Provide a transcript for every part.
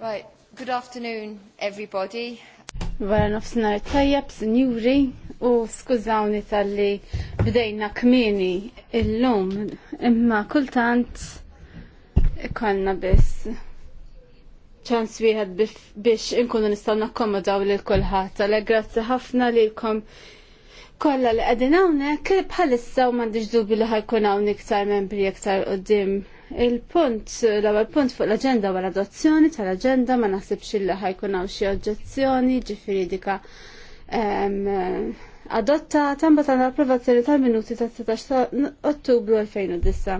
Right, good afternoon everybody. Wara nofsinhar tajjeb, sinjuri, u skużawni tal-li bdejna kmini illum, imma kultant konna biss ċans wieħed biex inkunu nistgħu nakkomodaw lil kulħadd. Għalhekk grazzi ħafna lilkom kollha li qegħdin hawnhekk bħalissa u m'għandix dubju li ħajkun hawn iktar membri ktar qudiem Il-punt, l-ewwel punt fuq l-aġenda wara adozzjoni tal-aġenda ma naħsibx illi ħajkun hawn xi oġġezzjoni, ġifieri dika adotta tamba tal-approvazzjoni tal-minuti ta' 16 Ottubru 2009.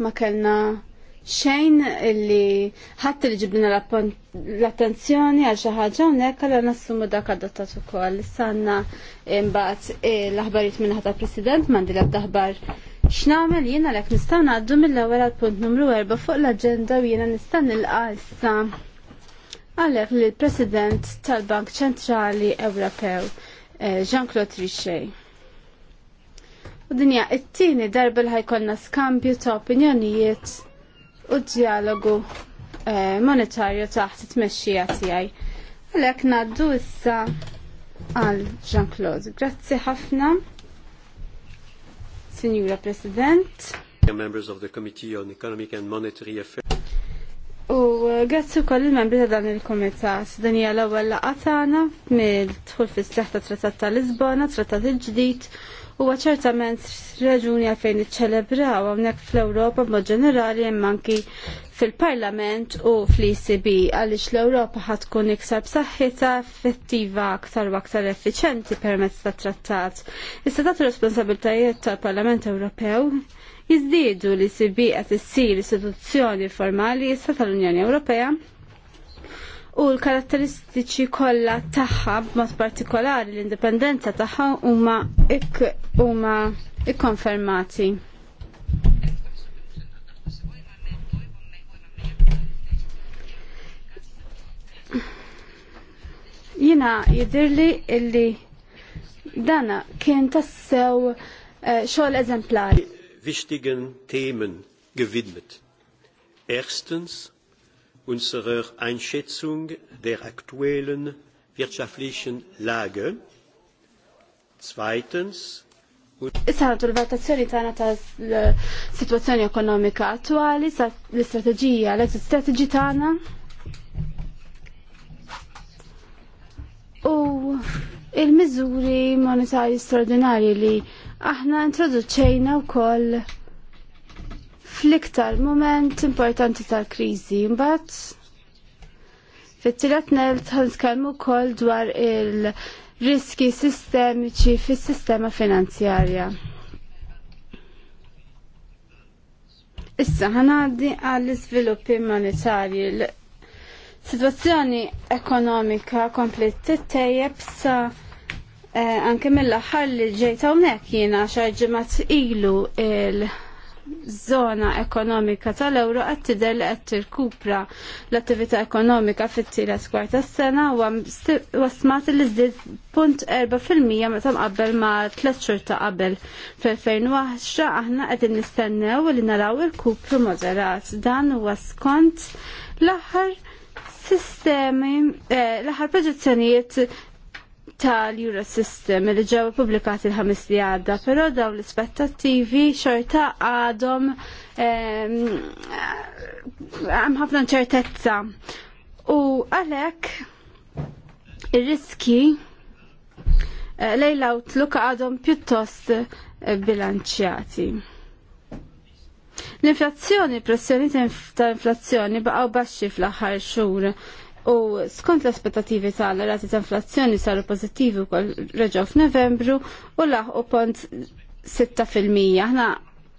Ma kellna xejn illi ħadd li ġibna l-attenzjoni għal xi ħaġa hawnhekk għal nassumu dak adottat ukoll. Issa għandna mbagħad eh, l-aħbarijiet minn ħata President mandi l-ebda X'nagħmel jiena għalhekk nistgħu ngħaddu mill-ewwel għall punt numru 4 fuq l-aġenda u jiena nista' nilqa' issa għalhekk lill president tal-Bank Ċentrali Ewropew eh, Jean-Claude Trichet. U dinja it-tieni darba li ħajkollna skambju ta' opinjonijiet u dialogu eh, monetarju taħt it-tmexxija tiegħi. Għalhekk ngħaddu issa għal Jean-Claude. Grazzi ħafna. Signora President. Members of the Committee on Economic and Monetary Affairs. U uh, għazzu koll il-membri ta' dan il-Kumitat. Dan hija l-ewwel laqgħa mill tħul fis-seħħ Trattat ta' Lisbona, Trattat il ġdijt huwa ċertament raġuni għalfejn iċċelebraw hawnhekk fl-Ewropa b'mod ġenerali hemm fil-Parlament u fl icb għaliex l-Ewropa ħatkun tkun iktar b'saħħitha effettiva aktar u aktar effiċenti permezz tat-trattat. Is-setat responsabiltajiet tal-Parlament Ewropew jizdidu l icb e qed issir istituzzjoni formali issa tal-Unjoni Ewropea u l-karatteristiċi kollha tagħha b'mod partikolari l-indipendenza tagħha huma huma ikkonfermati. jina jidirli illi dana kien tassew eh, xogħol eżemplari. Wichtigen Themen gewidmet. Erstens unserer Einschätzung der aktuellen wirtschaftlichen Lage. Zweitens. Issa l-valutazzjoni tagħna tas-sitwazzjoni ekonomika attwali sa l-istrateġija l-exit tagħna. U il-miżuri monetarji straordinarji li aħna introduċejna wkoll fl-iktar moment importanti tal-kriżi. Mbagħad fit-tielet nelt ħantkellmu wkoll dwar il-riski sistemiċi fis-sistema finanzjarja. Issa ħanaddi għall-iżviluppi monetarji Situazzjoni ekonomika komplet tittejjeb sa eh, anke mill-aħħar li ġejta hawnhekk jiena xi ġimgħat ilu il- zona ekonomika tal-euro qed tidher li qed tirkupra l-attività ekonomika fit-tielet skwarta tas-sena u għasmat li żdied punt erba' fil-mija meta mqabbel ma' tlet xhur ta' qabel. Fl-2010 aħna qegħdin nistennew li naraw il-kupru moderat. Dan huwa skont l-aħħar sistemi, eh, l-aħħar proġezzjonijiet tal-Eurosystem li ġew publikati l-ħamis li għadda, però daw l-ispettattivi xorta għadhom ehm, hemm ħafna ċertezza. U għalhekk ir-riski eh, lejla outlook għadhom pjuttost eh, bilanċjati. L-inflazzjoni, pressjoni ta' inflazzjoni baqgħu baxxi fl-aħħar xhur u skont l-aspettativi tagħna rati ta' inflazzjoni saru pożittivi wkoll reġaw f'Novembru u laħ u pont 6%. Aħna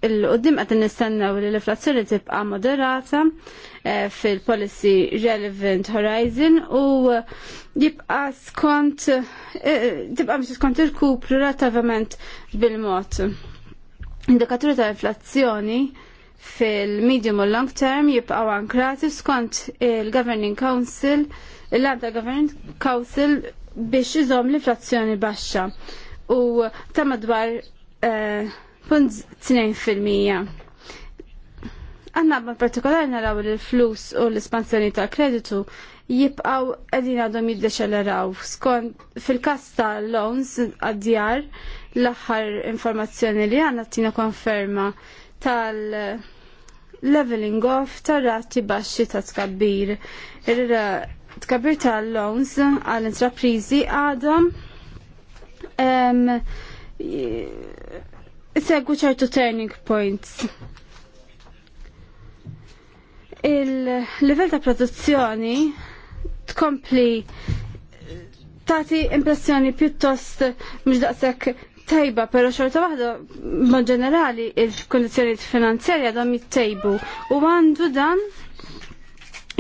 l-qoddim għad nistennew li l-inflazzjoni tibqa' moderata eh, fil-policy relevant horizon u jibqa' skont eh, tibqa' mhux skont irkupru relativament bil-mod. Indikaturi ta' inflazzjoni fil-medium u long term jibqaw ankrati skont il-Governing Council, il-Landa Governing Council biex jizom l-inflazzjoni baxxa u ta' madwar uh, punt 2%. Għanna ma' partikolari naraw l-flus u l-espansjoni ta' kreditu jibqaw għedin għadhom jiddeċeleraw. Skont fil-kas ta' loans għad-djar l-axar informazzjoni li għanna tina konferma tal-leveling off tar-rati baxxi ta' tkabbir. Il-tkabbir tal-loans għall-intraprizi għadhom segwu ċertu turning points. Il-level ta' produzzjoni tkompli tati impressjoni pjuttost mhux daqshekk tajba, pero xorta waħda ma' ġenerali il kondizjoni finanzjarja dam jittejbu. U għandu dan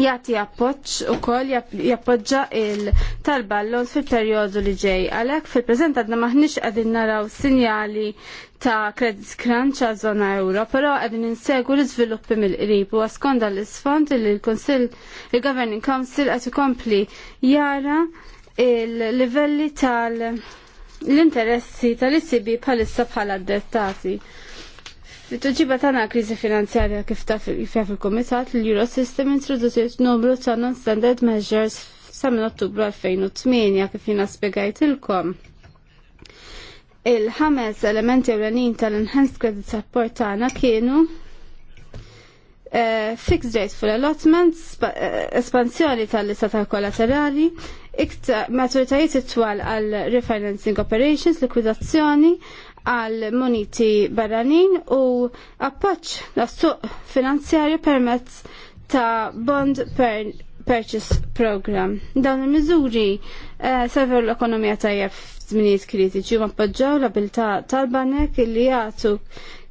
jati appoċ u kol jappoġġa il-talba l-lon fil-periodu li ġej. Għalek fil-prezent għadna maħnix għadin naraw sinjali ta' credit crunch għal zona euro, pero għadin insegu l-izviluppi mill-qrib u għaskonda l-isfond li l-Konsil, il-Governing Council għat kompli jara il-livelli tal- l-interessi tal-ICB bħalissa bħala addettati. Fit-tuġiba tagħna kriżi finanzjarja kif ta' fil-Kumitat l-Eurosystem introduċiet numru ta' non-standard measures sa' minn Ottubru 2008 kif jina spjegajt ilkom. Il-ħames elementi ewlenin tal-Enhanced Credit Support tagħna kienu eh, fixed rate full allotments, eh, espansjoni tal-lista tal-kollaterali, iktar maturitajiet it-twal għal refinancing operations, likwidazzjoni, għal moniti barranin u appoċ la suq finanzjarju permezz ta' bond per purchase program. Dawn il-miżuri uh, eh, sever l-ekonomija tajjeb f'żminijiet kritiċi u appoġġaw l-abilità tal-banek li jagħtu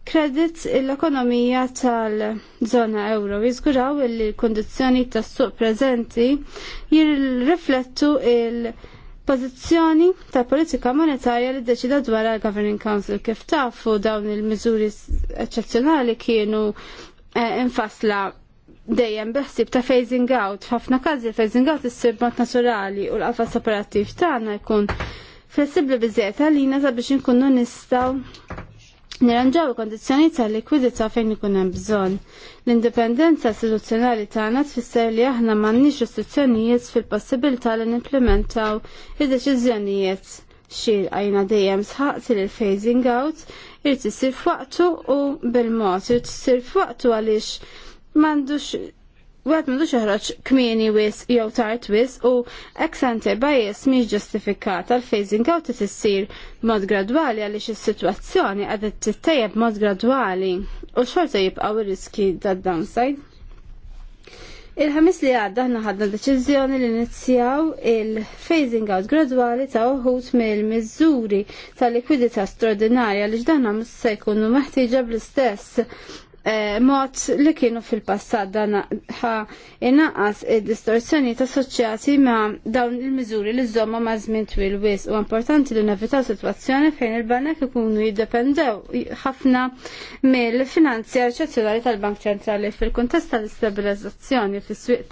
Kredit l-ekonomija tal-zona euro jizguraw li l-kondizjoni tas-suq prezenti jirriflettu il- Pożizzjoni ta' politika monetarja li deċida dwar il-Governing Council kif tafu dawn il-miżuri eccezzjonali kienu eh, infasla dejjem beħsib ta' phasing out. F'ħafna każi phasing out issir mod naturali u l-qafas operattiv tagħna jkun flessibbli biżjed għalina sabiex inkunu nistgħu Nirranġaw kondizjoni tal-likwidità fejn ikun hemm bżonn. L-indipendenza istituzzjonali tagħna tfisser li aħna m'għandniex restrizzjonijiet fil-possibilità li nimplementaw id-deċiżjonijiet xirqa dejjem sħaqt li l-phasing out irtisir f'waqtu u bil-mod irid f'waqtu għaliex m'għandux għat m'għandux joħroġ kmieni wis jew tard wis u eksante bajis mhix ġustifikata l-phasing out t issir mod gradwali għaliex is-sitwazzjoni t-tajab mod gradwali u xorta jibqgħu ir-riski tad-downside. Il-ħamis li għadda ħna ħadna deċiżjoni li nizzjaw il-phasing out gradwali ta' uħut mill-mizzuri ta' likwidità straordinarja li ġdanna mus se jkunu meħtieġa bl-istess Eh, mod li kienu fil-passat dan ħa inaqas id-distorsjoni ta' soċjati ma' dawn il-miżuri li żomma ma' żmien twil wis u importanti li nevitaw sitwazzjoni fejn il-banek ikunu jiddependew ħafna mill-finanzjar ċezzjonali tal-Bank Ċentrali fil-kuntest tal-istabilizzazzjoni fis-swieq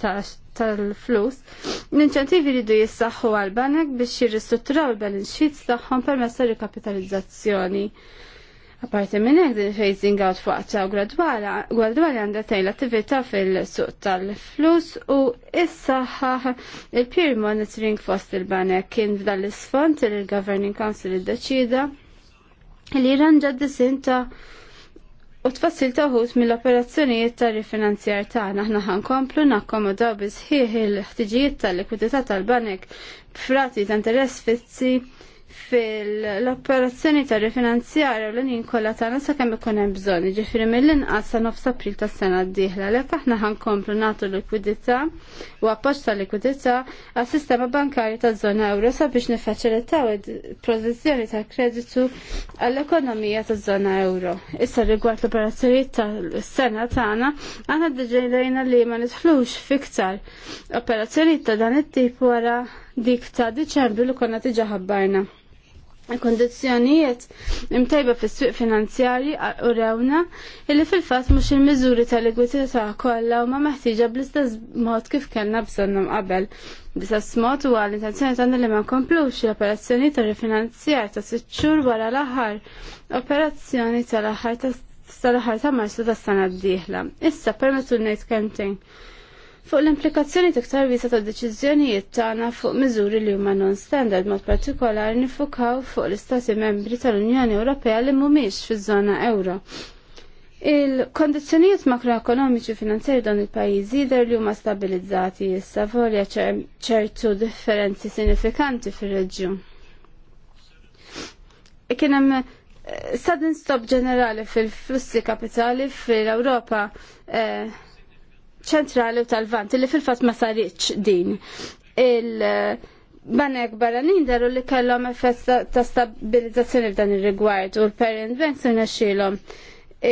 tal-flus, l-inċentivi du jissaħħu għal-banek biex jirristrutturaw il-balance sheets tagħhom permezz tal-rikapitalizzazzjoni. Apparti minn hekk din phasing out faqta u gradwali għandha tgħid attività fil-suq tal-flus u issaħħa il-peer monitoring fost il-banek kien f'dan l-isfond li l-Governing Council iddeċida li ranġa d ta' u tfassil taħut mill-operazzjonijiet ta' rifinanzjar tagħna aħna komplu nakkomodaw bi sħiħ il-ħtiġijiet tal-likwidità tal-banek b'frati ta' interess fizzi fil-operazzjoni ta' rifinanzjarja l-għin kolla ta' nasa kemm ikun hemm bżonn, ġifieri mill-inqas sa nofs April tas-sena d-dieħla lek aħna ħankomplu nagħtu likwidità u appoġġ ta' likwidità għas-sistema bankarju taż-żona euro sabiex nifaċilitaw il-protezzjoni ta' kreditu għall-ekonomija taż-żona euro. Issa rigward l-operazzjonijiet tas-sena tagħna aħna ddiġejlejna li ma nidħlux fiktar operazzjonijiet ta' dan it-tip wara dik ta' Diċembru li konna tiġa ħabbarna. Kondizjonijiet imtajba fis-suq finanzjarji u rewna illi fil-fatt mhux il-miżuri tal kolla kollha huma meħtieġa bl-istess mod kif kellna bżonnhom qabel. Bl-istess mod huwa l-intenzjoni tagħna li ma nkomplux l-operazzjoni tal rifinanzjar ta' sitt xhur wara l-aħħar operazzjoni tal-aħħar ta' Marsu tas-sena d-dieħla. Issa permettu ngħid kemmtejn fuq l-implikazzjoni tiktar wiesa ta' deċiżjonijiet tagħna fuq miżuri li huma non-standard mod partikolari nifukaw fuq l-Istati membri tal-Unjoni Ewropea li mhumiex fiż-żona euro. Il-kondizjonijiet makroekonomiċi u finanzjari dan il-pajjiż jidher li huma stabilizzati issa volja ċertu differenzi sinifikanti fir-reġjun. Kien hemm eh, sudden stop ġenerali fil-flussi kapitali fil-Ewropa eh, ċentrali u tal-Vant li fil-fatt ma saritx din. Il-banek barranin daru li kellhom effett ta' stabilizzazzjoni f'dan ir-rigward u l-parent banks irnexxielhom.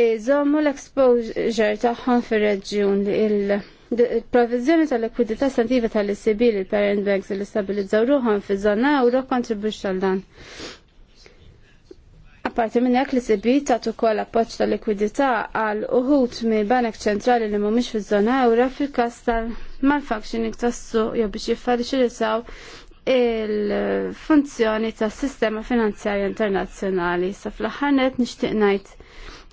Iżommu l-exposure tagħhom fir-reġjun il-provizjoni tal-likwidità Santiva tal-ECB li l-parent banks li stabilizzaw ruħhom zona żona euro kontribuċ tal dan. Parti minn hekk li sibi tagħtu ukoll appoġġ ta' likwidità għal uħut mill-Banek Ċentrali li mhumiex fiż-żona ewra fil-każ tal-malfunctioning tas-suq jew biex jiffaċilitaw il-funzjoni tas sistema finanzjarja internazzjonali. Sa fl-aħħar net nixtieq ngħid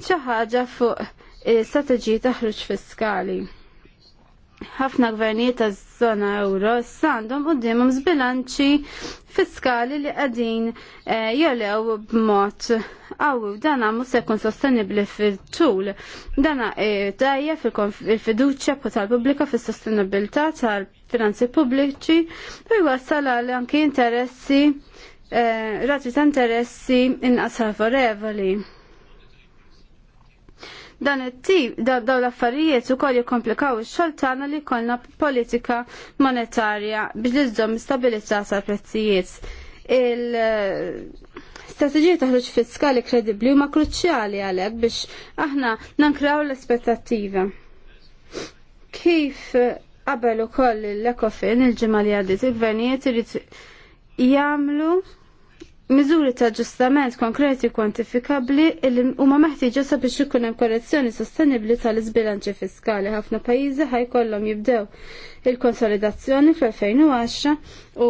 xi ħaġa fuq eh, strateġiji ta' ħruġ fiskali ħafna gvernijiet taż-żona euro għandhom dimum zbilanċi fiskali li qegħdin eh, jolew b'mod qawwi dan għamu se jkun sostenibbli fit-tul. Dan dajja fil-fiduċja tal-pubblika fis-sostenibilità tal-finanzi pubbliċi u jwassal għal anki interessi eh, rati ta' interessi inqas favorevoli. Dan it-tip daw l-affarijiet ukoll jikkomplikaw ix-xogħol tagħna li jkollna politika monetarja biex iżżomm stabilità sal-prezzijiet. Il eh, strategija ta' fiskali kredibbli huma kruċjali għalhekk biex aħna nankraw l-aspettattiva. Kif eh, qabel ukoll l-ekofin il-ġimgħa li il-gvernijiet irid jagħmlu miżuri ta' ġustament konkreti kwantifikabli li huma meħtieġa sabiex ikun hemm korrezzjoni sostenibbli tal-iżbilanċi fiskali. Ħafna pajjiżi ħajkollhom jibdew il-konsolidazzjoni fl-2010 u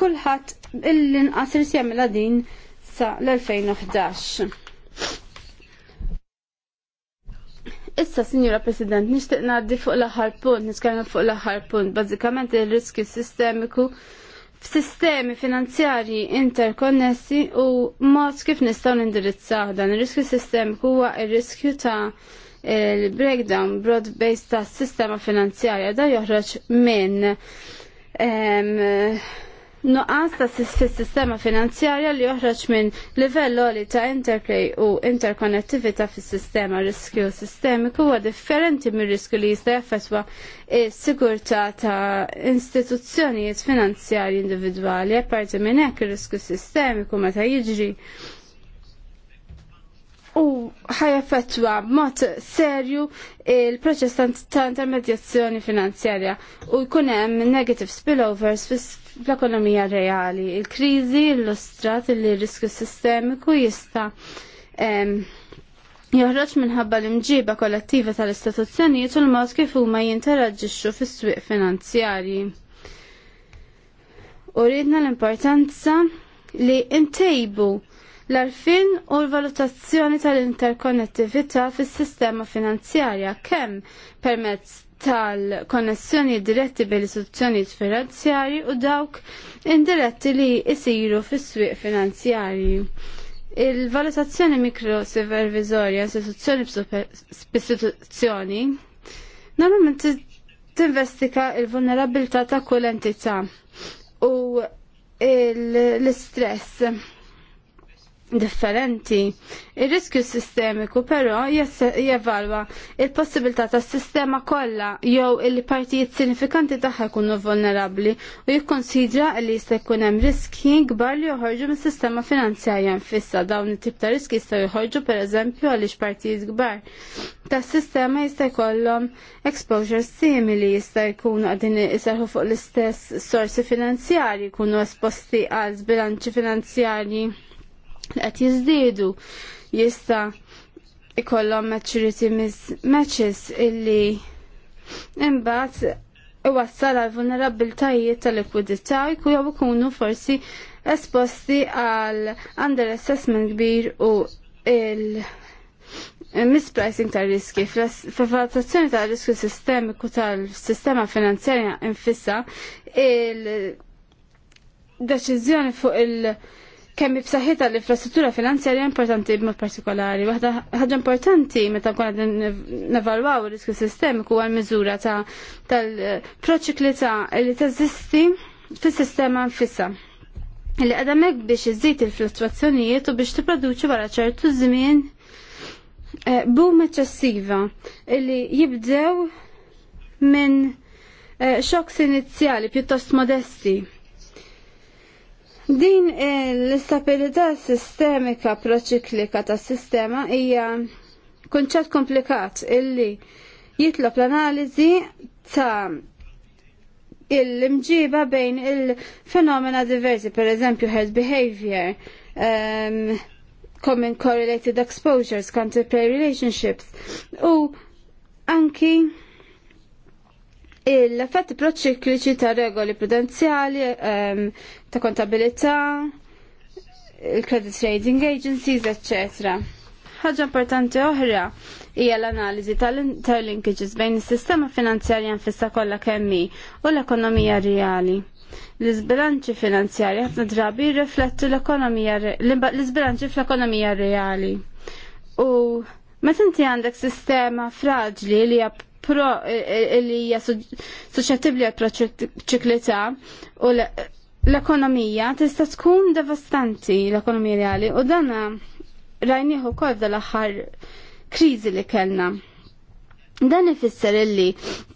kulħadd illi inqas irid jagħmilha din sa l-2011. Issa, Signora President, nixtieq ngħaddi fuq l-aħħar punt, nitkellem fuq l-aħħar punt, bażikament ir riskju sistemiku f'sistemi finanzjarji interkonnessi u mod kif nistgħu nindirizzaw dan ir-riskju sistemiku huwa ir-riskju ta' il-breakdown broad-based ta' sistema finanzjarja da joħroġ minn nuqqas ta' fis-sistema finanzjarja li joħroġ minn livell li ta' interplay u interkonnettività fis-sistema riskju sistemiku huwa differenti mir riskju li jista' jaffettwa s-sigurtà ta' istituzzjonijiet finanzjarji individwali apparti minn hekk ir-riskju sistemiku meta jiġri u ħajeffettwa mod serju il-proċess ta' intermedjazzjoni finanzjarja u jkun hemm negative spillovers fl-ekonomija reali. Il-kriżi illustrat li r-riskju sistemiku jista' joħroġ minħabba l-imġiba kollettiva tal-istituzzjonijiet u l-mod kif huma jinteraġġixxu fis-swieq finanzjarji. U ridna l-importanza li ntejbu l-arfin u l-valutazzjoni tal-interkonnettività fis-sistema finanzjarja kemm permezz tal-konnessjoni diretti bil istituzzjoni finanzjarji u dawk indiretti li jisiru fis-swieq finanzjarji. Il-valutazzjoni mikrosivervizorja istituzzjoni b'istituzzjoni normalment tinvestika il-vulnerabilità ta' kull entità u l-istress differenti. Ir-riskju sistemiku però jevalwa il-possibilità tas sistema kollha jew il partijiet sinifikanti tagħha jkunu vulnerabbli u jikkonsidra li jista' jkun hemm riski kbar li joħorġu mis-sistema finanzjarja nfissa dawn it-tip ta' riski jistgħu joħorġu pereżempju għaliex partijiet kbar tas sistema jista' jkollhom exposure simili jista' jkunu qegħdin iserħu fuq l-istess sorsi finanzjarji jkunu esposti għal bilanċi finanzjarji li qed jiżdiedu jista' ikollhom maturity matches illi imbagħad iwassal għal vulnerabbiltajiet tal-likwidità jew ikunu forsi esposti għal under assessment kbir u il mispricing ta' riski fil-valutazzjoni ta' riski sistemiku tal-sistema finanzjarja infissa il-deċiżjoni fuq il-, fuq il kemm b'saħħitha l-infrastruttura finanzjarja importanti b'mod partikolari. Waħda ħaġa importanti meta nkun qed nevalwaw ir-riskju sistemiku huwa l-miżura ta' tal-proċiklità li teżisti fis-sistema nfisha. Li qiegħda hekk biex iżid il-fluttwazzjonijiet u biex tipproduċi wara ċertu żmien eh, boom eċċessiva li jibdew minn eh, xoks inizjali pjuttost modesti Din l-istabilità sistemika proċiklika ta' sistema hija kunċett komplikat illi jitlob l-analiżi ta' il-imġiba bejn il-fenomena diversi, per eżempju health behavior, um, common correlated exposures, counterplay relationships, u anki l-effetti proċikliċi ta' regoli prudenzjali, um, ta' kontabilità, il-credit rating agencies, etc. Ħaġa importanti oħra hija l-analiżi tal-linkages bejn is-sistema finanzjarja nfissa kollha kemm u l-ekonomija reali. L-izbilanċi finanzjarji ħafna drabi jirriflettu l-ekonomija l-izbilanċi fl-ekonomija reali. U meta inti għandek sistema fraġli li hija pro eh, eh, li hija suċċettibbli għal proċiklità u l-ekonomija tista' tkun devastanti l-ekonomija reali u dana rajnieħu kol dal-aħħar kriżi li kellna. Dan ifisser illi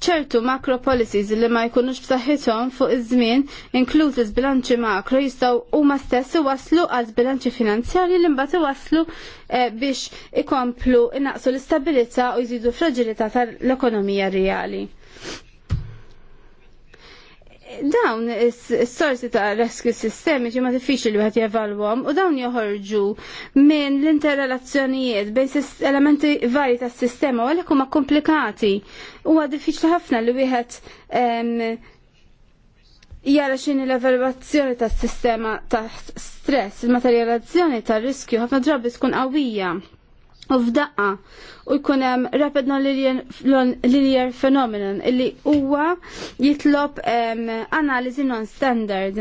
ċertu makro policies li ma jkunux b'saħħithom fuq iż-żmien inkluzi bilanċi makro jistgħu huma stess iwasslu għal bilanċi finanzjarji li mbagħad iwasslu eh, biex ikomplu inaqsu l-istabilità u jżidu fraġilità tal-ekonomija reali dawn is-sorsi ta' rescue sistemiċi ma diffiċli li wieħed jevalwhom u dawn joħorġu minn l-interrelazzjonijiet bejn elementi varji tas-sistema u għalhekk huma komplikati. Huwa diffiċli ħafna li wieħed jara xini l-evalwazzjoni tas-sistema ta' stress, il-materjalizzazzjoni tar-riskju ħafna drabi tkun qawwija f'daqqa u jkun hemm rapid non-linear phenomenon illi huwa jitlob analiżi non-standard.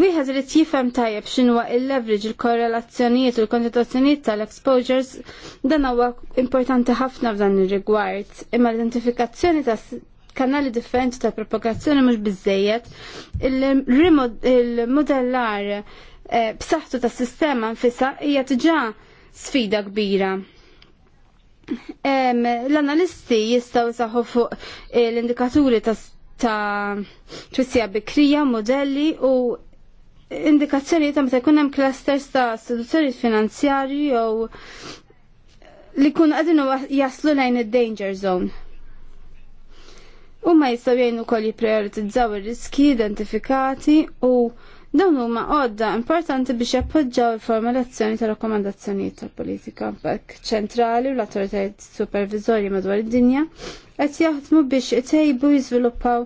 Wieħed irid jifhem tajjeb x'inhuwa il-leverage, il-korrelazzjonijiet u l-konċentrazzjonijiet tal-exposures dan huwa importanti ħafna f'dan ir-rigward imma l-identifikazzjoni kanali differenti ta' propagazzjoni mhux biżejjed, il-modellar eh, b'saħħtu tas sistema nfisa hija diġà sfida kbira. L-analisti jistgħu saħu fuq eh, l-indikaturi ta' twissija bikrija, modelli u indikazzjoni ta' meta jkun hemm clusters ta' istituzzjoni finanzjarji jew li kun għadinu jaslu lejn id-danger zone u ma jistaw jgħinu kol jiprioritizzaw il-riski identifikati u dawn huma għodda importanti biex jappoġġaw il-formulazzjoni ta' rakkomandazzjonijiet tal-politika bekk ċentrali u l-autoritajiet supervizorji madwar id-dinja qed jaħdmu biex itejbu jiżviluppaw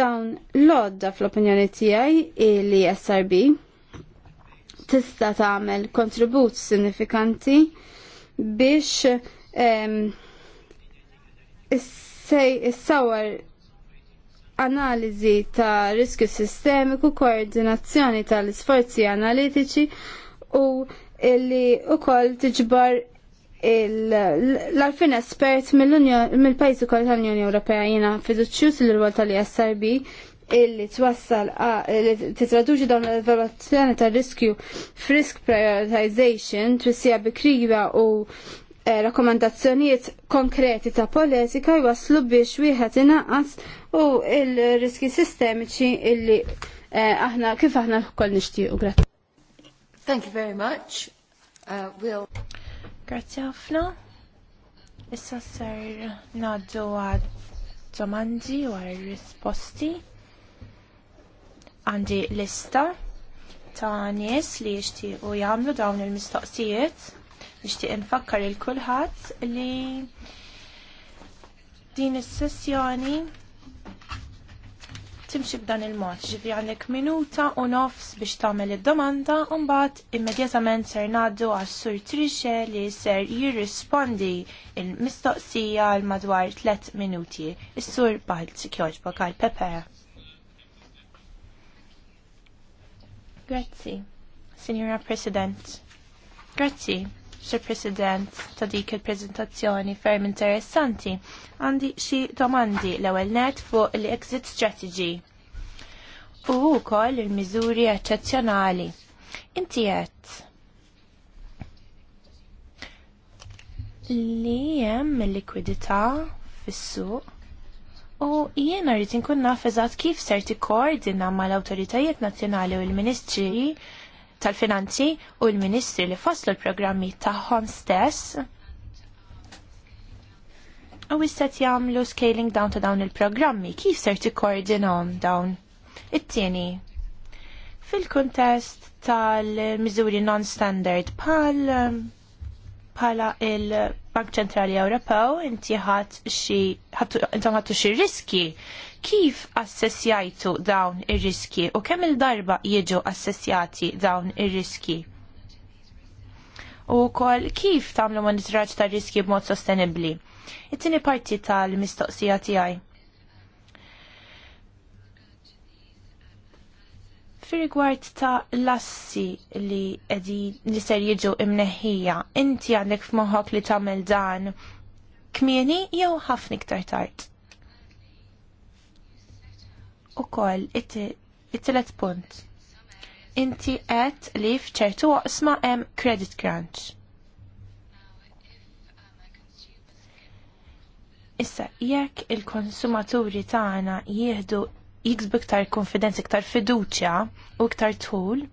dawn l-għodda fl-opinjoni tiegħi li SRB tista' tagħmel kontribut sinifikanti biex sej issawar analizi ta' riskju sistemiku, koordinazzjoni tal-sforzi analitiċi u illi u koll tiġbar l-arfin espert mill-pajzi koll tal-Unjoni Ewropea jina fiduċjus l-rwol tal-ISRB illi twassal li titraduċi dawn l-evaluazzjoni tal-riskju frisk prioritization twissija bikrija u Eh, rakkomandazzjonijiet konkreti ta' politika jwaslu biex wieħed inaqqas u il-riski sistemiċi illi eh, aħna kif aħna koll nixtiequ. Thank you very much. Uh, we'll... Grazie ħafna. Issa ser naddu għad domandi u għal risposti. Għandi lista ta' nies li jixtiequ jagħmlu dawn il-mistoqsijiet. Nixtieq infakkar il kulħadd li din is-sessjoni timxi b'dan il-mod, ġifri għandek minuta u nofs biex tagħmel id-domanda u mbagħad immedjatament ser ngħaddu għas-sur Trixe li ser jirrispondi il-mistoqsija għal madwar tliet minuti. Is-sur Balt Sikjoġ għal Pepe. Grazzi, Signora President. Grazzi Sir President, ta' dik il-prezentazzjoni ferm interessanti. Għandi xi domandi l-ewwel net fuq l-exit strategy. U wkoll il-miżuri eċċezzjonali. Inti qed li hemm il-likwidità fis-suq U jiena rrid inkun naf eżatt kif ser tikkoordina mal-awtoritajiet nazzjonali u l-ministri tal-Finanzi u l-Ministri li faslu l-programmi tagħhom stess u istat jagħmlu scaling down ta' dawn il-programmi, kif ser koordinom dawn? It-tieni, fil-kuntest tal-miżuri non-standard pal pala il-Bank Ċentrali Ewropew inti ħat xi intom xi riski kif assessjajtu dawn ir-riski u kemm il-darba jiġu assessjati dawn ir-riski? U kol kif tagħmlu monitoraġġ tar riski b'mod sostenibbli? It-tieni parti tal-mistoqsija tiegħi. Fir-rigward ta' lassi li qegħdin li ser jiġu imneħija, inti għandek f'moħħok li tagħmel dan kmieni jew ħafna ktar tard ukoll it-tielet punt. Inti għet li f'ċertu għosma hemm credit crunch. Issa, jekk il-konsumaturi tagħna jieħdu jiksbu iktar konfidenza, iktar fiduċja u iktar tul,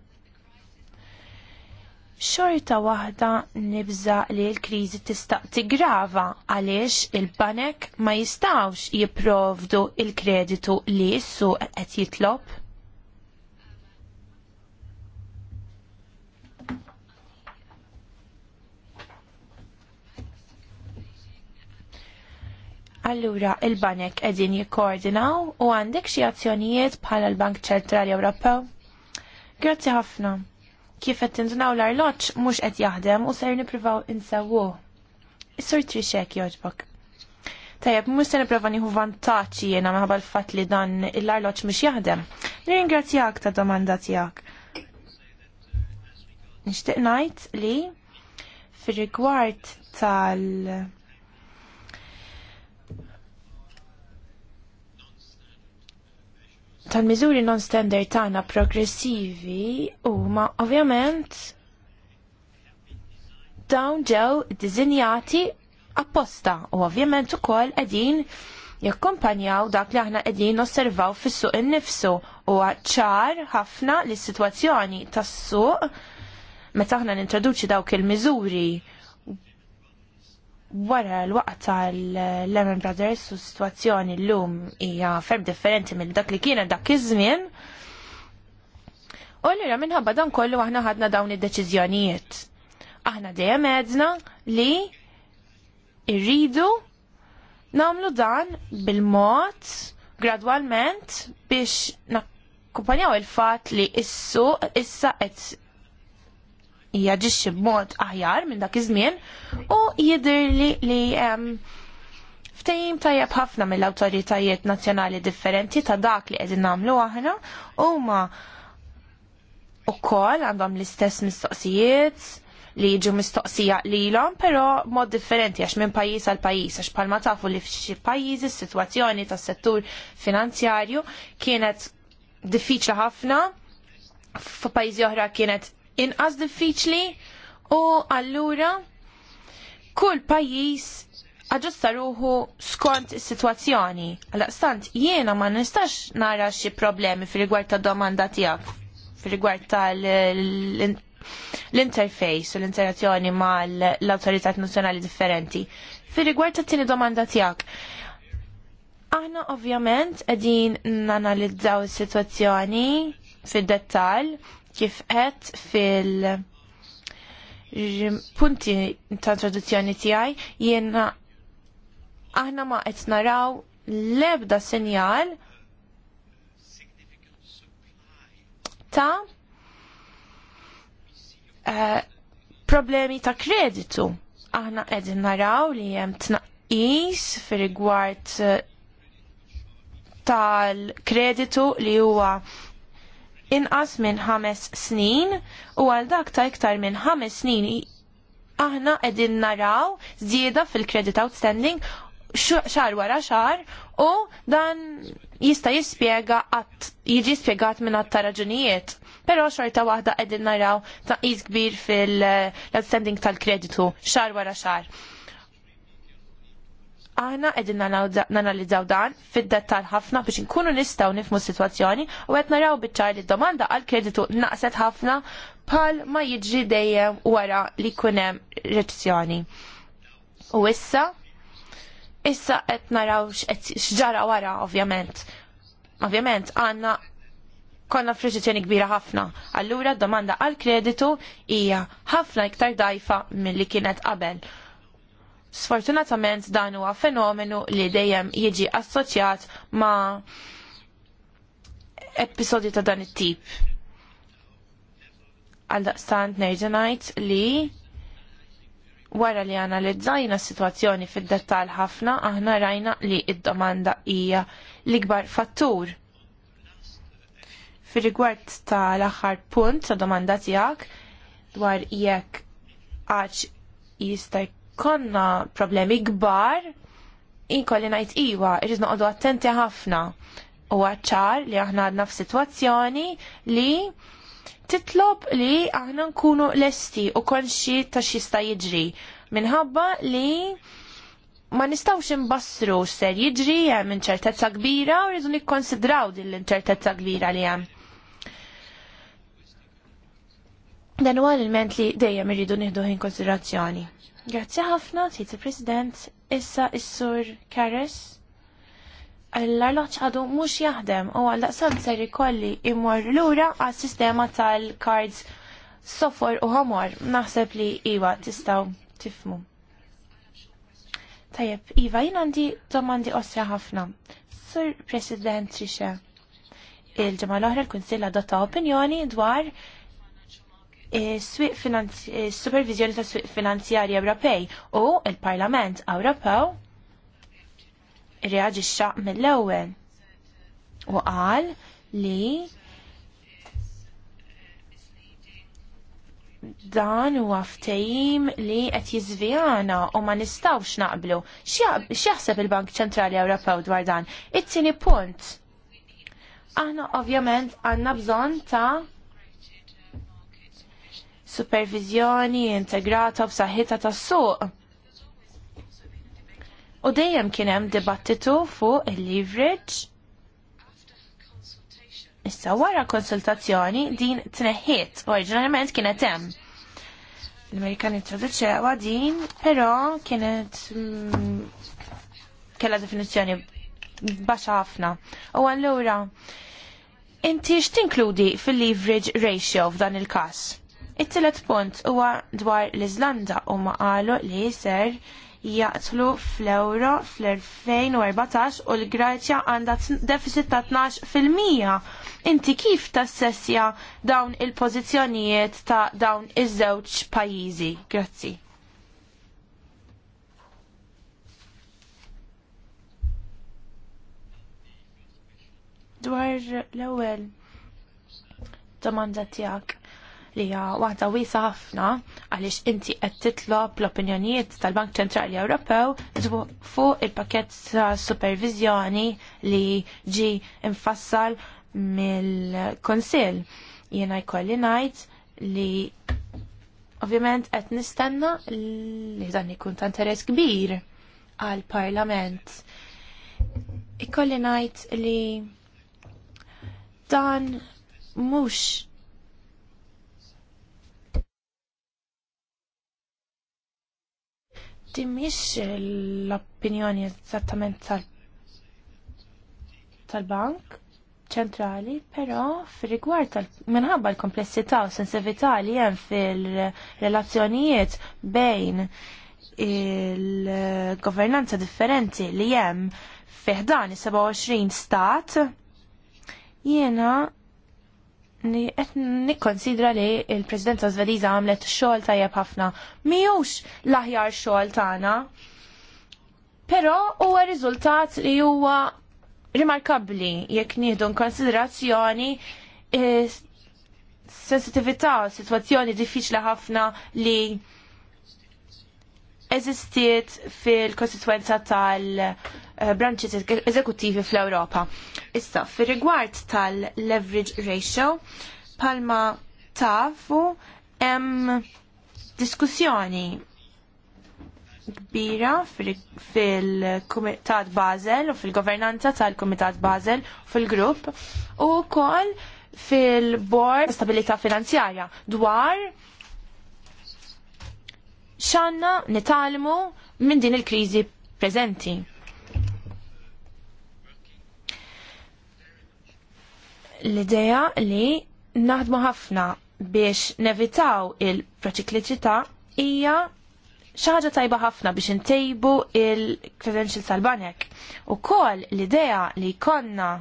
xorta waħda nibża li l-krizi tista' tigrava għaliex il-banek ma jistawx jiprovdu il-kreditu li jissu qed jitlob. Allura il-banek edin jikkoordinaw u għandek xi azzjonijiet bħala l-Bank Ċentrali Ewropew? Grazzi ħafna kif qed tindunaw l-arloġġ mhux qed jaħdem u ser nippruvaw insewwu. Is-sur trixek jogħġbok. Tajjeb, mhux se nipprova nieħu vantaġġ jiena minħabba l-fatt li dan l-arloġġ mhux jaħdem. Nirringrazzjak ta' domanda tiegħek. Nixtieq ngħid li fir-rigward tal- tal-miżuri non-standard tagħna progressivi huma ovvjament dawn ġew dizinjati apposta u ovvjament ukoll qegħdin jakkompanjaw dak li aħna qegħdin osservaw fis-suq innifsu u ċar ħafna l sitwazzjoni tas-suq meta aħna nintroduċi dawk il-miżuri wara l-waqt tal-Lemon Brothers u situazzjoni l-lum hija ferb differenti mill dak li kienet dak iż-żmien. U l minħabba dan kollu aħna ħadna dawn id-deċiżjonijiet. Aħna dejjem għedna li irridu namlu dan bil-mod gradwalment biex nakkumpanjaw il-fat li issu issa qed jaġixxi b'mod aħjar minn dak iż-żmien u jidhirli li hemm ftehim tajjeb ħafna mill-awtoritajiet nazzjonali differenti ta' dak li qegħdin nagħmlu aħna huma wkoll għandhom l-istess mistoqsijiet li jiġu mistoqsija lilhom, però mod differenti għax minn pajjiż għal pajjiż għax palma tafu li f'xi pajjiżi s-sitwazzjoni tas-settur finanzjarju kienet diffiċli ħafna f'pajjiżi oħra kienet inqas diffiċli u allura kull pajjiż aġusta ruħu skont is-sitwazzjoni. Għalaqstant jiena ma nistax nara xi problemi fil rigward ta' domanda tiegħek fil rigward tal-interface u l-interazzjoni mal-awtoritat nazzjonali differenti. Fir-rigward ta' tieni domanda tiegħek. Aħna ovvjament qegħdin nanalizzaw is-sitwazzjoni fid-dettall kif qed fil punti ta' introduzzjoni tiegħi jiena aħna ma qed naraw l-ebda sinjal ta' uh, problemi ta' kreditu. Aħna qegħdin naraw li hemm tnaqqis fir rigward eh, tal-kreditu li huwa inqas minn ħames snin u għal dak ta' iktar minn ħames snin aħna qegħdin naraw żieda fil-credit outstanding xar wara xar u dan jista jispjega għat, jiġi spjegat minn għat raġunijiet. però xorta waħda qegħdin naraw ta' kbir fil-outstanding tal-kreditu xar wara xar. Aħna qegħdin nanalizzaw dan fid-dettal ħafna biex inkunu nistgħu nifmu s-sitwazzjoni u qed naraw biċ-ċar li domanda għal kreditu naqset ħafna bħal ma jiġri dejjem wara li jkun hemm U issa issa qed naraw x'ġara wara ovvjament. Ovvjament għandna konna f'reċessjoni kbira ħafna. Allura d-domanda għal kreditu hija ħafna iktar dajfa milli kienet qabel sfortunatament dan huwa fenomenu li dejjem jiġi assoċjat ma' episodi ta' dan it-tip. Għaldaqstant nerġa' ngħid li wara li analizzajna s-sitwazzjoni fid-dettal ħafna aħna rajna li id-domanda hija l-ikbar fattur. Fir-rigward tal-aħħar punt ta' domanda tiegħek dwar jekk għax jista' konna problemi kbar, inkolli najt iwa, irrid noqogħdu attenti ħafna u għacċar li aħna għadna f'sitwazzjoni li titlob li aħna nkunu lesti u konxi ta' xista jiġri minħabba li ma nistawx imbassru ser jiġri hemm inċertezza kbira u rridu nikkonsidraw din l-inċertezza kbira li hemm. Dan huwa il ment li dejjem irridu nieħdu in konsiderazzjoni. Grazzi ħafna, Tita President, issa is-sur Karis. L-arloċ għadu mux jaħdem u għal daqsam ser ikolli l lura għas sistema tal-cards soffor u homor. Naħseb li iwa tistaw tifmu. Tajjeb, Iva, jina għandi domandi osja ħafna. Sur President Trisha, il ġemal l-oħra l kunsilla adotta opinjoni dwar supervizjoni ta' swieq finanzjari Ewropej u il-Parlament Ewropew reaġixxa mill-ewwel u qal li dan huwa għaftajim li għet jizvijana u ma nistgħux naqblu. X'jaħseb il-Bank Ċentrali Ewropew dwar dan? It-tieni punt. Aħna ovvjament għandna bżonn ta' supervizjoni integrata b'saħħitha tas-suq. U dejjem kien hemm dibattitu fuq il-leverage. Issa wara konsultazzjoni din tneħħiet u oriġinarjament kienet hemm. L-Amerikan introduċewa din, però kienet mm, kella definizzjoni baxa ħafna. U allura, inti x'tinkludi fil-leverage ratio f'dan il-każ? it telet punt huwa dwar l-Iżlanda u ma qalu li ser jaqtlu fl ewro fl-2014 u l-Greċja għandha deficit ta' 12%. Inti kif tassessja dawn il-pożizzjonijiet ta' dawn iż-żewġ pajjiżi? Grazzi. dwar l-ewwel domanda tiegħek li hija waħda wiesa ħafna għaliex inti qed titlob l-opinjonijiet tal-Bank Ċentrali Ewropew fuq il-pakett ta' supervizjoni li ġi infassal mill-Konsill. Jiena jkolli ngħid li ovvjament qed nistenna li dan ikun ta' interess kbir għal-Parlament. Ikolli ngħid li dan mhux mhix l-opinjoni eżattament tal-bank ċentrali, però fir-rigward tal minħabba l-komplessità u sensività li hemm fil-relazzjonijiet bejn il-governanza differenti li hemm fiħdan is-27 stat, jiena nikkonsidra li il-Presidenza Svediża għamlet xogħol tajjeb ħafna. Mhijiex l-aħjar xogħol tagħna. Però huwa riżultat li huwa rimarkabbli jekk nieħdu konsiderazzjoni eh, sensitività, sitwazzjoni diffiċli ħafna li eżistiet fil konsistwenza tal-branċi eżekutivi fl-Europa. Issa, fil-rigward tal-leverage ratio, palma tafu em diskussjoni kbira fil-Kumitat Basel u fil-Governanza tal-Kumitat Basel fil-Grupp u kol fil-Bord Stabilità Finanzjarja dwar xanna nitalmu minn din il-krizi preżenti. L-ideja li naħdmu ħafna biex nevitaw il-proċikliċità hija xaħġa tajba ħafna biex intejbu il-credentials tal-banek. U kol l-idea li konna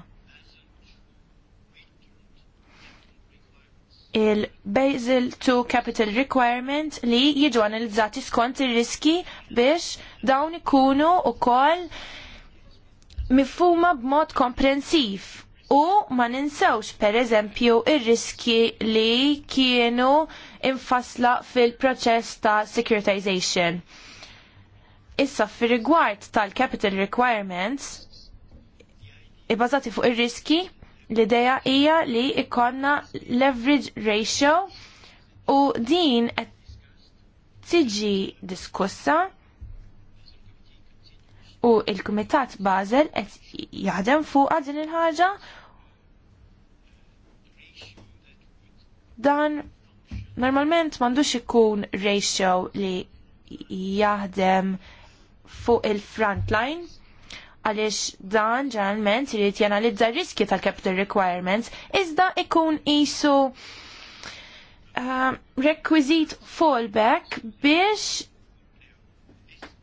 il-Basel to Capital Requirement li jiġu analizzati skont ir-riski biex dawn ikunu wkoll mifhuma b'mod komprensiv u ma ninsewx pereżempju ir-riski li kienu infasla fil-proċess ta' securitization. Issa fir rigward tal-capital requirements, ibbażati fuq ir-riski, L-ideja hija li ikonna leverage ratio u din qed tiġi diskussa u il-Kumitat Basel qed jaħdem fuqha din il-ħaġa dan normalment m'għandux ikun ratio li jaħdem fuq il-front line għaliex dan ġeneralment irid janalizza riski tal-capital requirements iżda ikun isu uh, fallback biex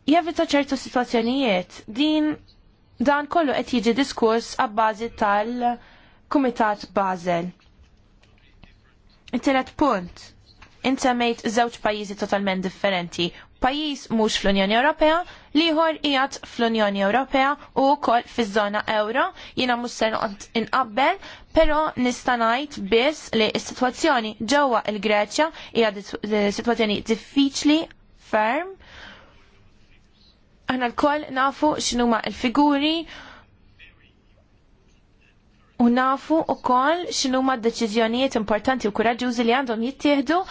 jevita ċertu situazzjonijiet. Din dan kollu qed jiġi diskurs għabbażi tal-Kumitat Basel. It-telet punt. intemmejt żewġ pajjiżi totalment differenti pajjiż mhux fl-Unjoni Ewropea, liħor qiegħed fl-Unjoni Ewropea u wkoll fiż-żona euro. Jiena mhux se inqabbel, però nista' ngħid biss li situazzjoni sitwazzjoni ġewwa l-Greċja hija sitwazzjoni diffiċli ferm. Aħna l-koll nafu x'inhuma l-figuri u nafu wkoll x'inhuma d-deċiżjonijiet importanti u kuraġġużi li għandhom jittieħdu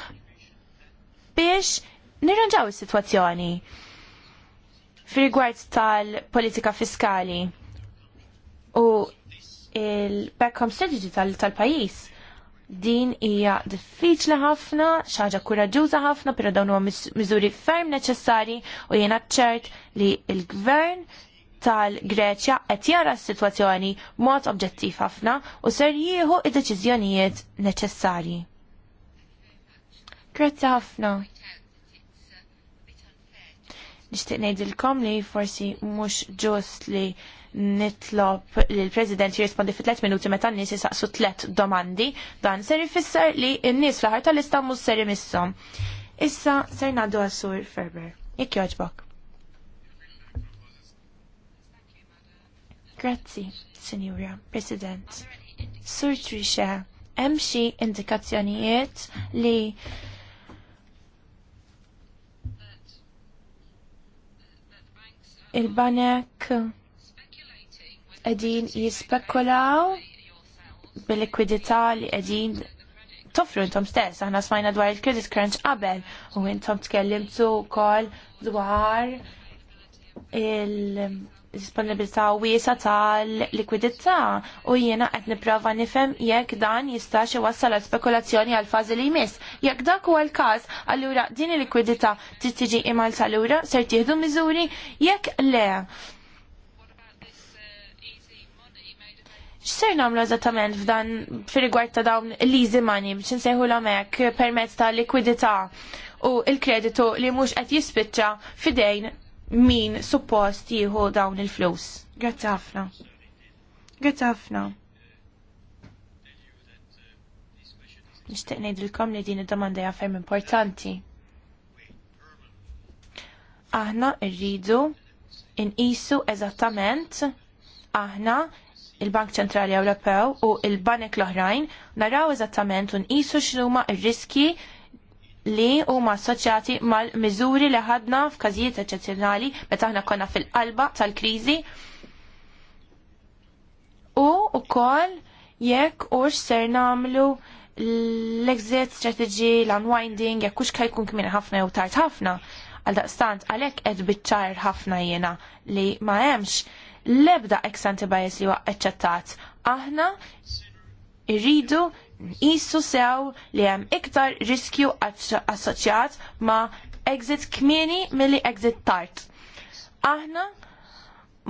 biex nirranġaw is-sitwazzjoni fil-rigward tal-politika fiskali u il-backhome strategy tal-pajis din hija diffiċli ħafna, xaġa kuraġuża ħafna, però dawn huwa miżuri ferm neċessari u jiena ċert li l-gvern tal-Greċja qed jara s-sitwazzjoni mod obġettiv ħafna u ser jieħu id-deċiżjonijiet neċessarji. Grazzi ħafna. Nixtieq ngħidilkom li forsi mhux ġust li nitlob li l-President jirrispondi fi 3 minuti meta n-nies jisaqsu tlet domandi, dan ser ifisser li n-nies fl-aħħar tal-lista mhux ser imisshom. Issa ser ngħaddu għasur sur Ferber. Ikki jogħġbok. Grazzi, Sinjura President. Sur Trisha, hemm xi indikazzjonijiet li il-banek edin jispekulaw bil-likwidità li edin toffru intom stess, aħna smajna dwar il-credit crunch qabel u intom tkellimtu kol dwar il- disponibilità wiesa tal-likwidità u jiena qed nipprova nifhem jekk dan jista' xi wassal għal spekulazzjoni għal fażi li jmiss. Jekk dak huwa l-każ, allura din il-likwidità trid tiġi imal lura ser tieħdu miżuri jekk le. X'ser nagħmlu eżattament f'dan fir ta' dawn l-easy money biex nsejħu l-omek permezz ta' likwidità u l kreditu li mhux qed jispiċċa f'idejn min suppost jieħu dawn il-flus. Grazzi ħafna. Grazzi ħafna. Nixtieq ngħidilkom li din id-domanda hija ferm importanti. Aħna rridu inqisu eżattament aħna il-Bank Ċentrali Ewropew u il-Banek l-oħrajn naraw eżattament u nqisu x'huma r-riski li huma assoċjati mal-miżuri li ħadna f'każijiet eċċezzjonali meta aħna konna fil-qalba tal-kriżi u wkoll jekk hux ser nagħmlu l-exit strategy, l-unwinding, jekk hux ħajkun kmin ħafna jew tard ħafna. Għal daqstant għalhekk qed biċċar ħafna jiena li ma hemmx l-ebda ex ante bias li huwa eċċettat. Aħna irridu jissu sew li hemm iktar riskju assoċjat ma' exit kmieni milli exit tard. Aħna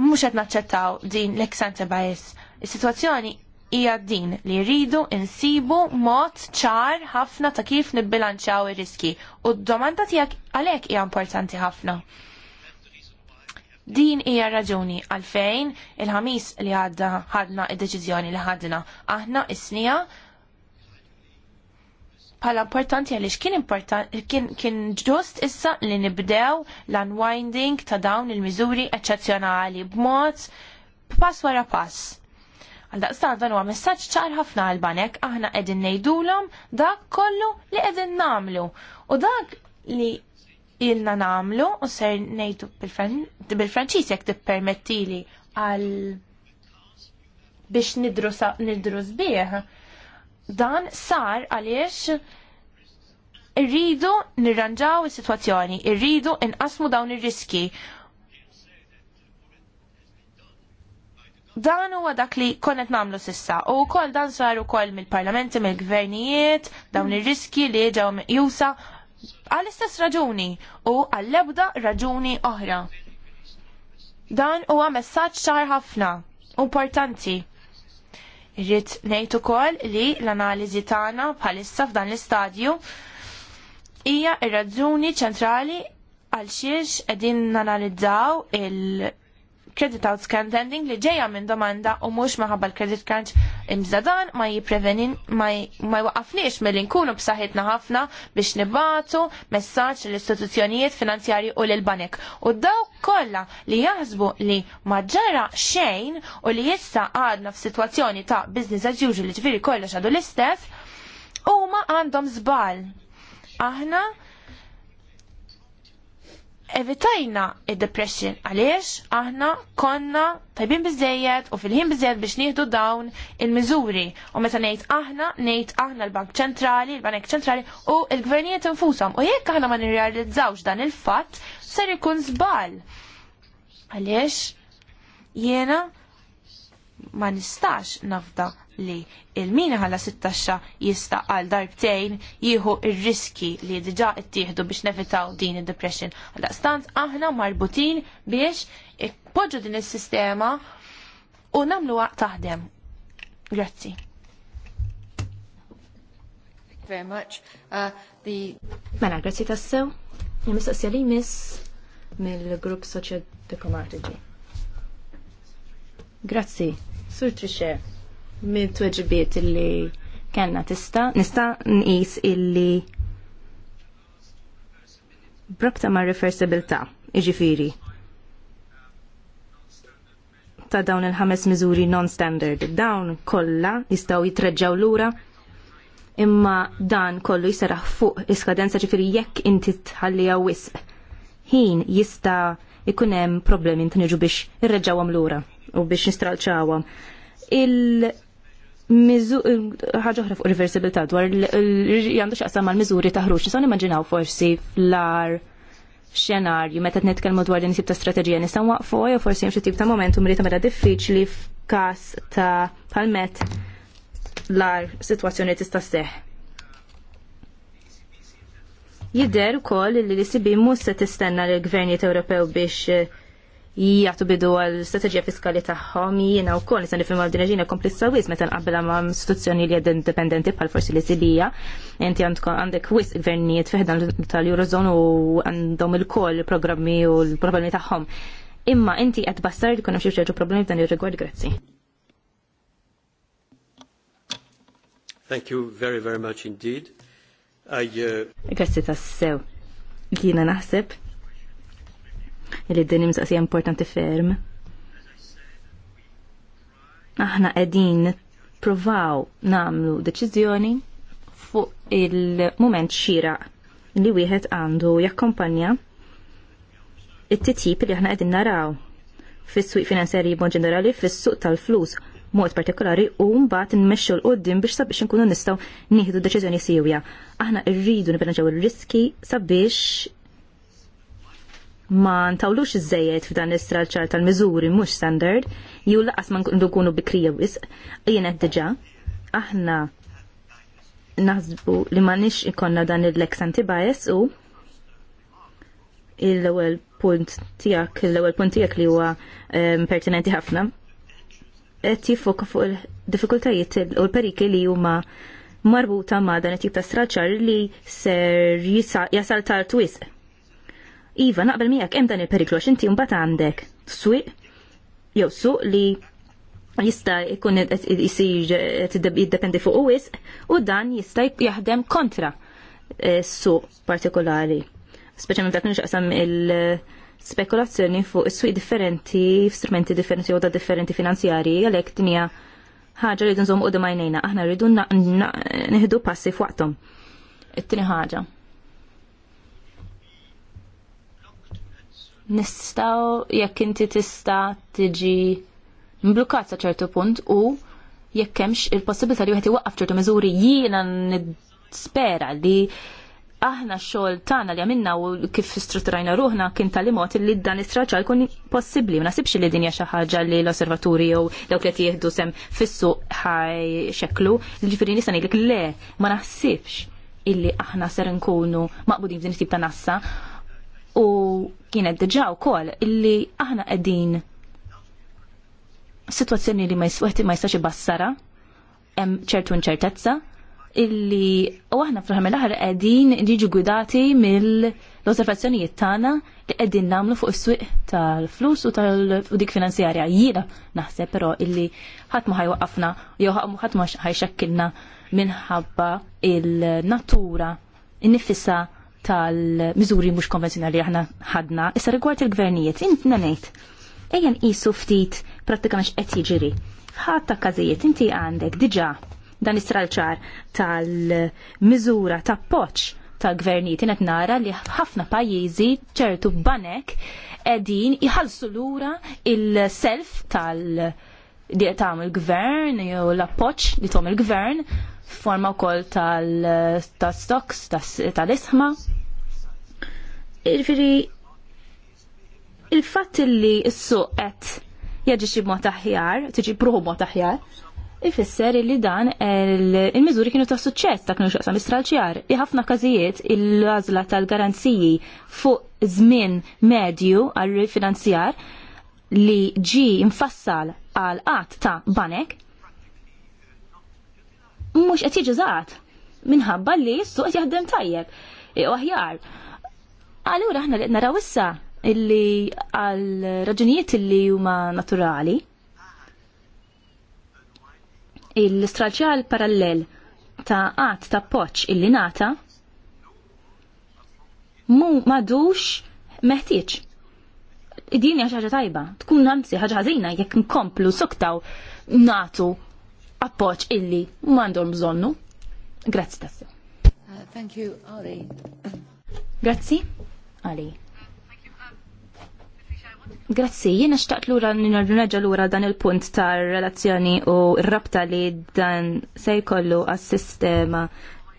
mhux qed naċċettaw din l-exante bajis. Is-sitwazzjoni hija din li rridu insibu mod ċar ħafna ta' kif nibbilanċaw ir-riski u d-domanda tiegħek għalhekk hija importanti ħafna. Din hija raġuni għalfejn il-ħamis li għadda ħadna id-deċiżjoni li ħadna aħna is-snija bħala importanti għaliex kien importanti kien, kien ġust issa li nibdew l-unwinding ta' dawn il-miżuri eċċezzjonali b'mod pass wara pass. Għaldaqstan dan huwa messaġġ ċar ħafna għal banek aħna qegħdin ngħidulhom dak kollu li qegħdin nagħmlu. U dak li ilna nagħmlu u ser ngħidu bil-Franċiż jekk tippermettili għal biex nidru nidru sbieħ dan sar għaliex irridu nirranġaw is-sitwazzjoni, irridu inqasmu dawn ir-riski. Dan huwa dak li konnet namlu sissa u wkoll dan sar ukoll mill-parlamenti, mill-gvernijiet, dawn ir-riski li ġew meqjusa għall-istess raġuni u għall-ebda raġuni oħra. Dan huwa messaġġ ċar ħafna, importanti Irrid ngħid ukoll li l-analiżi tagħna bħalissa f'dan l-istadju hija r-raġuni ċentrali għal xiex qegħdin nanalizzaw il- credit out outstanding li ġeja minn domanda u mhux maħabba l-credit card imżadan dan ma jipprevenin ma jwaqafniex milli nkunu b'saħħitna ħafna biex nibatu messaġġ l-istituzzjonijiet finanzjarji u l-banek. U daw kollha li jaħsbu li ma ġara xejn u li issa għadna f'sitwazzjoni ta' business as usual li ġifieri kollox għadu l-istess huma għandhom żball. Aħna evitajna il depression għaliex aħna konna tajbin bizzejed u fil-ħin bizzejed biex nieħdu dawn il-miżuri u meta ngħid aħna ngħid aħna l-Bank Ċentrali, l-Bank Ċentrali u l-gvernijiet infushom u jekk aħna ma nirrealizzawx dan il-fatt ser ikun zbal Għaliex jiena ma nistax nafda li il-mina ħalla 16 jista għal darbtejn jieħu il riski li diġa ittieħdu biex nevitaw din id-depression. Għal stanz aħna marbutin biex poġġu din is-sistema u namlu taħdem. Grazzi. Very much. Uh, the... Mela, grazzi tassew. Jemistaqsija li miss mill-grupp soċed dekomartiġi. Grazzi, Sur Trixe, minn tweġibiet illi kellna tista, nista nqis illi brokta ma' reversibilità, iġifiri, ta' dawn il-ħames miżuri non-standard, dawn kollha jistgħu jitreġġaw lura imma dan kollu jisaraħ fuq iskadenza ġifiri jekk inti tħalli wisq. Hien jista' ikunem hemm problemi inti niġu biex l lura u biex nistralċawa. Il- ħagħuħra fuq reversibilità dwar jandu xaqsam mal miżuri taħruċ, ħruġ. Nisan immaġinaw forsi fl-ar xenarju meta t-netkelmu dwar din ta' strategija nisan waqfu jo forsi hemm xi tip ta' momentum li meta diffiċli f'każ ta' palmet l-ar situazzjoni tista' seħ. Jidher ukoll li l-ECB mhux se tistenna lill gvernijiet Ewropew biex jgħatu bidu għal strategija fiskali tagħhom jiena wkoll nista' nifhem għal dinaġina ġina komplissa wis meta nqabbel ma' istituzzjoni li għedin indipendenti bħal forsi li sidija Inti għandek wis gvernijiet fiħdan tal-Eurozone u għandhom il-koll programmi u l-problemi taħħom. Imma inti qed bassar li kunna xi problemi f'dan ir-rigward grazzi. Thank you very very much indeed. Uh, grazzi tassew. Jiena naħseb li din imsaqsija importanti ferm. Aħna qegħdin provaw namlu deċiżjoni fuq il-moment xira li wieħed għandu jakkompanja it-titjib li aħna qegħdin naraw fis-suq finanzjarji bon ġenerali fis-suq tal-flus mod partikolari u mbagħad nmexxu l qoddim biex sabiex inkunu nistgħu nieħdu deċiżjoni sewja. Aħna rridu nibbenġaw ir-riski sabiex ma ntawlux iż f'dan l-istralċar tal-miżuri mhux standard, jew laqas ma nkunu bikrija wisq, jien qed diġà aħna naħsbu li m'għandniex nix ikonna dan il-lex antibias u l-ewwel punt tiegħek, l-ewwel punt tiegħek li huwa ehm, pertinenti ħafna qed jiffoka fuq il-diffikultajiet u l-periki li huma marbuta ma' dan it-tip ta' straċar li ser jasal tal twisq Iva, naqbel miegħek hemm dan il-periklu għax inti mbagħad għandek swieq jew suq li jista' jkun jisir jiddependi fuq uwis u dan jista' jaħdem kontra e, suq partikolari. Speċjalment dak nixqasam il- spekulazzjoni fuq is-suq differenti, strumenti differenti u da differenti finanzjari, għalhekk tinja ħaġa li nżomm u d-majnejna, aħna rridu nieħdu passi fuqhom. It-tieni ħaġa. nistaw jekk inti tista' tiġi mblukat sa ċertu punt u jekk hemmx il-possibilità li wieħed iwaqqaf ċertu miżuri jiena nispera li aħna xogħol tagħna li għamilna u kif strutturajna ruħna kien tal-imot li dan istraċa jkun possibbli. Ma nasibx li dinja xi ħaġa li l-osservaturi jew dawk li qed jieħdu sem fissu ħaj xeklu. Ġifieri nista' ngħidlek le, ma naħsibx illi aħna ser nkunu maqbudin f'din it-tip ta' nassa u kienet diġà wkoll illi aħna qegħdin situazzjoni li ma jistax ibassara, hemm ċertu inċertezza, illi u aħna fl l ħar qegħdin jiġu gwidati mill-osservazzjonijiet tagħna li qegħdin nagħmlu fuq is-swieq tal-flus u tal-dik finanzjarja. Jiena naħseb però illi ħadd ma ħajwaqafna jew ħadd ma ħajxekkilna minħabba il-natura innifissa tal-miżuri mhux konvenzjonali aħna ħadna. Issa rigward il-gvernijiet, int ngħid. Ejjen qisu ftit prattikament qed jiġri. Ħadd ta' każijiet inti għandek diġà dan istralċar tal-miżura ta' poċ ta' gvernijiet qed nara li ħafna pajjiżi ċertu banek qegħdin iħallsu lura il-self tal- li il-gvern, jew l-appoċ li tom il-gvern, forma wkoll tal-stocks, tal-isħma. il-firi il-fatt li s-suq qed xi b'mod aħjar, tiġi pruħu b'mod aħjar, ifisser li dan il-miżuri kienu ta' suċċess ta' kienu xaqsam istralċjar. ħafna każijiet il-għażla tal-garanziji fuq żmien medju għal rifinanzjar li ġi infassal għal qatt ta' banek mhux qed jiġi żgħat minħabba li s-suq qed jaħdem tajjeb u aħjar. Allura aħna li naraw issa illi għal raġunijiet illi huma naturali il-istraġġal parallel ta' għat ta' poċ illi nata mu madux meħtieġ. Din hija ħaġa tajba, tkun anzi ħaġa ħażina jekk nkomplu soktaw natu appoċ illi m'għandhom bżonnu. Grazzi tassi. Uh, thank you, Ali. Grazzi, Ali. Grazzi, jiena xtaqt lura l lura dan il-punt tar relazzjoni u r-rabta li dan se jkollu għas-sistema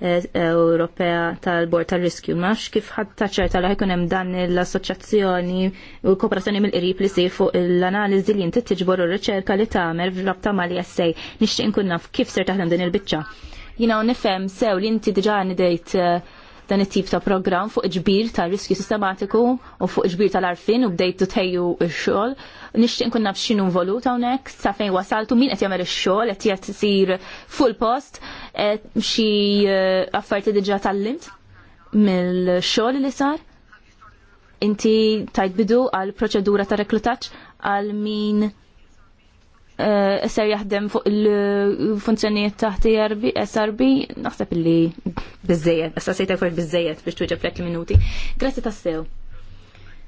Ewropea tal-Bord tal-Riskju Max kif ħadd ċerta li ħajkun hemm dan l-assoċjazzjoni u kooperazzjoni mill-qrib li sej fuq l-analiżi li inti tiġbor u r-riċerka li tagħmel rabta mal-jassej e nixtieq inkun naf kif ser taħdem din il-biċċa. Jina nifhem sew li inti diġà ngħidejt uh, dan it-tip ta' programm fuq ġbir ta' riskju sistematiku u fuq ġbir tal-arfin u bdejtu tejju x-xogħol. Nixtieq nkun naf x'inhu ta' hawnhekk, sa fejn wasaltu, min qed jagħmel ix-xogħol, qed qed full post, xi eh, affarijiet diġà tallimt mill-xogħol li sar. Inti tajt bidu għal proċedura ta' reklutaċ għal min Eh, ser jaħdem fuq il-funzjonijiet taħt SRB, e naħseb li bizzejet, issa sejta' fuq bizzejet biex tuġab l minuti. Grazzi tas-sew.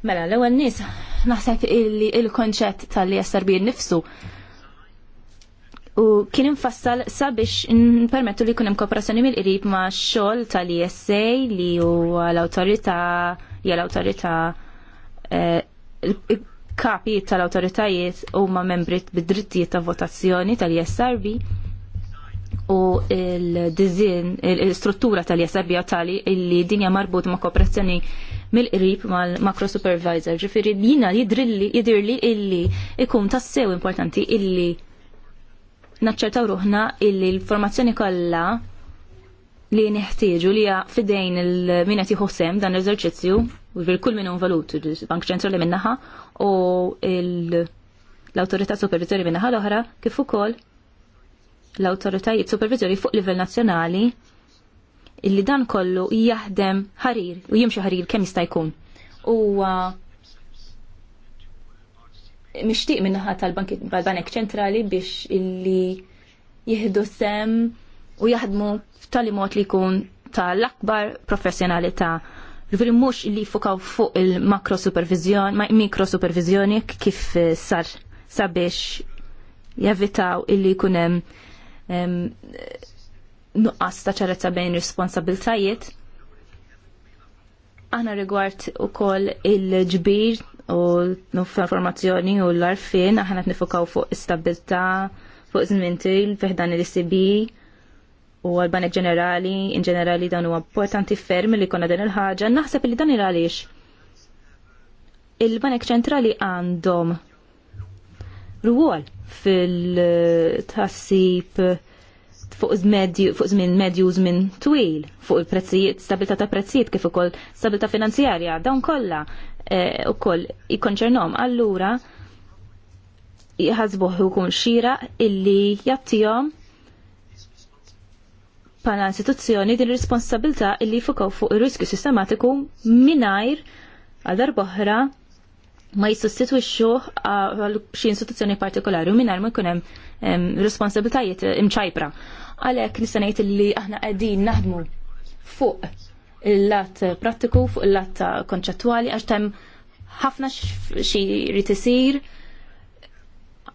Mela, l ewwel nies naħseb li il-konċett tal-SRB nifsu u kien infassal sabiex permettu li kunem kooperazzjoni mill-qrib ma' xogħol tal-ISA li huwa l-awtorità hija l-awtorità eh, kapijiet tal-autoritajiet huma membri bid-drittijiet ta' votazzjoni tal-ISRB u il-dizin, il-struttura tal-ISRB tali illi dinja marbut ma' kooperazzjoni mill-qrib mal-macro supervisor. Ġifiri jina jidrilli, jidirli illi ikun tassew importanti illi naċċertaw ruħna illi l-formazzjoni kollha li neħtieġu li fidejn il minati jħossem dan l-eżerċizzju u kull minn valut il-Bank ċentrali minnaħa u l autorita supervizjoni minnaħa l-oħra kif ukoll l-autoritajiet supervizjoni fuq livell nazzjonali illi dan kollu jaħdem ħarir u jimxi ħarir kemm jista' jkun. U mixtieq minnaħa tal-Banek ċentrali biex illi jihdu sem u jaħdmu f'tali mod li jkun tal-akbar professjonalità Ġifiri mux li fukaw fuq il-makro supervizjon, ma' mikro supervizjoni kif eh, sar sabiex javitaw illi kunem nuqqas ta' ċaretta bejn responsabiltajiet. Aħna rigward u koll il-ġbir u l-informazzjoni u l-arfin, aħna t-nifukaw fuq istabilta, fuq zmintil, fiħdan il-CB, u għal-banek ġenerali, in ġenerali dan huwa importanti ferm li konna din il-ħaġa, naħseb li dan il għaliex. Il-banek ċentrali għandhom rwol fil-tassib fuq żmien medju żmien twil fuq il-prezzijiet, stabilità ta' prezzijiet kif ukoll stabilità finanzjarja, dawn kollha eh, ukoll ikkonċernhom. Allura jħasbuh ikun xira illi jagħtihom bħala istituzzjoni din ir-responsabilità illi fukaw fuq ir-riskju sistematiku mingħajr għal darboħra ma jissostitwixxuh għal xi istituzzjoni partikolari u mingħajr ma jkun hemm responsabiltajiet imċajpra. Għalhekk nista' ngħid li aħna qegħdin naħdmu fuq il-lat prattiku, fuq il-lat konċettwali għax hemm ħafna xi jrid isir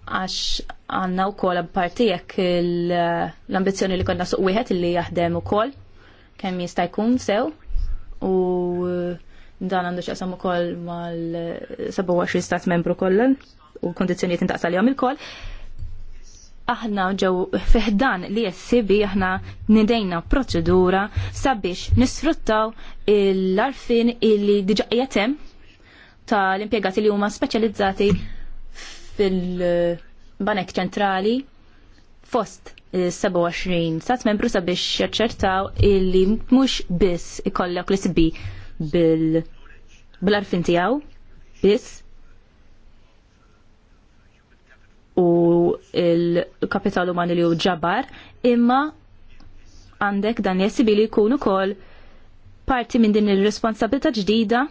għax għanna u kol partijek l-ambizjoni li konna suq wieħed li jaħdem u kol kemm jista' jkun sew u dan għandu xaqsam u kol mal-27 stat membru kollan u kondizjoniet intaqsa li il-kol. Aħna ġew fiħdan li jessibi aħna nidejna proċedura sabiex nisfruttaw l-arfin illi diġa jatem ta' l-impiegati li huma speċjalizzati fil- banek ċentrali fost 27 sat membru sabiex jaċċertaw illi mhux biss ikollok li sbi bil arfin tiegħu biss u il-kapital umani li u ġabar imma għandek dan jessibi li jkun ukoll parti minn din ir-responsabilità ġdida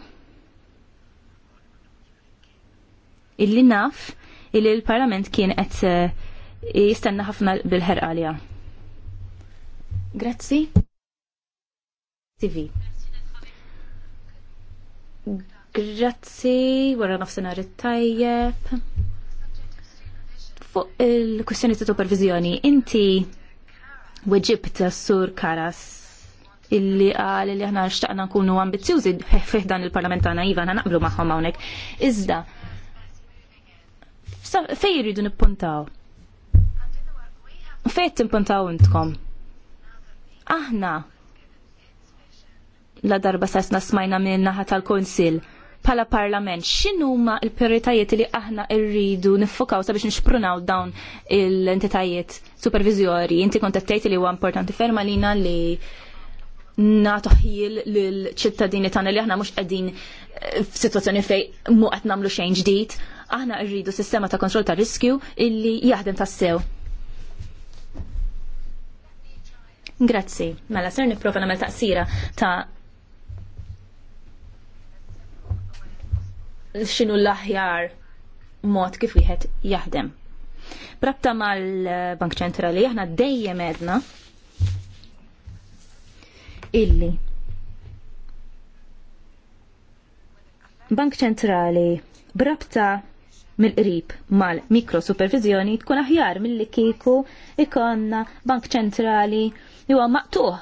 illi naf illi l-Parlament kien qed eh, jistenna ħafna bil ħerqalja Grazzi. TV. Grazzi, wara nofsinhar it-tajjeb. Fuq il-kwestjoni ta' supervizjoni, inti weġibt sur Karas illi qal li aħna xtaqna nkunu ambizzjużi fih dan il-parlamentana iva, naqblu magħhom hawnhekk. Iżda, Fej jridu nippuntaw? Fej timpuntaw intkom? Aħna la darba sasna smajna minn naħa tal-Konsil pala parlament, x'inhuma l-prioritajiet li aħna rridu nifukaw sabiex nixprunaw dawn l-entitajiet supervizjori. Inti kont li huwa importanti ferma li li nagħtu l lill-ċittadini tagħna li aħna mhux qegħdin eh, f'sitwazzjoni fejn mu qed nagħmlu xejn ġdid. Aħna rridu sistema ta' kontrol ta' riskju illi jaħdem tas-sew. Grazzi. Mela, ser niprofa namel taqsira ta' xinu l-aħjar mod kif wieħed jaħdem. Brabta mal-Bank Ċentrali aħna dejjem edna illi Bank Ċentrali brabta mill-qrib mal-mikrosupervizjoni tkun aħjar mill-li kieku ikonna bank ċentrali li huwa maqtuħ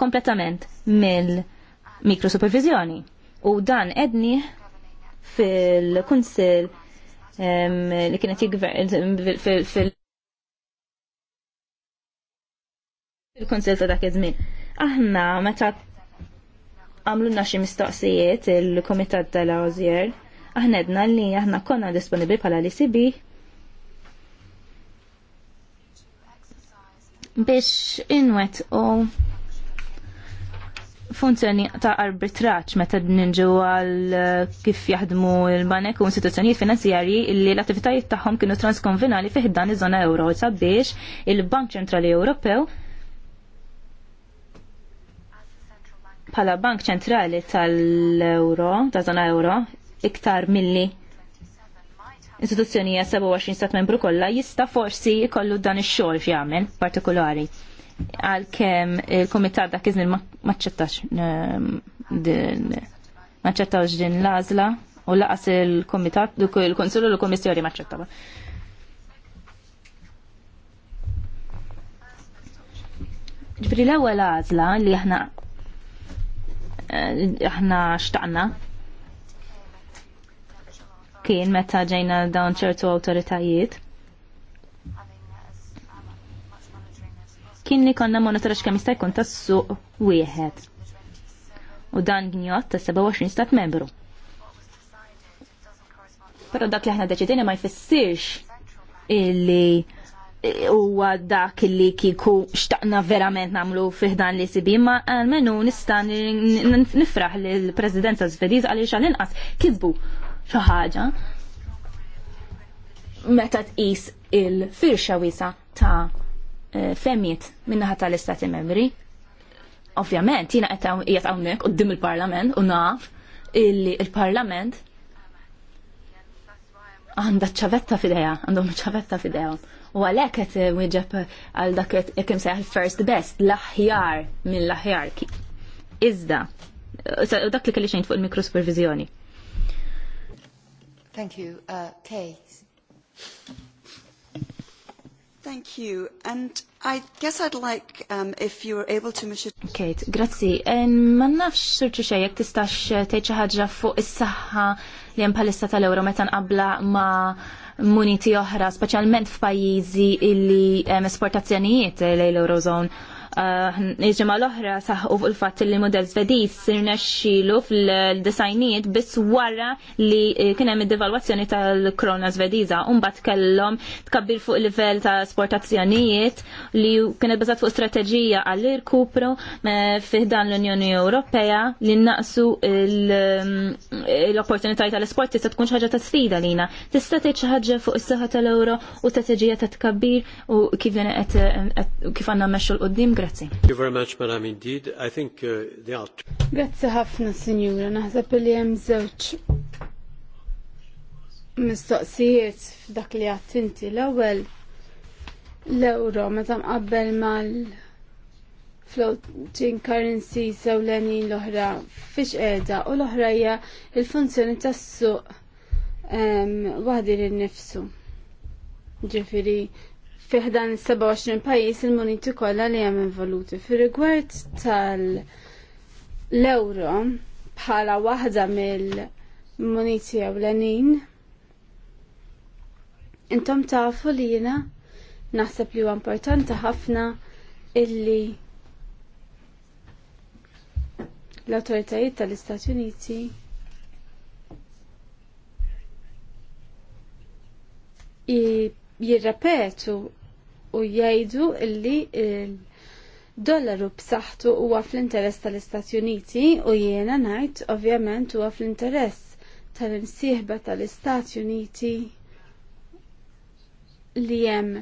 kompletament mill-mikrosupervizjoni. U dan edni fil-kunsil li kienet jgvern fil- kunsil ta' dak iż-żmien. Aħna meta għamlunna xi mistoqsijiet il-Kumitat tal-Awżjer, aħna edna li aħna konna disponibli bħala li sibi biex inwet u funzjoni ta' arbitraċ meta ninġu għal eh, kif jaħdmu l-banek u istituzzjonijiet finanzjarji illi l-attivitajiet tagħhom kienu transkonvinali fih dan iż-żona euro sabiex il-Bank Ċentrali Ewropew bħala Bank Ċentrali tal-Euro, ta' żona euro, iktar milli istituzzjonija 27 stat membru kollha jista' forsi jkollu dan ix-xogħol x'jagħmel partikolari għalkemm il-kumitat dak iżmin maċċettax maċċettax ehm, din l-għażla u laqas il-kumitat il-konsul u l-kummissjoni maċċettaw. Ġifri l-ewwel għażla li aħna eh, aħna xtaqna kien meta ġejna dawn ċertu awtoritajiet. Kien li konna monitorax x'kemm jista' jkun tas-suq wieħed. U dan gnjot ta' 27 stat membru. Però dak li aħna deċidina ma jfissirx illi huwa dak li kiku xtaqna verament namlu fiħdan li sibi, ma għalmenu nistan nifraħ li l-prezidenza svediż għalli xal-inqas kizbu xaħġa ħaġa meta tqis il-firxa wiesa ta' eh, femmiet minnaħa tal-Istati Membri. Ovvjament, jina qed hawnhekk qudiem il-Parlament u naf illi il-Parlament għandha ċavetta fideja, għandhom ċavetta fideja. U għalhekk qed wieġeb għal dak jekk seħ first best, l-aħjar minn l-aħjar. Iżda, eh, dak li kelli xejn fuq il-mikrosupervizjoni. Thank you. Uh, Kay. Thank you. And I guess I'd like um, if you were able to Mr. Kate, grazzi. Ma nafx surċi xej jekk tistax eh, tgħid xi ħaġa fuq is-saħħa li hemm bħalissa tal-ewro meta nqabla ma' muniti oħra, speċjalment f'pajjiżi illi esportazzjonijiet lejn l-Eurozone Eh, Iġema l-oħra saħu fuq il-fat li model svediż sirna xilu fil-disajnijiet biss wara li eh, kienem id-devalwazzjoni tal-krona svediża umbat kellom tkabbir fuq il-livell ta' sportazzjonijiet li kienet bażat fuq strateġija għall-irkupru eh, fiħdan l-Unjoni Ewropea li naqsu l-opportunitajiet tal-sport tista' tkun xi ħaġa ta' sfida lina. Tista' tgħid xi ħaġa fuq is-saħħa tal-ewro u strateġija ta' tkabbir u kif għandna mmexxu l-qudiem Grazzi. Thank you very much, madam, indeed. I think uh, Grazzi ħafna, signora. Naħseb li hemm żewġ mistoqsijiet f'dak li għattinti l-ewwel l-euro meta mqabbel mal floating currency sewlenin l-oħra fiex qiegħda u l-oħra hija l-funzjoni tas-suq waħdi lin-nifsu. Ġifieri fiħdan 27 pajis il-moniti kollha li hemm involuti. Fir-rigward tal-euro bħala waħda mill-moniti ewlenin, intom tafu li jiena naħseb li huwa importanti ħafna illi l-autoritajiet tal-Istati Uniti jirrepetu u jgħidu illi il-dollaru b'saħħtu huwa fl-interess tal-Istati Uniti u jiena ngħid ovvjament huwa fl-interess tal-imsieħba tal-Istati Uniti li hemm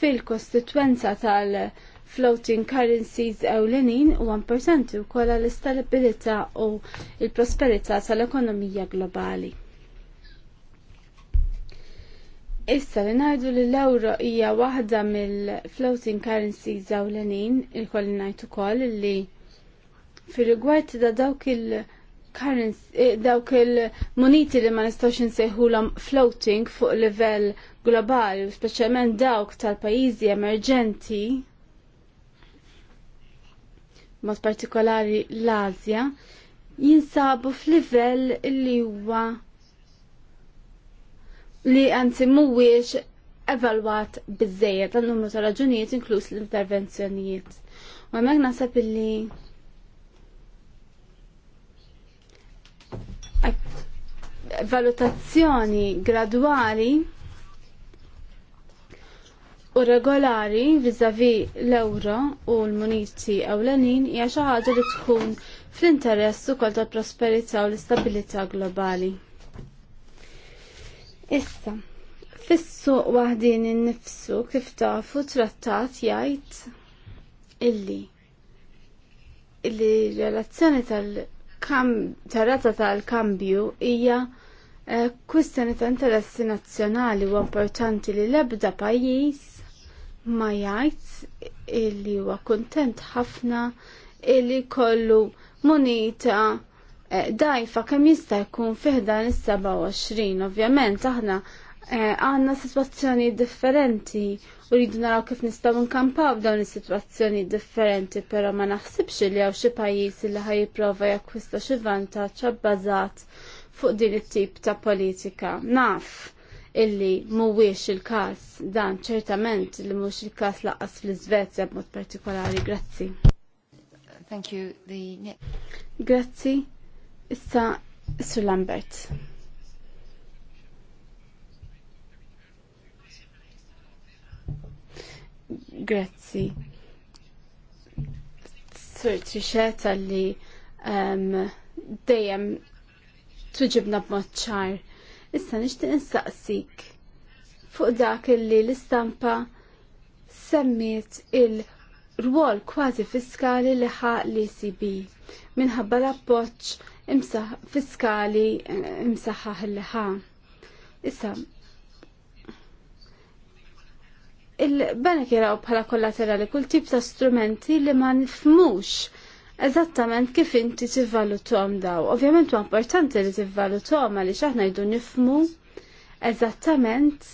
fil-kostituenza tal-floating currencies ewlenin u importanti wkoll l istabilità u l prosperità tal-ekonomija globali. Issa li najdu li l-euro hija waħda mill-floating currencies zawlenin il-kolli najtu kol li fil-rigward da dawk il- eh, dawk il-moniti li ma nistax nsejħulhom floating fuq livell globali, u speċjalment dawk tal-pajjiżi emerġenti, mod partikolari l-Asja, jinsabu f'livell li huwa li għanzi mhuwiex evalwat bizzejet għal numru ta' raġunijiet inkluż l-intervenzjonijiet. U għamek naħseb illi valutazzjoni gradwali u regolari vizavi l-euro u l-muniti ewlenin hija xi ħaġa li tkun fl-interess ukoll tal-prosperità u l-istabilità globali. Issa, fissu waħdin il-nifsu kif tafu trattat jgħid illi illi relazzjoni tal-rata tal-kambju hija eh, kwistjoni ta' interessi nazzjonali u importanti li l-ebda pajjiż ma jgħid illi huwa kuntent ħafna illi kollu munita Eh, dajfa kemm jista' jkun fiħda n 27 ovvjament aħna eh, għandna sitwazzjoni differenti u rridu naraw kif nistgħu nkampaw dawn is-sitwazzjoni differenti, però ma naħsibx li hawn xi pajjiż li ħaj jipprova jakkwista xi vantaġġ abbażat fuq din it-tip ta' politika. Naf illi mhuwiex il-każ dan ċertament li mhux il-każ laqqas fl-Iżvezja b'mod partikolari. Grazzi. Thank you. The... Grazzi. Issa, Sir Lambert. Grazzi. Sir Trixet li um, dejjem tuġibna b'mod ċar. Issa nixtieq insaqsik fuq dak li l-istampa semmiet il- rwol kważi fiskali li ħaq l-ECB minħabba l-appoċ fiskali eh, imsaħħaħ li ħa. Issa, il-banek jaraw bħala kollaterali kull tip ta' strumenti li ma nifmux eżattament kif inti tivvalutom daw. Ovvjament huwa importanti li tivvalutom għaliex aħna jdu nifmu eżattament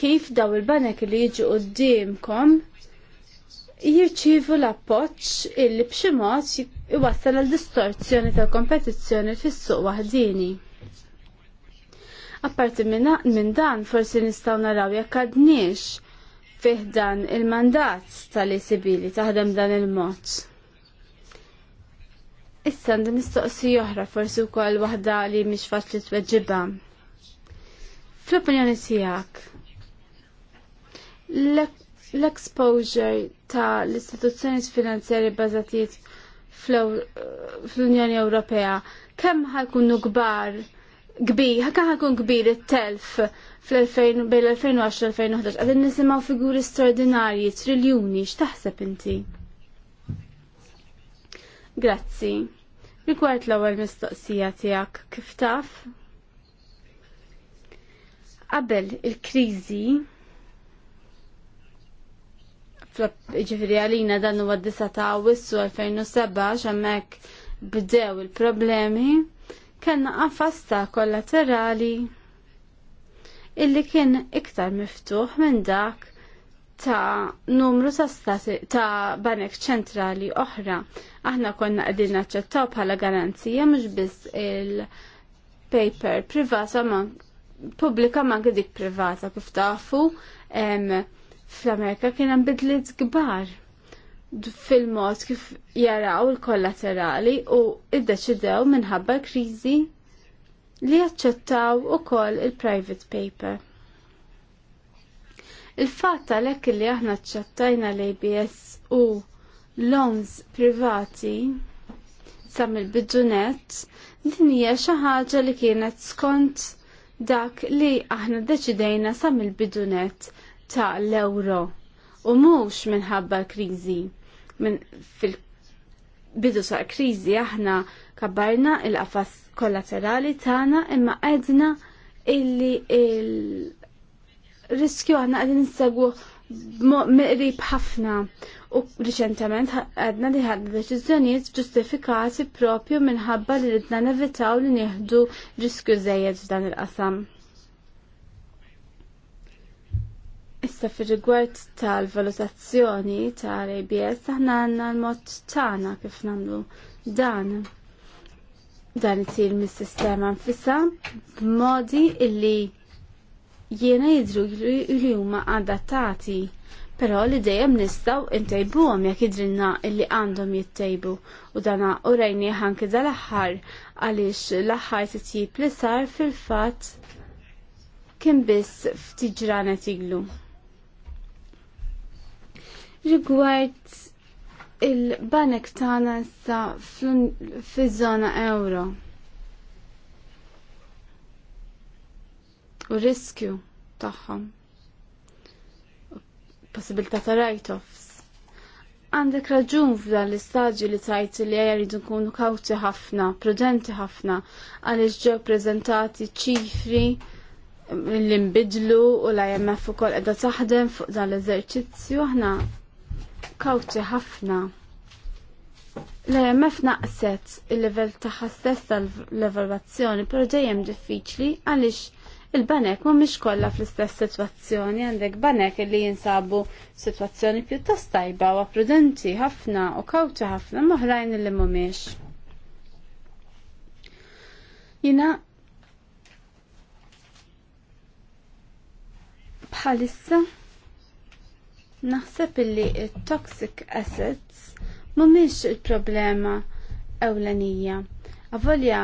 kif daw il-banek li jiġu qudiemkom jirċivu l-appoċ illi bximot iwassal għal distorzjoni tal kompetizzjoni fis-suq waħdini. Apparti minn dan forsi nistgħu naraw jekk għadniex fih dan il-mandat tal-ECB li taħdem dan il-mod. Issa għandi mistoqsi oħra forsi wkoll waħda li mhix faċli tweġibha. Fl-opinjoni tiegħek l-exposure ta' l-istituzzjoni finanzjari bazatiet fl-Unjoni Ewropea, kemm ħajkunu kbar kbir, ħakka ħakun kbir it-telf fl-2010 2011 għadin nisimaw figuri straordinarji, triljuni, x'taħseb inti? Grazzi. Rigward l-ewwel mistoqsija tiegħek kif taf? Qabel il-kriżi ġifiri għalina dan huwa għaddisa disa ta' awissu 2007 xemmek bdew il-problemi, kena għafasta kollaterali illi kien iktar miftuħ minn dak ta' numru ta', stati, ta banek ċentrali oħra. Aħna konna qegħdin naċċettaw bħala garanzija mhux biss il-paper privata ma' pubblika ma' għedik privata kif tafu fl-Amerika kien hemm bidliet kbar fil-mod kif jaraw il-kollaterali u iddeċidew minħabba kriżi li jaċċettaw ukoll il-private paper. Il-fatt għalhekk li aħna ċċettajna l-ABS u loans privati sam il-bidġunet din hija xi ħaġa li kienet skont dak li aħna deċidejna sam il-bidunet ta' l-euro u mhux minħabba kriżi min fil-bidu sa' kriżi aħna kabbarna il-qafas kollaterali tagħna imma qedna illi il-riskju għanna għadin nsegwu meqrib ħafna u riċentament għadna li ħadna deċiżjonijiet ġustifikati propju minħabba li ridna nevitaw li nieħdu riskju zejed f'dan il-qasam. Issa fir rigward tal-valutazzjoni tal-ABS aħna għandna l-mod tagħna kif nagħmlu dan. Dan isir mis-sistema nfisha b'modi illi jiena jidru li huma adattati, però li dejjem nistgħu ntejbuhom jekk jidrilna illi għandhom jittejbu u dana u rejni ħanki dal-aħħar għaliex l-aħħar titjib li sar fil-fatt kien biss ftit ġranet iglu rigward il-banek tagħna issa fiż-żona euro. U riskju tagħhom. Possibilità ta' write-offs. Għandek raġun f'dan l-istadju li tajt li jridu nkunu kawti ħafna, prudenti ħafna, għaliex ġew prezentati ċifri li nbidlu u l-IMF ukoll qiegħda taħdem fuq dan l-eżerċizzju aħna kawċi ħafna. L-IMF naqset il-level taħħa stess tal-evalvazzjoni, pero dejjem diffiċli għaliex il-banek mhumiex kollha fl-istess sitwazzjoni għandek banek li jinsabu situazzjoni pjuttost tajba u prudenti ħafna u kawċi ħafna moħrajn li mhumiex. Jina bħalissa Naħseb li toxic assets mumiex il-problema ewlenija. Avolja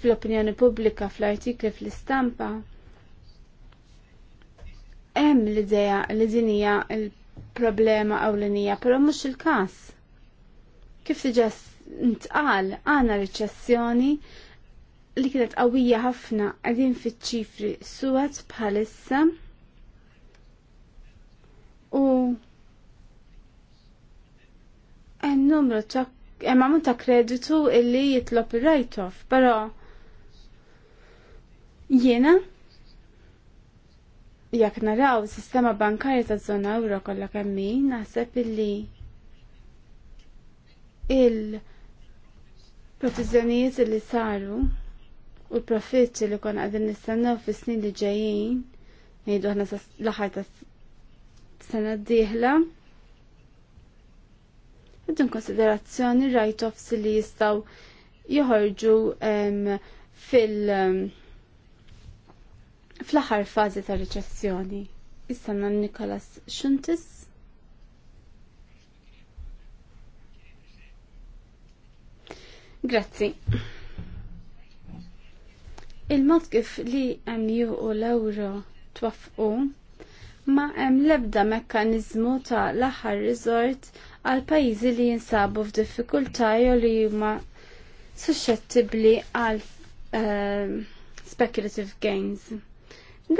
fl-opinjoni pubblika fl-artikli fl-istampa hemm l-idea li din hija l-problema ewlenija, però mhux il-każ. Kif diġà ntqal għandna riċessjoni li kienet qawwija ħafna qegħdin fiċ-ċifri suwed bħalissa u en numru ta' hemm ta' kreditu illi jitlob ir-write-off, però jiena jekk naraw sistema bankarja ta' zona euro kollha kemm min, naħseb illi il-protezzjonijiet li saru u l-profitti li kon għadin nistennew fis-snin li ġejjin ngħidu aħna l-aħħar sena d-dieħla. Għaddin konsiderazzjoni write-offs li jistaw joħorġu fil- fl-aħħar fażi ta' riċessjoni. Issa Nikolas Xuntis. Grazzi. Il-mod kif li għamju u l-ewro twaffqu ma hemm l-ebda mekkaniżmu ta' l-aħħar riżort għal pajjiżi li jinsabu f'diffikultà jew li huma suscettibbli għal uh, speculative gains.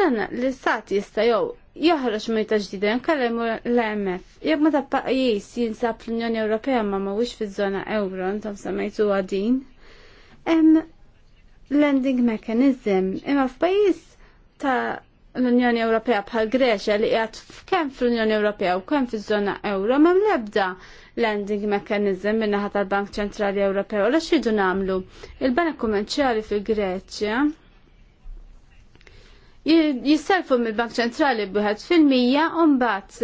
Dan l-istat jista' jew joħroġ mejta ġdida jinkallemu l mf Jekk meta pajjiż jinsab l-Unjoni Ewropea ma mhuwiex fiż-żona euro, intom semmejtu din, hemm lending mechanism imma f'pajjiż ta' l-Unjoni Ewropea bħal Greċja li qiegħed kemm fl-Unjoni Ewropea u kemm fiż-żona Ewro m'hemm l-ebda landing mechanism min-naħa tal-Bank Ċentrali Ewropew. Għalax jridu nagħmlu? Il-Bank Kummerċjali fil-Greċja jisselfu mill-Bank Ċentrali b'wieħed fil-mija u mbagħad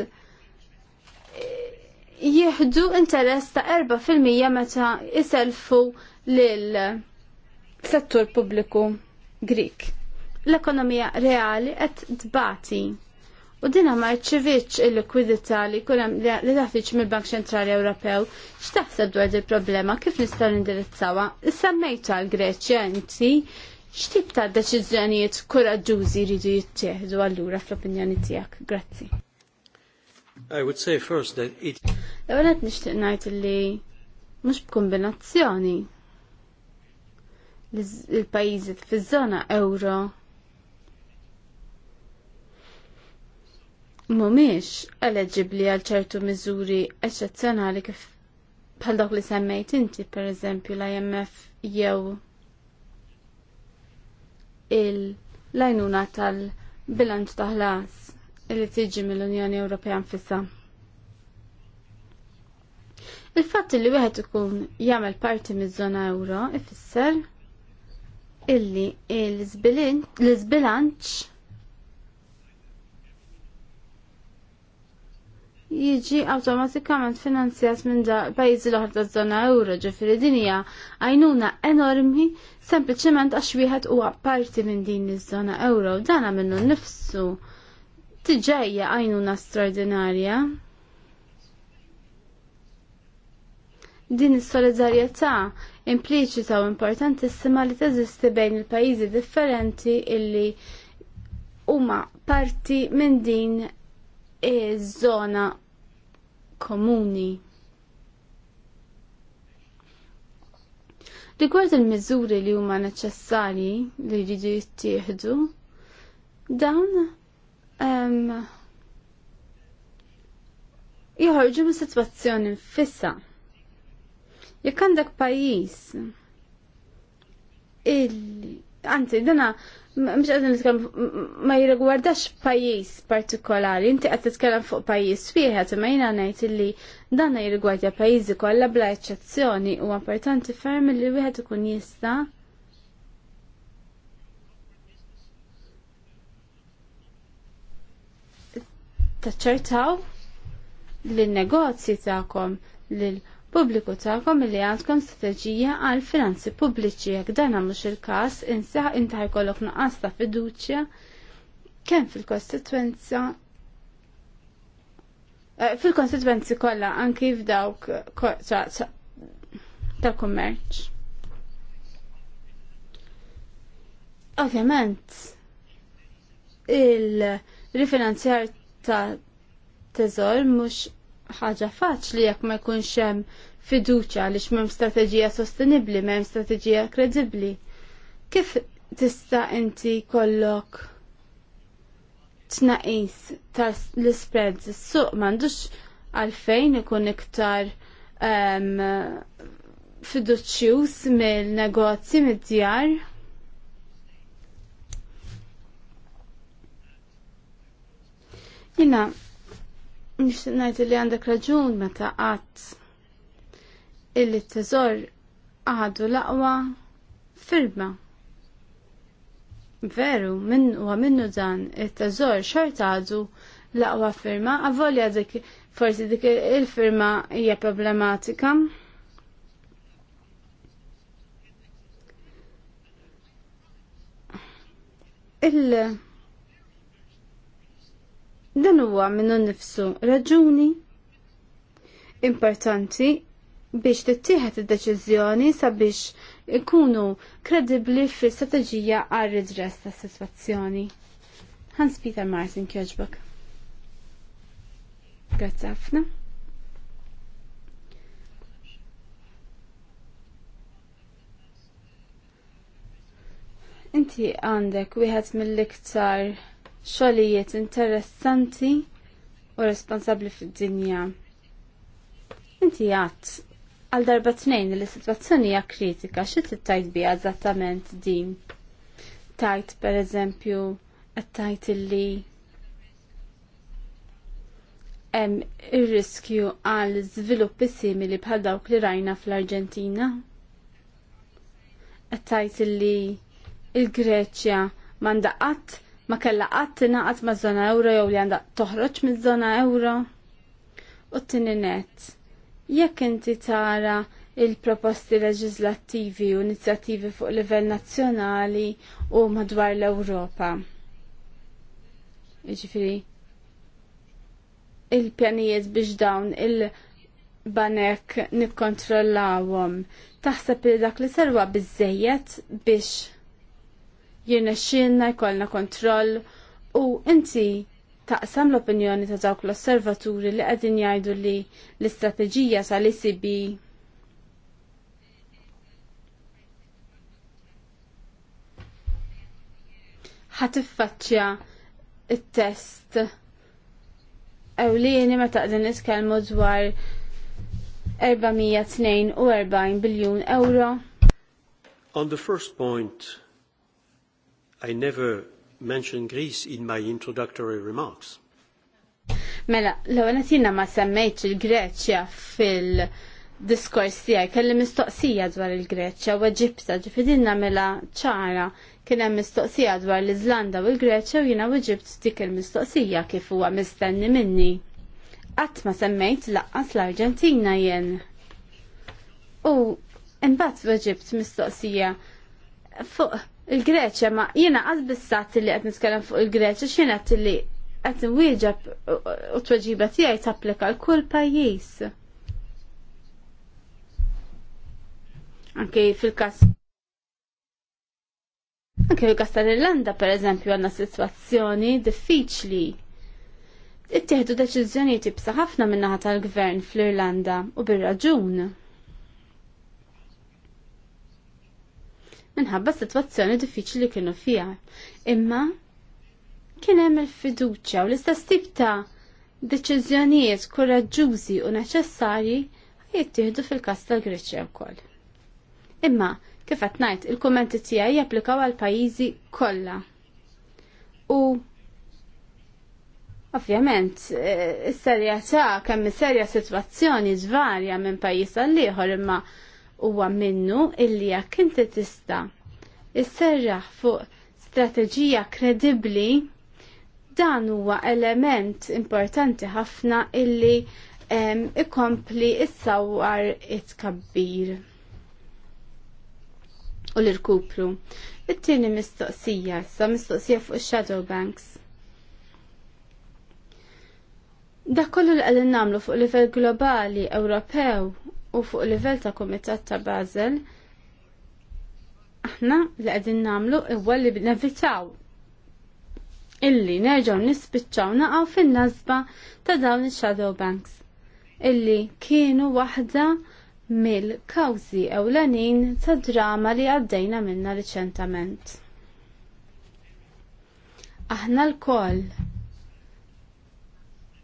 jieħdu interess ta' 4% meta jiselfu lil settur pubbliku Grik l-ekonomija reali qed tbati. U dina ma jċivitx il-likwidità li kunem li taħfiċ mill-Bank Ċentrali Ewropew. X'taħseb dwar il-problema kif nistgħu indirizzawa? Semmejta l-Greċja inti x'tip ta' deċiżjonijiet kuraġġużi jridu jittieħdu allura fl-opinjoni tiegħek? Grazzi. I would say first that it Ewwel qed nixtieq ngħid li mhux b'kombinazzjoni l-pajjiżi fiż-żona euro mumiex eleġibli għal ċertu miżuri eċċezzjonali kif bħal dawk li semmejt inti, per eżempju, l-IMF jew il-lajnuna tal-bilanċ taħlas li tiġi mill-Unjoni Ewropea nfissa. Il-fatt li wieħed ikun jagħmel parti miż-żona euro ifisser illi l-żbilanċ jiġi awtomatikament finanzjat minn da pajjiżi l-oħra taż-żona euro, ġifieri dinija għajnuna enormi sempliċement għax wieħed huwa parti minn din iż-żona euro, dana minnu nnifsu tiġejja għajnuna straordinarja. din is-solidarjetà impliċita u importantissima li teżisti bejn il-pajjiżi differenti illi huma parti minn din e żona komuni. Rigward il-miżuri li huma neċessarji li jridu jittieħdu, dawn um, jħorġu minn sitwazzjoni fissa. Jekk għandek pajjiż il anzi dana nitkellem ma jirrigwardax pajjiż partikolari, inti qed titkellem fuq pajjiż wieħed imma jiena ngħid li dan jirrigwardja pajjiżi kollha bla eċċezzjoni u importanti ferm li wieħed ikun jista' taċċertaw l-negozji tagħkom lil pubbliku tagħkom li għandkom strateġija għal finanzi pubbliċi jekk dan mhux il-każ insaħ inti ħajkollok nuqqas ta' fiduċja kemm fil-kostitwenza eh, fil-konsekwenzi kollha anki f'dawk tal-kummerċ. Ovvjament, il-rifinanzjar ta' teżor mhux ħaġa faċli jekk ma jkunx hemm fiduċja li m'hemm strateġija sostenibbli, m'hemm strateġija kredibbli. Kif tista' inti kollok tnaqis tal-spreads is-suq m'għandux għalfejn ikun iktar um, fiduċjuż mill-negozji mid-djar. Jina, Nixtieq ngħid li għandek raġun meta qatt illi t-teżor għadu l-aqwa firma. Veru, minn u minnu dan, it-teżor xort għadu l-aqwa firma, għavolja dik forsi dik il-firma hija problematika. il- Dan huwa minnu nifsu raġuni importanti biex tittieħed id-deċiżjoni sabiex ikunu kredibbli fil-strateġija għal redress ta' sitwazzjoni. Hans Peter Martin kjoġbok. Grazzi ħafna. Inti għandek wieħed mill-iktar xogħlijiet interessanti u responsabbli fid-dinja. Inti għadd għal darba tnejn li situazzjoni hija kritika xi tajt biha eżattament din. Tajt pereżempju qed tajt li hemm ir-riskju għal żviluppi simili bħal dawk li rajna fl-Arġentina? Qed li l-Greċja m'għandha qatt ma kella qatt tingħaqad ma' żona euro jew li għandha toħroġ miż-żona euro. U t-tieni net, jekk inti tara il-proposti leġislattivi u inizjattivi fuq livell nazzjonali u madwar l-Ewropa. Jiġifieri il-pjanijiet biex dawn il- banek nikkontrollawhom. Taħseb li dak li serwa biżejjed biex jirnexxinna jkollna kontroll u inti taqsam l-opinjoni ta' dawk l-osservaturi li qegħdin jgħidu li l-istrateġija sal-ECB ħatiffaċċja il test ewlieni meta taqdin nitkellmu dwar 442 biljun euro. On the first point, I never mentioned Greece in my introductory remarks. Mela, l-ewwel tina ma semmejtx il-Greċja fil- diskors għaj, kelli mistoqsija dwar il-Greċja u Eġipta, ġifidin mela ċara, kien hemm mistoqsija dwar l-Iżlanda u l-Greċja u jiena u Eġipt dik il-mistoqsija kif huwa mistenni minni. Qatt ma semmejt laqqas l-Arġentina jien. U imbagħad f'Eġipt mistoqsija fuq il-Greċja, ma jena għazbissat li għed niskellem fuq il-Greċja, xina li għed nwieġab u t-tweġiba tijaj tapplika l-kull pajis. Anke fil-kas. Anke fil-kas tal-Irlanda, per eżempju, għanna situazzjoni diffiċli. Ittieħdu deċiżjoni tibsa ħafna minnaħat tal-gvern fl-Irlanda u bir-raġun. minħabba situazzjoni diffiċli li kienu fija. Imma kien hemm il-fiduċja u l-istess tip ta' deċiżjonijiet koraġġużi u neċessarji jittieħdu fil-kas tal-Greċja wkoll. Imma kif qed ngħid il-kummenti tiegħi japplikaw għal pajjiżi kollha. U Ovvjament, eh, is-serjetà kemm is-serja sitwazzjoni żvarja minn pajjiż għal ieħor imma huwa minnu illi jekk inti tista' isserraħ fuq strateġija kredibbli dan huwa element importanti ħafna illi ikompli issawwar it-kabbir u l-irkupru. It-tieni mistoqsija, sa mistoqsija fuq shadow banks. Da kollu li għedin namlu fuq livell globali Ewropew u fuq livell ta' kumitat ta' Basel aħna li qegħdin nagħmlu huwa li nevitaw illi nerġgħu nispiċċaw naqgħu fin-nazba ta' dawn il shadow banks illi kienu waħda mill-kawżi ewlenin ta' drama li għaddejna minna riċentament. Aħna l-koll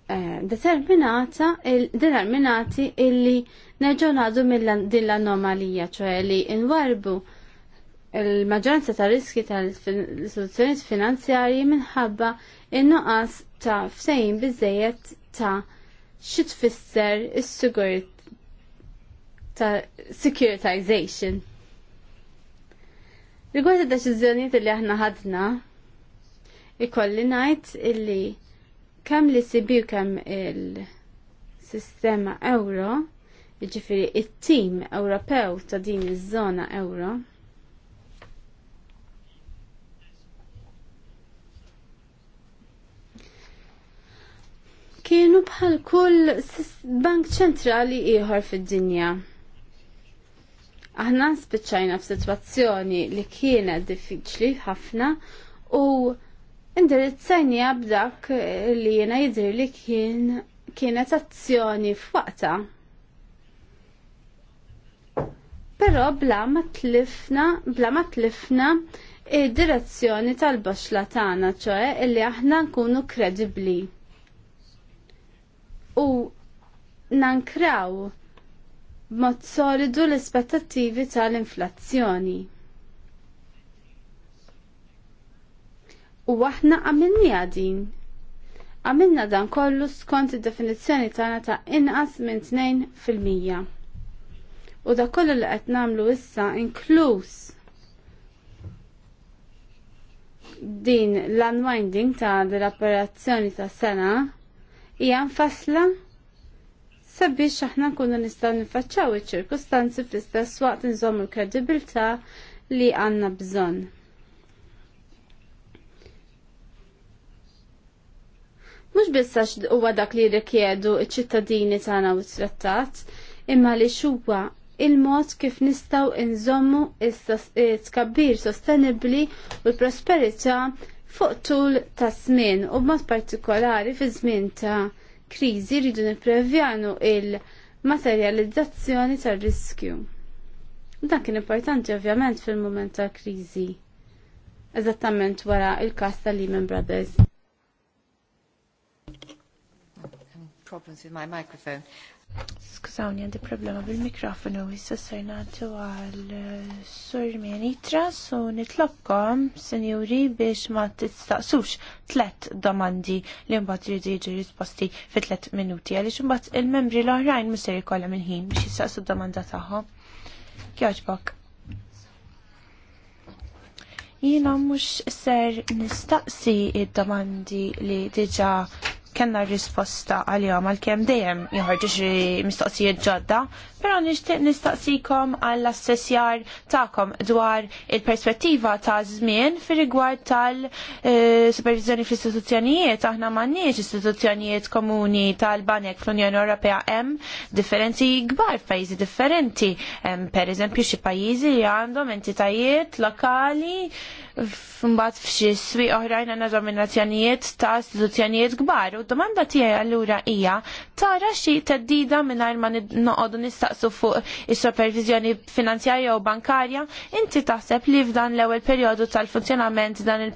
Eh, determinata determinati illi nerġgħu ngħadu din l-anomalija, ċoħe li nwarbu il-maġġoranza ta' riski tal-istituzzjonijiet finanzjarji minħabba in nuqas ta' fsejn biżejjed ta' xi tfisser is-sigur ta' securitization. Rigward id-deċiżjonijiet li aħna ħadna, ikolli ngħid illi Kemm li sibi kemm il-sistema euro, ġifiri il tim Ewropew ta' din iż-żona euro, kienu bħal kull bank ċentrali ieħor fid-dinja. Aħna spiċċajna f'sitwazzjoni li kienet diffiċli ħafna u indirizzajnija b'dak li jena jidri li kien kienet azzjoni f'waqta. Però bla ma tlifna, bla ma tlifna id-direzzjoni tal-baxla tagħna, ċoe illi aħna nkunu kredibbli. U nankraw mod solidu l-ispettattivi tal-inflazzjoni. U aħna għamilni din. Għamilna dan kollu skont id-definizzjoni tagħna ta' inqas minn 2 fil-mija. U da kollu li qed nagħmlu issa inkluż din l-unwinding ta' l-operazzjoni ta' sena hija nfassla sabiex aħna nkunu nistgħu nifaċċaw iċ-ċirkustanzi fl-istess waqt nżommu l-kredibilità li għandna bżonn. mhux biss huwa dak li rikjedu iċ-ċittadini tagħna u t-trattat, imma li xuwa il-mod kif nistgħu inżommu tkabbir sostenibbli u l-prosperità fuq tul ta' żmien u b'mod partikolari fi żmien ta' kriżi rridu nipprevjanu il-materjalizzazzjoni tar-riskju. Dan kien importanti ovvjament fil-mument ta' kriżi. Eżattament wara il-kas tal Lehman Brothers. Problems with my microphone. Skużawni, għandi problema bil-mikrofonu, issa sajnatu għal eh, sur Menitra, so nitlobkom, senjuri, biex ma tistaqsux tlet domandi li mbagħad jridu jiġu risposti fi tlet minuti, Għalix mbagħad il-membri l-oħrajn mister jkollha minn ħin biex jistaqsu d-domanda tagħhom. Kjoġbok. Jiena mhux ser nistaqsi id-domandi li diġà kellna r risposta għalihom għalkemm dejjem joħorġu xi mistoqsijiet ġodda Pero nishtiq nistaqsikom għall assessjar ta'kom dwar il-perspettiva ta' żmien fir rigward tal-supervizjoni eh, fl-istituzzjonijiet. Aħna m'għandniex istituzzjonijiet komuni tal-banek fl-Unjoni Ewropea hemm differenzi kbar f'pajjiżi differenti. Hemm pereżempju xi pajjiżi li għandhom entitajiet lokali f'mbagħad f'xi swieq oħrajn għandna dominazzjonijiet ta' istituzzjonijiet kbar. U d-domanda tiegħi allura hija tara xi teddida mingħajr ma noqogħdu nistaq jistaqsu fuq is-supervizjoni finanzjarja u bankarja, inti taħseb li f'dan l-ewwel perjodu tal-funzjonament dan il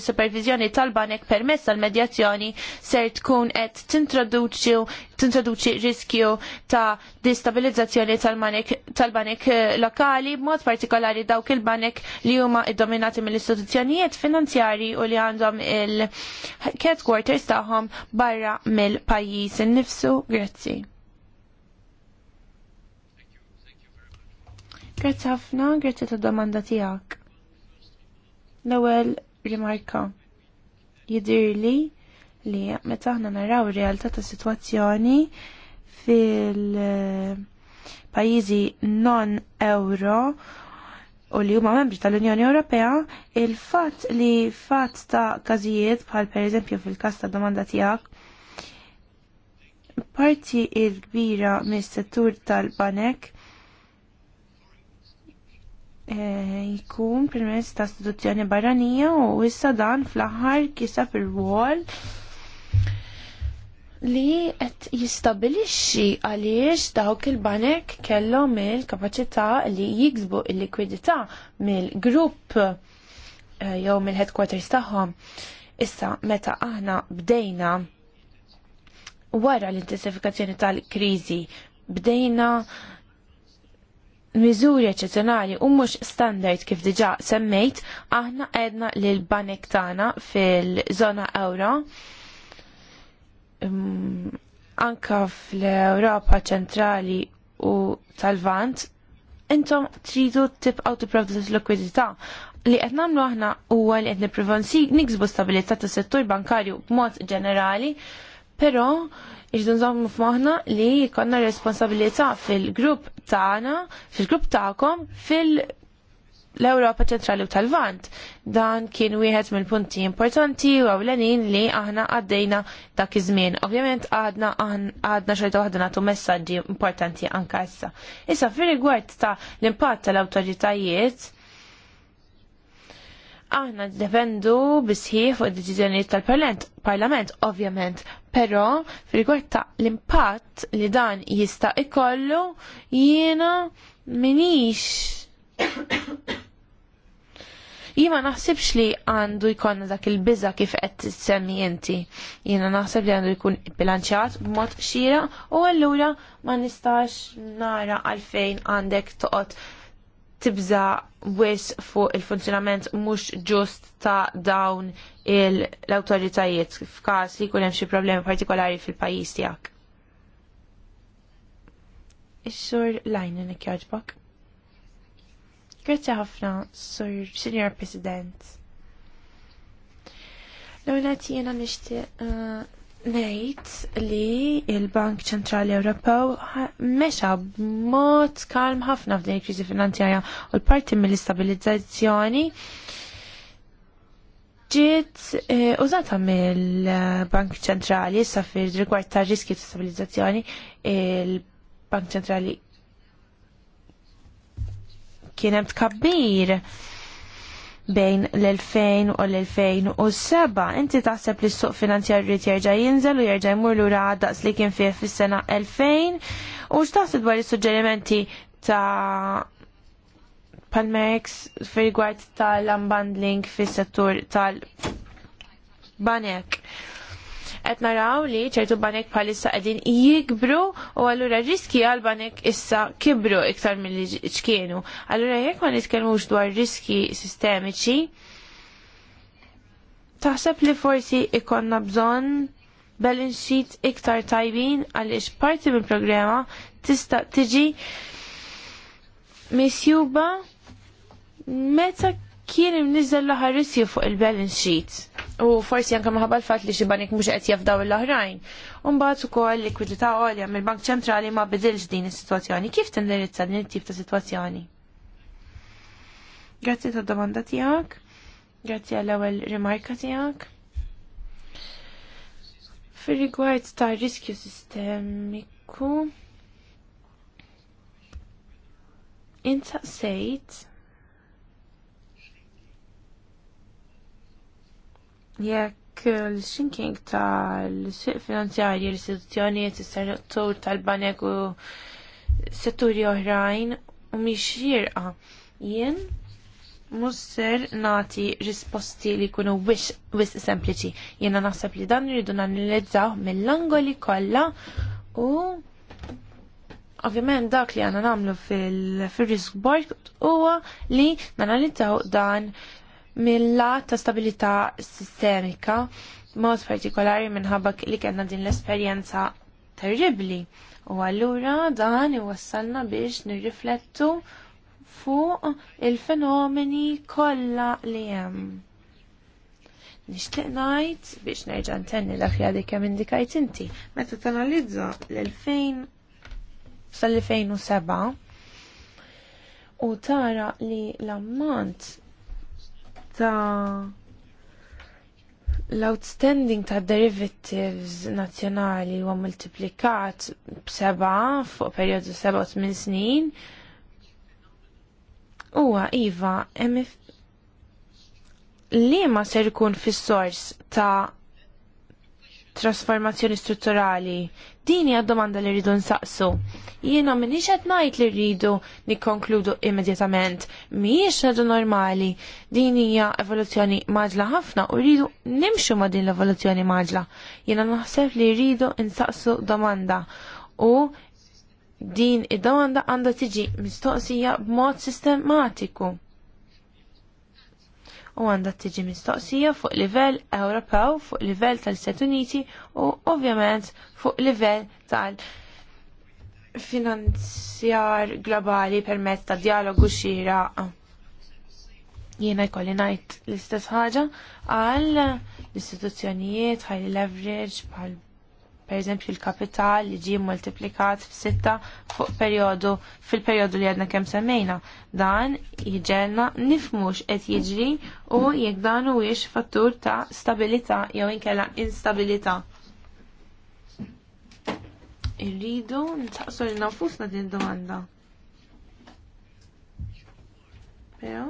supervizjoni tal-banek permess tal-medjazzjoni ser tkun qed tintroduċi riskju ta' distabilizzazzjoni tal-banek eh, lokali b'mod partikolari dawk il-banek li huma iddominati mill-istituzzjonijiet finanzjarji u li għandhom il-headquarters tagħhom barra mill-pajjiż innifsu. Grazzi. Grazzi ħafna, grazzi ta' domanda tiegħek. L-ewwel rimarka jidirli li meta aħna naraw realtà ta' sitwazzjoni fil-pajjiżi non-euro u li huma membri tal-Unjoni Ewropea, il-fatt li fatt ta' każijiet bħal pereżempju fil-każ ta' domanda tiegħek parti il-kbira mis-settur tal-banek Eh, jkun permezz ta' istituzzjoni barranija u issa dan fl-aħħar kisab ir wol li qed jistabilixxi għaliex dawk il-banek kellhom il-kapaċità li jiksbu il likwidità mill-grupp eh, jew mill-headquarters tagħhom. Issa meta aħna bdejna wara l-intensifikazzjoni tal-kriżi bdejna miżuri eċċezzjonali u mhux standard kif diġà semmejt, aħna għedna lil banek tagħna fil-żona euro. Um, anka fl-Europa ċentrali u tal-Vant, intom tridu tibqgħu tipprovdu l-likwidità li qed nagħmlu aħna huwa li qed nippruvaw niksbu stabilità tas-settur bankarju b'mod ġenerali Però iġdun nżommu mufmaħna li konna responsabilità fil-grupp tagħna, fil-grupp tagħkom, fil l-Europa ċentrali u tal-Vant. Dan kien wieħed mill-punti importanti u għawlenin li aħna għaddejna dak iż-żmien. Ovvjament għadna għadna xorta waħda nagħtu messaġġi importanti anka issa. Issa fir rigward ta' l-impatt tal-awtoritajiet Aħna defendu bisħiħ u d deċizjoniet tal-Parlament, Parlament ovvjament, però fil ta' l-impatt li dan jista' ikollu jiena minix. Jiena naħsibx li għandu jkollna dak il-biża kif qed tissemmi inti. Jiena naħseb li għandu jkun bilanċjat b'mod xira u allura ma nistax nara għalfejn għandek toqgħod tibża wis fuq il-funzjonament mhux ġust ta' dawn l-awtoritajiet f'każ li jkun hemm xi problemi partikolari fil-pajjiż tiegħek. Is-sur Lajna ikkjaġbok. Grazzi ħafna, sur Senior President. l għunati jena nishti uh, Nejt li il-Bank Ċentrali Ewropew mexa b'mod kalm ħafna f'din il-kriżi finanzjarja u l-parti mill-istabilizzazzjoni ġiet eh, użata mill-Bank Ċentrali sa fir rigward ta' riski ta' stabilizzazzjoni il-Bank Ċentrali kien hemm tkabbir bejn l-2000 u l-2007. Inti taħseb li s-suq finanzjarju jerġa' jinżel u jerġa' jmur lura daqs li kien fih fis-sena 2000 u x'taħseb dwar is-suġġerimenti ta' Palmex fil-rigward tal-unbundling fis-settur tal-banek. tal banek qed naraw li ċertu banek bħalissa qegħdin jikbru u allura riski għal banek issa kibru iktar mill-li ċkienu. Allura jekk ma nitkellmux dwar riski sistemiċi, taħseb li forsi ikonna bżonn balance sheet iktar tajbin għaliex parti mill programma tista' tiġi misjuba meta kien imniżel l-aħħar riskju fuq il-balance sheet. U forsi anke minħabba l-fatt li xi banik mhux qed jafdaw l-oħrajn. Imbagħad ukoll likwidità għolja mill-Bank Ċentrali ma bidilx din is-sitwazzjoni. Kif tindirizza din it-tip ta' sitwazzjoni? Grazzi tad domanda tiegħek. Grazzi għall-ewwel rimarka tiegħek. Fir-rigward ta' riskju sistemiku, intaqsejt Jekk l-sinking tal-suq finanzjarji, l istituzzjoni is-settur tal-banek u setturi oħrajn u miex jirqa. Jien musser nati risposti li kunu wis, wis sempliċi. Jiena naħseb li dan rridu nanalizzaw mill-angoli kollha u ovvjament dak li għana namlu fil-risk board huwa li nanalizzaw dan mill ta' stabilità sistemika, mod partikolari minħabba li kena din l-esperjenza terribli. U allura dan iwassalna biex nirriflettu fuq il-fenomeni kollha li hemm. Nixtieq ngħid biex nerġa' ntenni dak li għadek kemm indikajt inti. Meta tanalizza l-2000 sal-2007 u tara li l-ammont ta' l-outstanding ta' derivatives nazjonali huwa multiplikat b-7 fuq perjodu seba' 8 tmien snin. Huwa iva hemm li ma ser ikun fis-sors ta' trasformazzjoni strutturali Dini għad domanda li rridu nsaqsu. Jiena minix qed ngħid li rridu nikkonkludu immedjatament. Mhijiex għadu normali. Din hija evoluzzjoni maġla ħafna u rridu nimxu ma' din l-evoluzzjoni maġla. Jiena naħseb li rridu nsaqsu domanda. U din id-domanda għandha tiġi mistoqsija b'mod sistematiku u għandha tiġi mistoqsija fuq livell Ewropew, fuq livell tal-Istat Uniti u ovvjament fuq livell tal- finanzjar globali permezz ta' dialogu xira. Jiena jkolli ngħid l-istess ħaġa għal l-istituzzjonijiet high leverage bħal per eżempju l-kapital li ġie multiplikat f'sitta fuq periodu fil-periodu li għadna kemm semmejna. Dan jiġelna nifmux qed jiġri u jekk dan huwiex fattur ta' stabilità jew inkella instabilità. Irridu nsaqsu lil nafusna din domanda. Però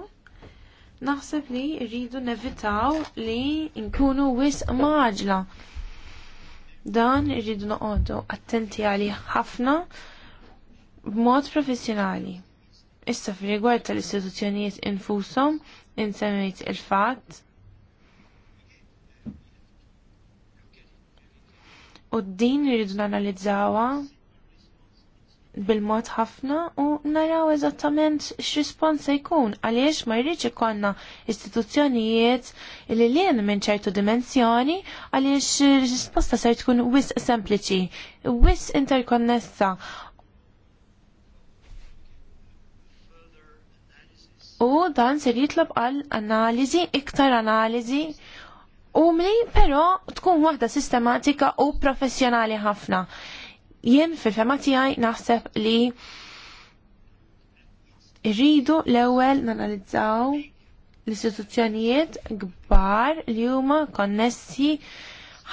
naħseb li rridu nevitaw li nkunu wisq maġla. Dan irridu noqogħdu attenti għalih ħafna b'mod professjonali. Issa f'rigward tal-istituzzjonijiet infushom insemmejt il-fatt u d-din irridu nanalizzawa bil-mod ħafna u naraw eżattament x'rispons se jkun għaliex ma jridx ikollna istituzzjonijiet li lien minn ċertu dimensjoni għaliex risposta se tkun wis sempliċi, wis interkonnessa. U dan se jitlob għal analiżi, iktar analiżi u mli però tkun waħda sistematika u professjonali ħafna jien fil-fema tiegħi naħseb li rridu l-ewwel nanalizzaw l-istituzzjonijiet kbar li huma konnessi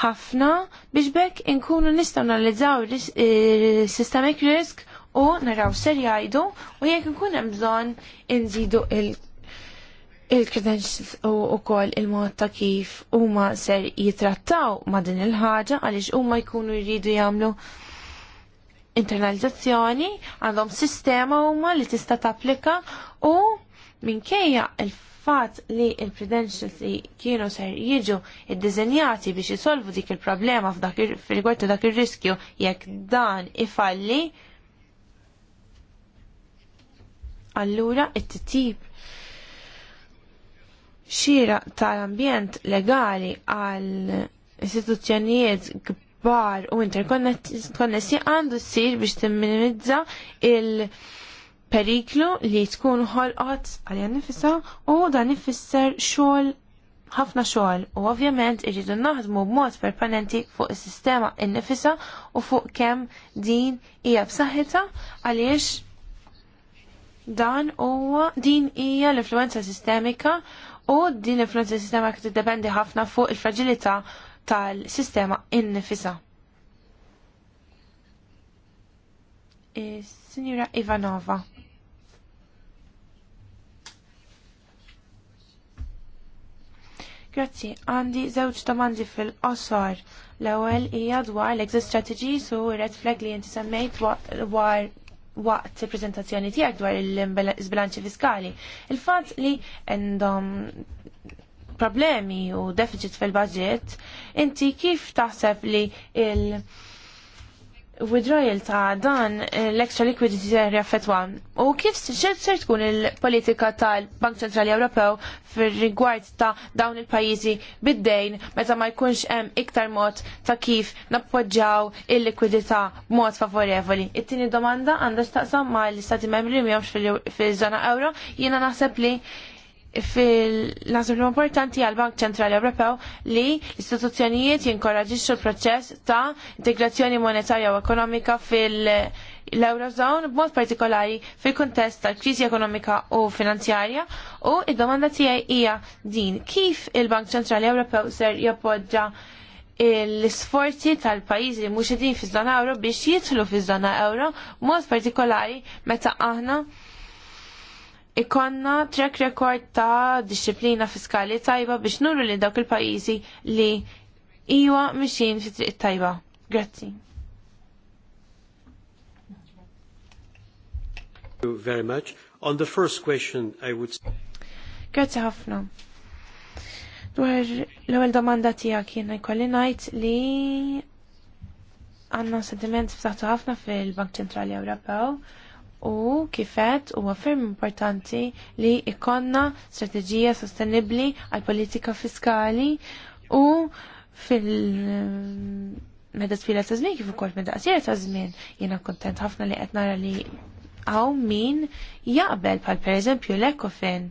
ħafna biex bekk inkunu nistgħu nanalizzaw eh, systemic risk u naraw ser jgħidu u jekk nkun hemm bżonn inżidu il- il-credentials u kol il-mod ta' kif huma ser jitrattaw ma' din il-ħaġa għaliex huma jkunu jridu jagħmlu internalizzazzjoni, għandhom sistema huma li tista' tapplika u minkejja il-fatt li il-credentials li kienu ser jiġu id dizenjati biex jisolvu dik il-problema f'rigward dak ir-riskju jekk dan ifalli, allura it-tip xira tal-ambjent legali għal istituzzjonijiet kbar u interkonnessi għandu ssir biex timminimizza il-periklu li tkun ħolqot għalja nifisa u dan ifisser xogħol ħafna xogħol u ovvjament irridu naħdmu b'mod permanenti fuq is-sistema innifisa u fuq kemm din hija b'saħħitha għaliex dan huwa din hija l-influenza sistemika u din l-influenza sistemika tiddependi ħafna fuq il-fragilità tal-sistema innifisa. E, Signora Ivanova. Grazzi, għandi żewġ domandi fil-qosor. L-ewwel hija dwar l-exit strategies u red flag li jinti semmejt dwar waqt il-prezentazzjoni tiegħek dwar il zbilanċi fiskali. Il-fatt li għandhom problemi u deficit fil-budget, inti kif taħseb li il- withdrawal ta' dan eh, l-extra liquidity ser jaffetwa. U kif ser tkun il-politika tal-Bank Ċentrali Ewropew fir-rigward ta' dawn il-pajjiżi bid-dejn meta ma jkunx hemm iktar mod ta' kif nappoġġjaw il-likwidità b'mod favorevoli. It-tieni domanda għandha x'taqsam ma' l-Istati Membri miegħux fil-żona euro, jiena naħseb li fil-nasib importanti għal-Bank Ċentrali Ewropew li l-istituzzjonijiet jinkoraġixxu l-proċess ta' integrazzjoni monetarja u ekonomika fil-Eurozone b'mod partikolari fil-kontest tal-kriżi ekonomika u finanzjarja u id-domanda tiegħi hija din kif il-Bank Ċentrali Ewropew ser jappoġġa l-sforzi tal-pajjiżi li mhux qegħdin fiż-żona euro biex jidħlu fiż-żona euro mod partikolari meta aħna ikonna track record ta' disċiplina fiskali tajba biex nurru li dawk il-pajjiżi li iwa mixin fi triq tajba. Grazzi. very much. On the first question, I would Grazzi ħafna. Dwar l-ewwel domanda tiegħek jiena jkolli ngħid li għandna sediment f'taħt ħafna fil-Bank Ċentrali Ewropew u kifet u għafirm importanti li ikonna strategija sostenibli għal politika fiskali u fil- mm, meda twila ta' żmien kif ukoll meda qasira ta' żmien jiena kontent ħafna li qed nara li hawn min jaqbel bħal pereżempju l ekofin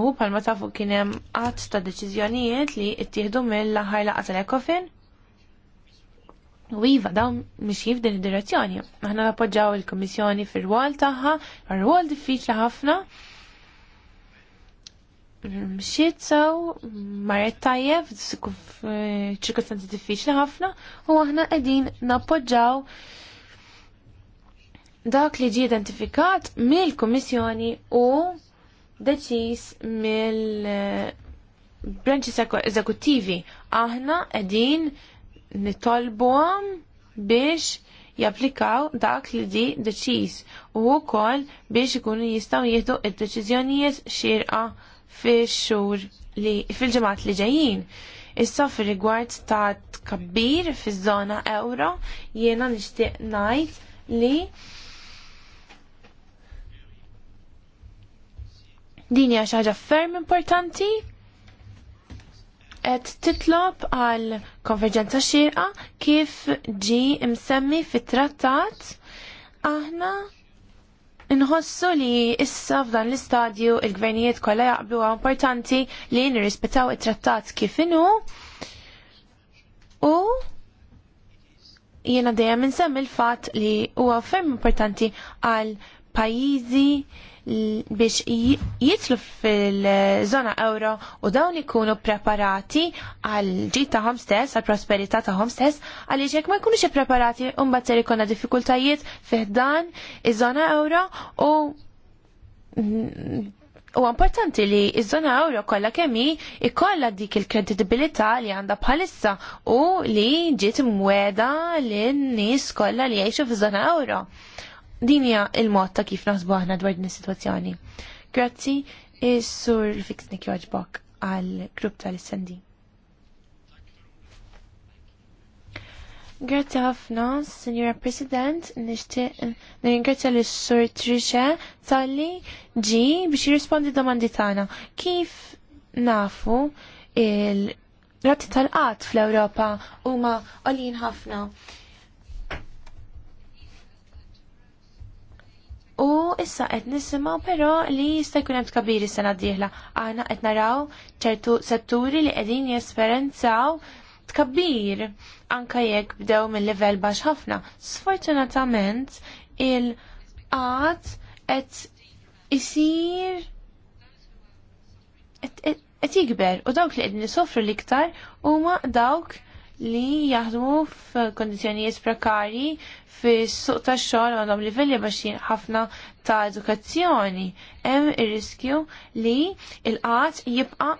U bħalma tafu kien hemm qatt ta' deċiżjonijiet li ttieħdu mill-aħħar laqgħa tal-Ecofin U iva, dawn mixjif din id-direzzjoni. Aħna nappoġġaw il-Komissjoni fir-rwol tagħha, rwol diffiċli ħafna. Mxiet sew, marret tajjeb, eh, ċirkostanzi diffiċli ħafna, u aħna qegħdin nappoġġaw dak li ġie identifikat mill-Komissjoni u deċiż mill eh, branċi eżekuttivi. Aħna qegħdin nitolbuhom biex japplikaw dak li di deċiż u wkoll biex ikunu jistgħu jieħdu id-deċiżjonijiet xirqa fix-xhur li fil-ġimgħat li ġejjin. Issa fir rigward ta' tkabbir fiż-żona euro jiena nixtieq ngħid li din hija xi ħaġa ferm importanti qed titlob għal konverġenza xirqa kif ġi msemmi fit-trattat aħna Inħossu li issa f'dan l-istadju il-gvernijiet kollha jaqblu importanti li nirrispettaw it-trattat kif inhu u jiena dejjem insemmi l-fatt li huwa ferm importanti għal pajjiżi biex jitlu fil-zona euro u dawn ikunu preparati għal ġit taħom stess, għal prosperita taħom stess, għal iġek ma jkunux preparati un ser ikonna diffikultajiet fiħdan iż-zona euro u U importanti li iż-żona euro kollha kemm hi ikollha dik il-kredibilità li għandha bħalissa u li ġiet imweda lin nies kollha li jgħixu fiż-żona euro din hija il-mod ta' kif naħsbu aħna dwar din is-sitwazzjoni. Grazzi, is-sur Fixnik joġbok għal-grupp tal-Sendi. Grazzi ħafna, Signora President, nixtieq nirringrazzja lis sur Trisha talli ġi biex jirrispondi domandi tagħna. Kif nafu il-rati tal-qatt fl-Ewropa huma għolin ħafna U issa qed nisimgħu però li jista' jkun hemm tkabbiri is-sena d-dieħla. Aħna qed naraw ċertu setturi li qegħdin jesperenzaw tkabbir anke jekk bdew mill-livell baxx ħafna. Sfortunatament il-qat qed isir qed jikber u dawk li qegħdin isofru l-iktar huma dawk li jaħdmu f'kondizjonijiet prekari fis-suq tax-xogħol għandhom livelli baxin ħafna ta' edukazzjoni. Hemm ir-riskju li l-qatt jibqa'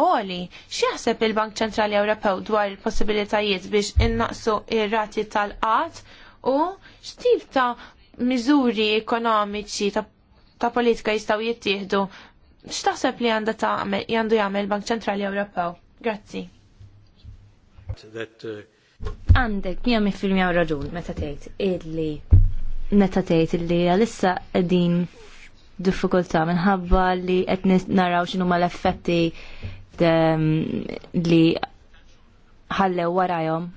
Oli, x'jaħseb il-Bank Ċentrali Ewropew dwar il-possibilitajiet biex innaqsu ir-rati tal-qatt u x'tip ta' miżuri ekonomiċi ta', ta politika jistgħu jittieħdu? X'taħseb li għandha tagħmel għandu jagħmel il-Bank Ċentrali Ewropew? Grazzi that uh, Għandek, mija mi filmja raġun, meta tgħid illi meta tgħid illi għalissa qegħdin diffikultà minħabba li qed naraw x'inhu l-effetti mm, li ħallew warajhom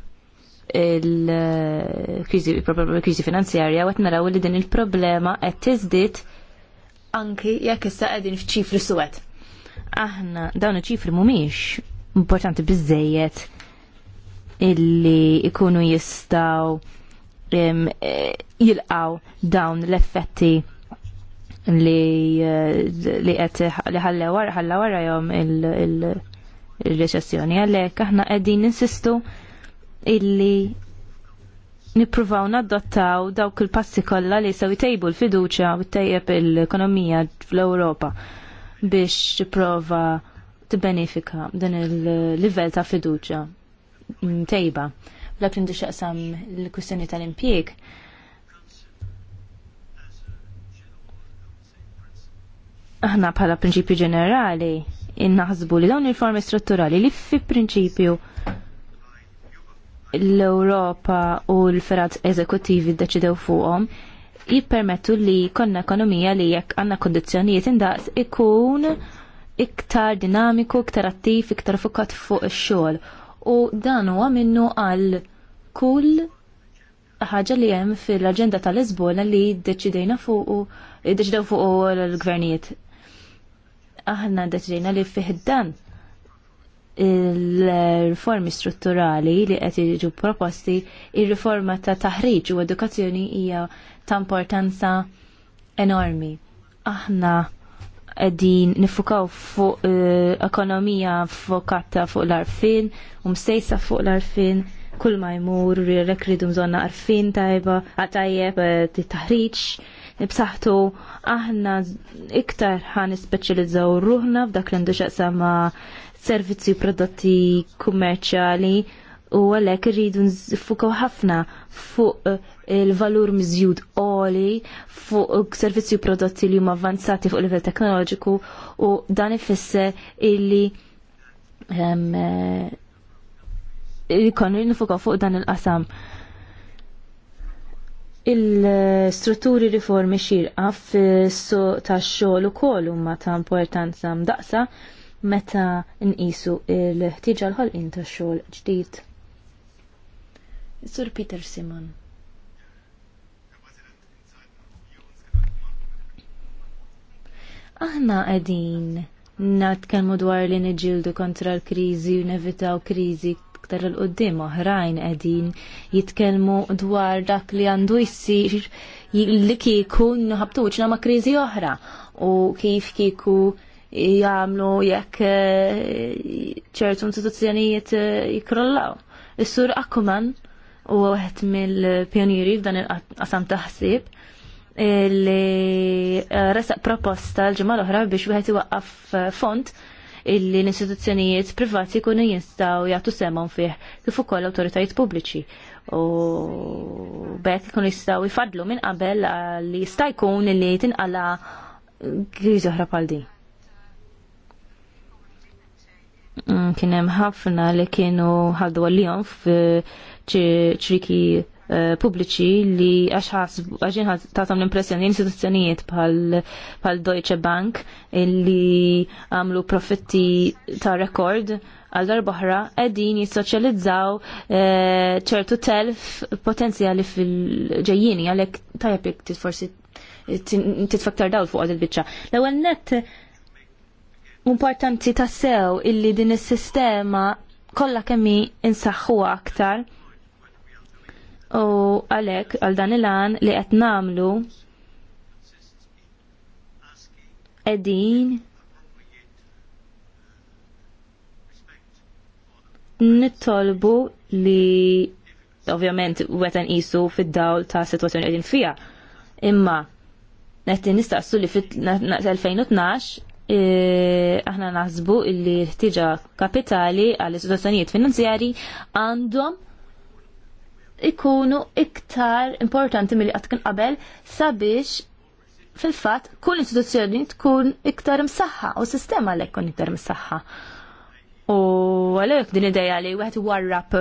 il-kriżi eh, finanzjarja u qed naraw li din il-problema qed tiżdied anki jekk issa qegħdin f'ċifri suwed. Aħna dawn iċ-ċifri mhumiex importanti bizzejiet illi ikunu jistaw eh, jilqaw dawn l-effetti li eh, li qed li ħalla wara ħalla jom il-reċessjoni għalhekk aħna qegħdin insistu illi nippruvaw nadottaw dawk il-passi kollha li sew jtejbu l-fiduċja u tejjeb l-ekonomija fl-Ewropa biex tipprova tibbenefika din il-livell ta' fiduċja mtejba. Dak li xaqsam l kustjoni tal-impjieg. Aħna bħala prinċipju ġenerali innaħsbu li dawn il-formi strutturali li fi prinċipju l-Europa u l-ferat eżekutivi deċidew fuqhom jippermettu li konna ekonomija li jekk għanna kondizjonijiet indaqs ikun iktar dinamiku, iktar attiv, iktar fukat fuq ix-xogħol u dan huwa minnu għal kull ħaġa li hemm fil-aġenda tal-Lisbona li ddeċidejna fuq deċidew fuq l-gvernijiet. Aħna ddeċidejna li fiħdan dan il-riformi strutturali li qed jiġu proposti, ir-riforma ta' taħriġ u edukazzjoni hija ta' importanza enormi. Aħna qegħdin nifukaw fuq eh, ekonomija fokata fuq l-arfin, u msejsa fuq l-arfin, kull ma jmur, rek ridu mżonna arfin tajba, għatajjeb, eh, taħriċ, nibsaħtu aħna iktar ħan ispeċjalizzaw ruħna f'dak l-għandu xaqsama servizzi u prodotti kummerċjali u għalek rridu nfukaw ħafna fuq eh, il-valur miżjud oli fuq servizzi u prodotti li huma avvanzati fuq livell teknoloġiku u dan ifisser illi eh, konnu nifuka fuq dan il-qasam. Il-strutturi riformi xirqa f'su ta' xogħol ukoll huma ta' importanza mdaqsa meta nqisu il-ħtiġa l-ħolqien ta' xogħol ġdid. Sur Peter Simon. Aħna qegħdin natkellmu dwar li niġġieldu kontra l-kriżi u nevitaw kriżi aktar l qoddim oħrajn qegħdin jitkellmu dwar dak li għandu jissir li kieku uċna ma' kriżi oħra u kif kieku jagħmlu jekk eh, ċertu instituzzjonijiet eh, jikrollaw. Is-sur Akkuman u għet mill pionieri f'dan il-qasam taħsib li eh, resaq proposta l-ġimgħa l-oħra biex wieħed iwaqqaf eh, font illi l-istituzzjonijiet privati jkunu jinstaw jagħtu semhom fih kif ukoll awtoritajiet pubbliċi. U bekk ikunu jistgħu jfadlu minn qabel li jista' jkun li tinqala kriżi oħra bħal din. Mm, kien hemm ħafna li kienu ħaddu għalihom f'ċriki Eh, pubbliċi li għaxħin tatam l-impressjoni l-istituzzjonijiet bħal Deutsche Bank li għamlu profitti ta' rekord għal darbohra għedin jissoċjalizzaw eh, ċertu telf potenzjali fil-ġejjini għalek tajab jek forsi titfaktar dawl fuq il bicċa l ewwel net importanti tassew illi din is-sistema kollha kemmi insaħħuha aktar u għalek għal dan il-għan li qed namlu edin nittolbu li ovvjament wetan isu fid-dawl ta' situazzjoni qegħdin fija. Imma qed nistaqsu li fit-2012 e, aħna naħsbu illi ħtiġa kapitali għall istituzzjonijiet finanzjari għandhom ikunu iktar importanti mill-li qatt kien qabel sabiex fil-fatt kull istituzzjoni tkun iktar msaħħa u sistema għalhekk tkun iktar msaħħa. U għalhekk din ideja li wieħed warrap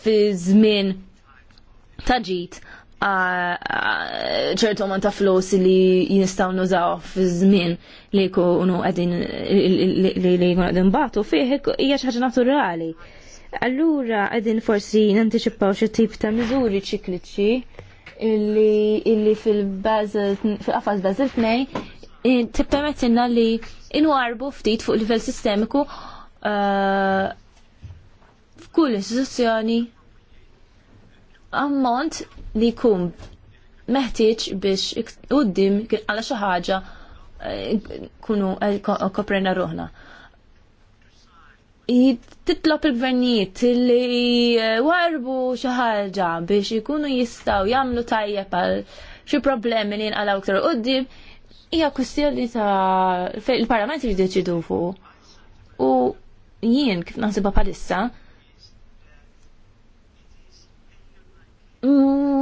fi żmien ta' ġid ċertu man ta' flus li jinistaw nużaw fi żmien li jkunu qegħdin li jkunu qegħdin batu fih hija xi ħaġa naturali. Allura għedin forsi nanticipaw xe tip ta' miżuri ċikliċi illi, fil-Basel, fil-qafas Basel 2 tippermettilna li inwarbu ftit fuq livell sistemiku uh, f'kull istituzzjoni ammont li jkun meħtieġ biex qudiem għala xi ħaġa uh, kunu eh, koprena ruħna jittitlop il-gvernijiet li eh, warbu xi ħaġa biex ikunu jistgħu jagħmlu tajjeb għal xi problemi li nqalaw iktar qudiem hija kwistjoni ta' il-Parlament jiddeċidu fuq. U jien kif naħsibha bħalissa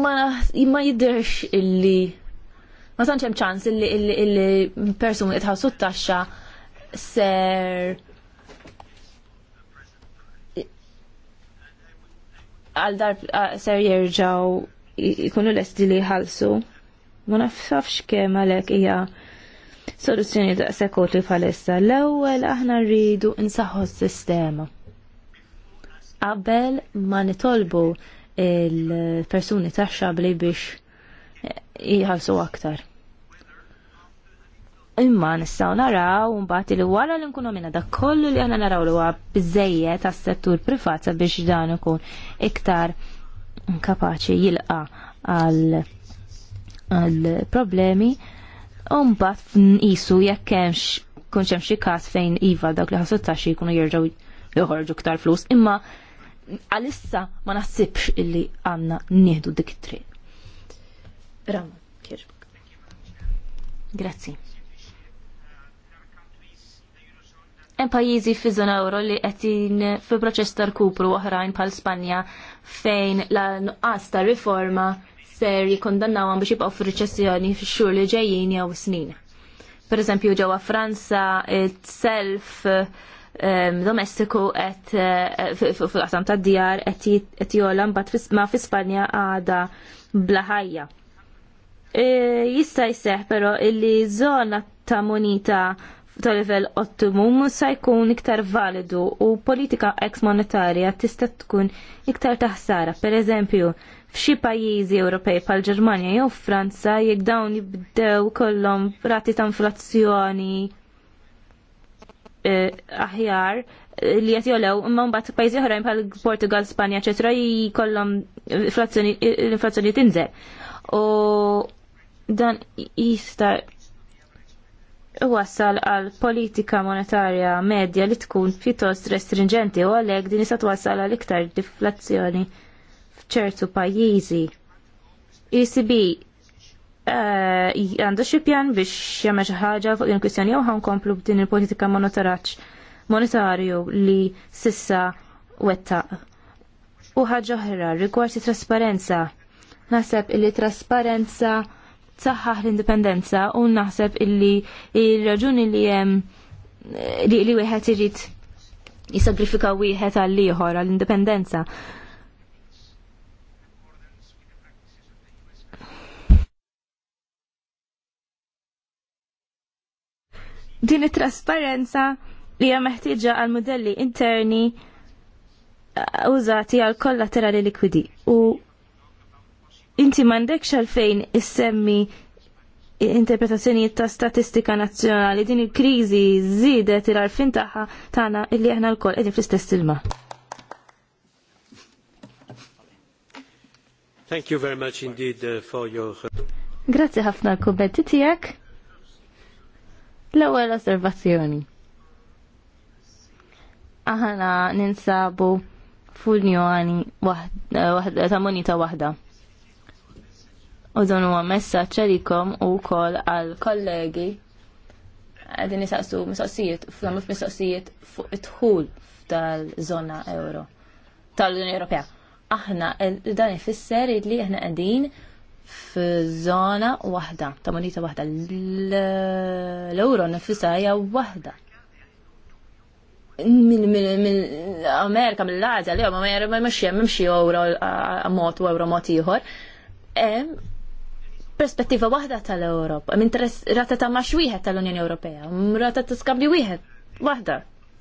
ma jidderx illi ma tantx hemm ċans illi persuni qed ħassu t-taxxa ser għal dar ser jirġaw jkunu l-esti li ħalsu. Ma nafx kemm għalhekk hija soluzzjoni ta' sekotli palissa. L-ewwel aħna rridu nsaħħu s-sistema. Qabel ma nitolbu il-persuni tax-xabli biex jħalsu aktar Imma nistgħu naraw mbagħad li wara li nkunu minna dak kollu li għandna naraw li huwa biżejjed tas-settur privat sabiex dan ikun iktar kapaċi jilqa għal problemi u mbagħad nqisu jekk hemmx kunx hemm xi każ fejn iva dawk li ħassu taxxi jkunu jerġgħu joħorġu iktar flus, imma għalissa ma naħsibx illi għandna nieħdu dik it-triq. Rama, kirbuk. Grazzi. Hemm pajjiżi fi żona euro li qegħdin fi proċess ta' rkupru oħrajn bħal Spanja fejn la nuqqas ta' riforma ser jikkondannawhom biex jibqgħu fir-riċessjoni fix-xhur li ġejjin jew snin. Pereżempju ġewwa Franza self ehm, domestiku qed eh, fil-qasam tad-djar qed jola mbagħad ma fi Spanja għada bla ħajja. Eh, jista' jseħħ però illi żona ta' monita ta' livell ottimum sa' jkun iktar validu u politika ex monetarja tista' tkun iktar taħsara. Per eżempju, f'xi pajjiżi Ewropej pal ġermanja jew Franza jekk dawn jibdew kollhom rati ta' inflazzjoni eh, aħjar eh, li qed jolew imma mbagħad pajjiżi oħrajn bħal Portugal, Spanja, eċetera jkollhom l-inflazzjoni tinżel. U dan jista' wassal għal politika monetarja medja li tkun pjuttost restringenti u għalhekk din isa twassal għal iktar deflazzjoni f'ċertu pajjiżi. ECB eh, għandu xi pjan biex jagħmel xi ħaġa fuq din il-kwistjoni jew komplu b'din il-politika monetarju li sissa wettaq. U ħaġa oħra rigward trasparenza. Naħseb li trasparenza tsaħħaħ l-indipendenza u naħseb illi il-raġuni li jem li li wieħed irid jisagrifika wieħed għal ieħor għal indipendenza Din it-trasparenza li hija meħtieġa għal modelli interni uh, użati għal kollaterali likwidi u inti m'għandekx għalfejn issemmi interpretazzjonijiet ta' statistika nazzjonali din il-kriżi zidet il-għarfin tagħha tagħna illi aħna lkoll qegħdin fl-istess ilma. Thank you very much indeed uh, for your Grazzi ħafna l-kummenti tiegħek. L-ewwel osservazzjoni. Aħna ninsabu f'unjoni waħda ta' wahda. waħda u dan huwa messaġġ għalikom u kol għal kollegi għadin nisaqsu mistoqsijiet, f f'mistoqsijiet fuq it-tħul tal zona euro, tal-Unjoni Ewropea. Aħna eh, dan ifisser li aħna qegħdin zona waħda, ta' monita waħda. L-euro nifissa hija waħda. Mill-Amerika, mill-Azja, l-jom, ma' jemma euro mod u euro mod ieħor perspettiva waħda tal-Ewropa, minn rata ta' max wieħed tal-Unjoni Ewropea, rata ta' skambju wieħed waħda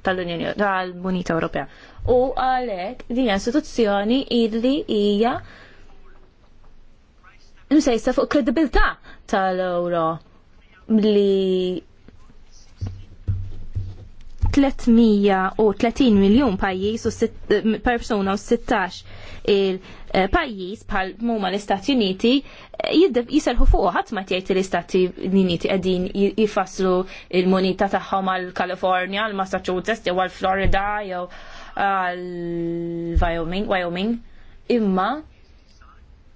tal-Unjoni tal-Munita Ewropea. U għalhekk din istituzzjoni illi hija msejsa fuq kredibilità tal-Euro li 330 miljon pajjiż u eh, persuna u 16 il-pajjiż eh, bħal muma l-Istati Uniti eh, jiserħu fuq ħadd ma tgħid l-Istati Uniti qegħdin jifasslu il-monita tagħhom għal California, għal Massachusetts, jew għal Florida, jew għal Wyoming, Wyoming. Imma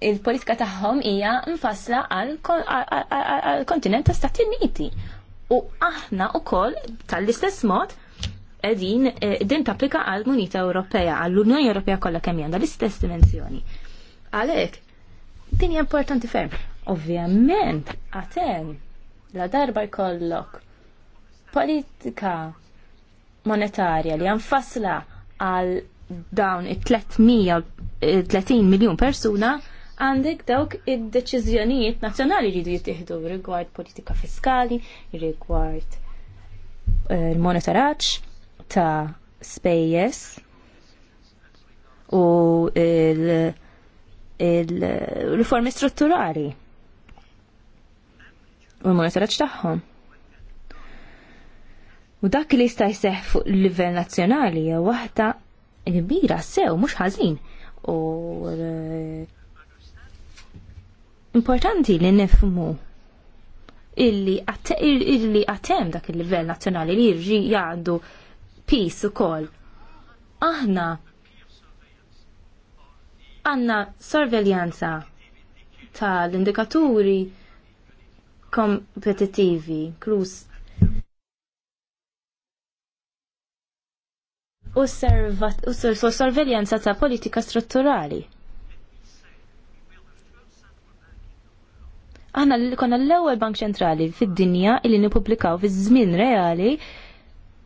il-politika tagħhom hija mfassla għal kontinent ta' Stati Uniti. U aħna u koll tal-istess mod qegħdin eh, din tapplika għal munita Ewropea, għall-Unjoni Ewropea kollha kemm għandha l-istess dimensjoni. Għalhekk din hija importanti ferm. Ovvjament għaten la darba jkollok politika monetarja li għanfasla għal dawn it-330 miljon persuna għandek dawk id-deċizjonijiet nazzjonali li jittieħdu rigward politika fiskali, rigward il-monitoraċ, eh, ta' spejjes u il-riformi strutturali u l-monitoraġġ tagħhom. U dak li jista' jseħħ fuq livell nazzjonali hija waħda kbira sew mhux ħażin. U importanti li nifhmu illi għatem dak il-livell nazzjonali li jirġi jgħaddu pis ukoll. Aħna għanna sorveljanza tal-indikaturi kompetitivi, krus u sorveljanza ta' politika strutturali. Aħna l konna l-ewwel bank ċentrali fid-dinja li nipublikaw fi żmien reali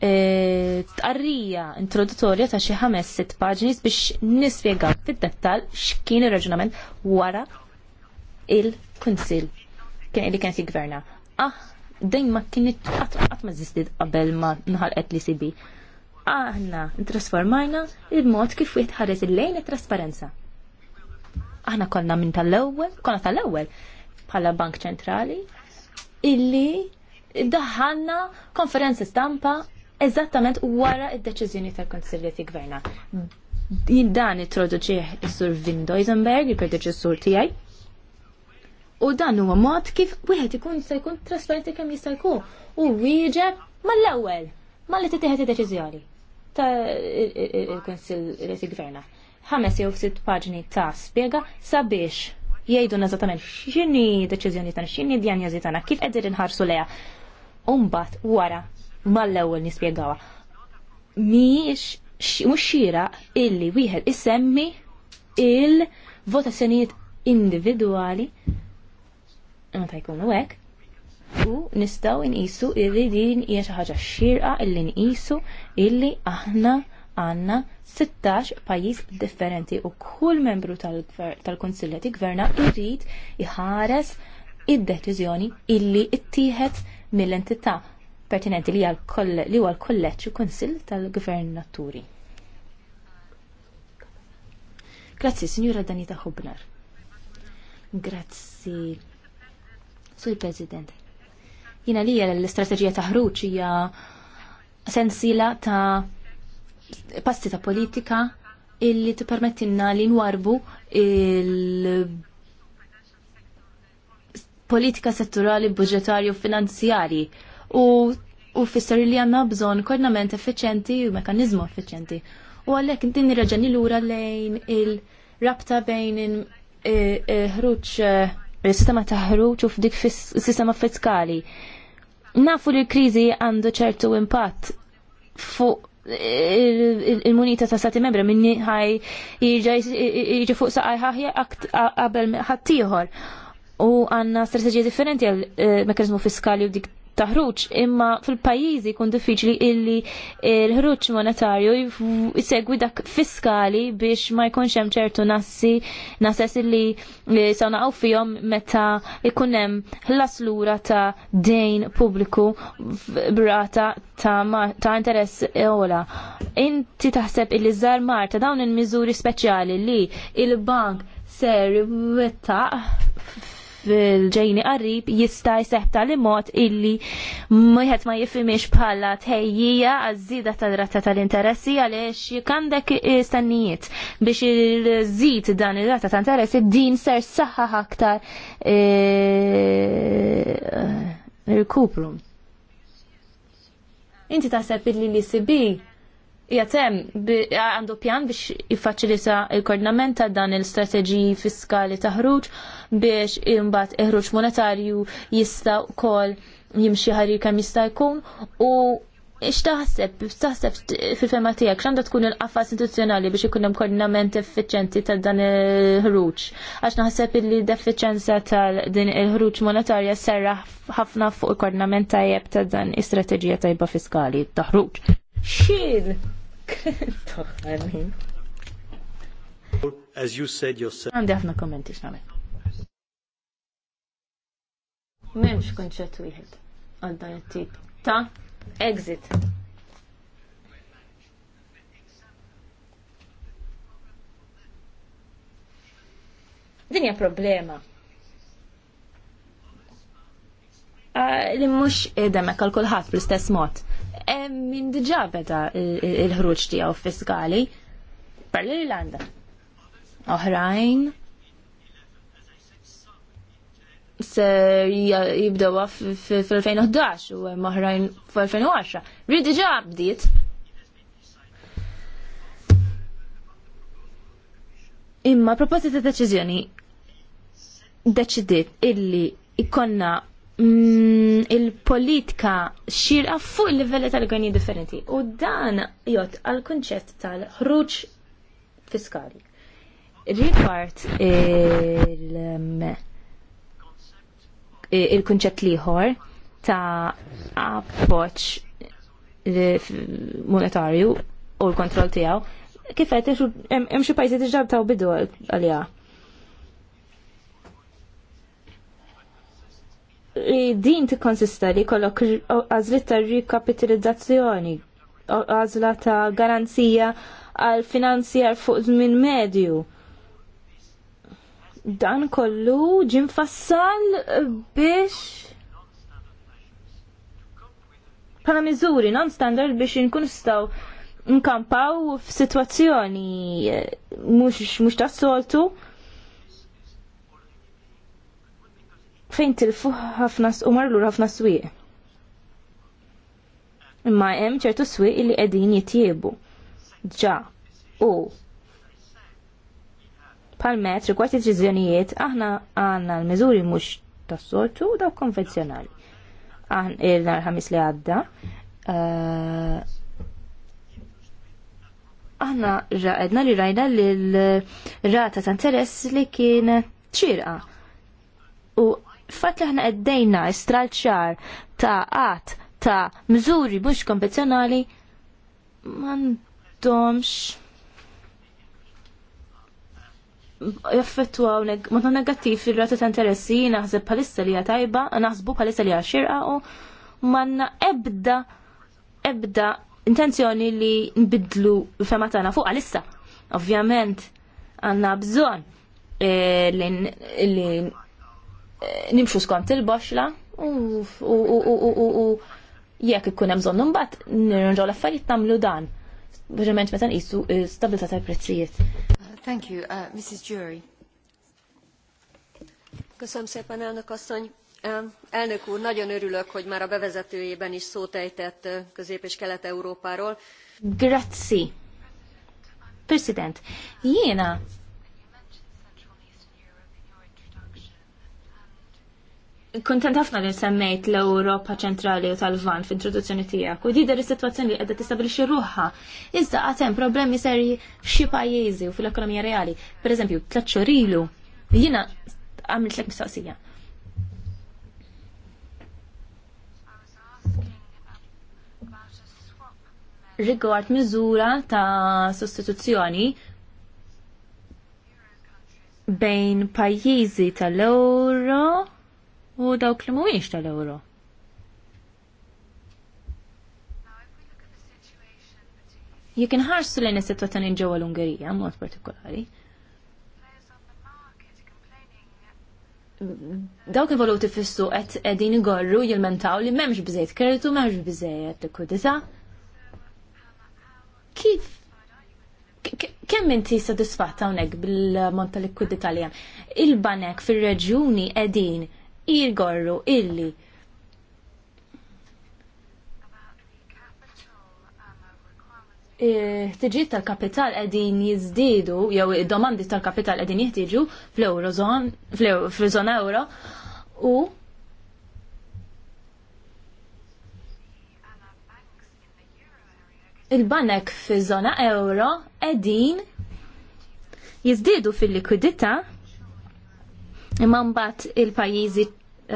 E, tqarrija introduttorja ta' xi ħames sitt paġni biex nispjegaw fid-dettall x'kien ir-raġunament wara il-Kunsill kien li kien jigverna. Ah, dejn ma kienet qatt ma żistiet qabel ma nħalqet li sibi. Aħna ntrasformajna il-mod kif wieħed ħares il-lejn it-trasparenza. Aħna konna minn tal-ewwel, konna tal-ewwel bħala Bank Ċentrali illi daħħalna konferenza stampa eżattament wara id-deċiżjoni tal-Konsilli ti Gverna. Dan introduċieħ is-sur Vin Duisenberg, il-predeċessur tiegħi. U dan huwa mod kif wieħed ikun se jkun trasparenti kemm jista' jkun. U wieġeb mal-ewwel, mal-li titieħed id-deċiżjoni ta' il-Konsil li tigverna. Ħames jew sitt paġni ta' spjega sabiex jgħidu eżattament x'inhi deċiżjoni tagħna, x'inhi djanjażi tagħna, kif qegħdin inħarsu leha. Umbat wara mal-ewwel nispjegawha. Mhijiex mhux xira illi wieħed isemmi il-votazzjonijiet individwali meta jkunu hekk u nistgħu nqisu illi din hija xi ħaġa xxirqa illi nqisu illi aħna għandna 16 pajjiż differenti u kull membru tal-Kunsill tal gverna irrid iħares id-deċiżjoni illi ttieħed mill-entità pertinenti li huwa l u konsil tal-gvernaturi. Grazzi, Signora Danita Hubner. Grazzi, Sur President. Jina li l-istrateġija ta' ħruġ hija sensila ta' passi ta' politika illi t-permettinna li nwarbu il politika setturali u finanzjari u u fisser li għanna bżon koordinament effiċenti u mekanizmu effiċenti. U għallek din raġani l-ura lejn il-rabta bejn il e, e, ħruċ il-sistema e, ta' ħruċ u f'dik sistema fiskali. Nafu li l-krizi għandu ċertu impatt fuq il-munita ta' stati membra minni ħaj iġi fuq saqaj qabel ħattijħor u għanna strategji differenti għal mekanizmu fiskali u dik Ta'ħruġ, imma fil-pajjiżi jkun diffiċli illi l-ħruġ monetarju jisegwi dak fiskali biex ma jkunx hemm ċertu nassi nases illi eh, saw naqgħu fihom meta jkun hemm ħlaslura ta' dejn pubbliku brata ta' interess ola. Inti taħseb illi żar marta dawn il-miżuri speċjali li il-bank ser wettaq fil-ġejni qarib jista' jseħħ tal mod illi wieħed ma jifhimix bħala tħejjija għaż tal-ratta tal-interessi għaliex jikandek għandek stannijiet biex il-żid dan ir ratta ta' interessi din ser saħħaħ aktar e, irkupru. Inti taħseb il-li li sibi jatem għandu pjan biex jiffaċilita il-koordinament ta' dan il-strateġiji fiskali ta' ħruġ biex imbat ħruġ monetarju jista' kol jimxi ħarir kemm jista' jkun u Ixtaħseb, taħseb fil-fema tijak, xanda tkun il qaffa istituzjonali biex ikun hemm koordinament effiċenti ta' dan il-ħruġ. Għax naħseb li deficienza ta' din il-ħruġ monetarja serra ħafna fuq il-koordinament tajjeb ta' dan istrateġija tajba fiskali ta' ħruġ. Xil! Toħħani. As you said yourself. Għandi għafna kommenti xnamel. Memx konċett wieħed għal dan it-tip ta' exit. Dinja problema. Ah, li mux edemek għal kulħadd bl-istess mod min diġa beda il-ħruġ ħruċ tiegħu fiskali per l-Irlanda. Oħrajn se jibdewa fil-2011 u maħrajn fil-2010. Rid diġa bdiet. Imma proposta ta' deċizjoni, deċidiet illi ikonna Mm, il-politika xirqa fuq il-livelli tal-gwenji differenti. U dan jgħod għal-konċett tal-ħruġ fiskali. Rigward il-konċett liħor ta' appoċ monetarju u l-kontroll tijaw, kifet, hemm xi pajjiżi diġà taw bidu għalija. din tikkonsista li kollok għazlit ta' rikapitalizzazzjoni, għażla ta' garanzija għal finanzjar fuq żmien medju. Dan kollu ġim fassal biex bħala miżuri non-standard biex jinkun staw nkampaw f'sitwazzjoni eh, mhux mhux tas-soltu fejn tilfu ħafna u marlur ħafna swieq. Imma hemm ċertu swieq li qegħdin jitjiebu. Ġa u palmet rigward id-deċiżjonijiet aħna għandna l-miżuri mhux tas-soltu u dawk konvenzjonali. Aħna il-nhar ħamis li għadda eh, aħna raqedna li rajna l-rata ta' interess li kien ċirqa. U fatt li ħna għeddejna istralċar ta' għat ta' mżuri mhux konvenzjonali m'għandhomx jaffettwaw mod negattiv fil-rata ta' interessi naħseb palissa li tajba, naħsbu bħalissa li għaxirqa u manna ebda ebda intenzjoni li nbidlu fema tagħna fuq għalissa. Ovvjament għandna bżonn eh, li nimxu skont il-boxla u jek ikun hemm bżonn imbagħad nirranġaw l-affarijiet tagħmlu dan. Verament meta nqisu stabilità tal-prezzijiet. Thank you, uh, Mrs. Jury. Köszönöm szépen, elnök asszony. Um, elnök úr, nagyon örülök, hogy már a bevezetőjében is szót ejtett uh, Közép- és Kelet-Európáról. Grazie. President, jiena kontent ħafna li semmejt l-Ewropa ċentrali u tal-Van f'introduzzjoni tiegħek u dider is-sitwazzjoni li qiegħda tistabilixxi ruħha. Iżda qatt hemm problemi serji f'xi pajjiżi u fil-ekonomija reali. Pereżempju, tliet xhur ilu jiena għamilt lek mistoqsija. Rigward miżura ta' sostituzzjoni bejn pajjiżi tal-Euro u dawk li mhuwiex tal-euro. Jekk inħarsu lejn is-sitwazzjoni ġewwa l-Ungerija mod partikolari. Dawk il-voluti fissu qed qegħdin igorru jilmentaw li m'hemmx biżejjed kreditu, m'hemmx biżejjed likwidità. Kif kemm inti sodisfatta hawnhekk bil-mont tal-likwidità li Il-banek fir-reġjuni qegħdin jirgorru illi tiġi tal-kapital qegħdin jiżdiedu jew id-domandi tal-kapital qegħdin jihtiġu fl-eurozon fl-żona euro u il-banek fiż-żona euro qegħdin jiżdiedu fil-likwidità imma mbagħad il-pajjiżi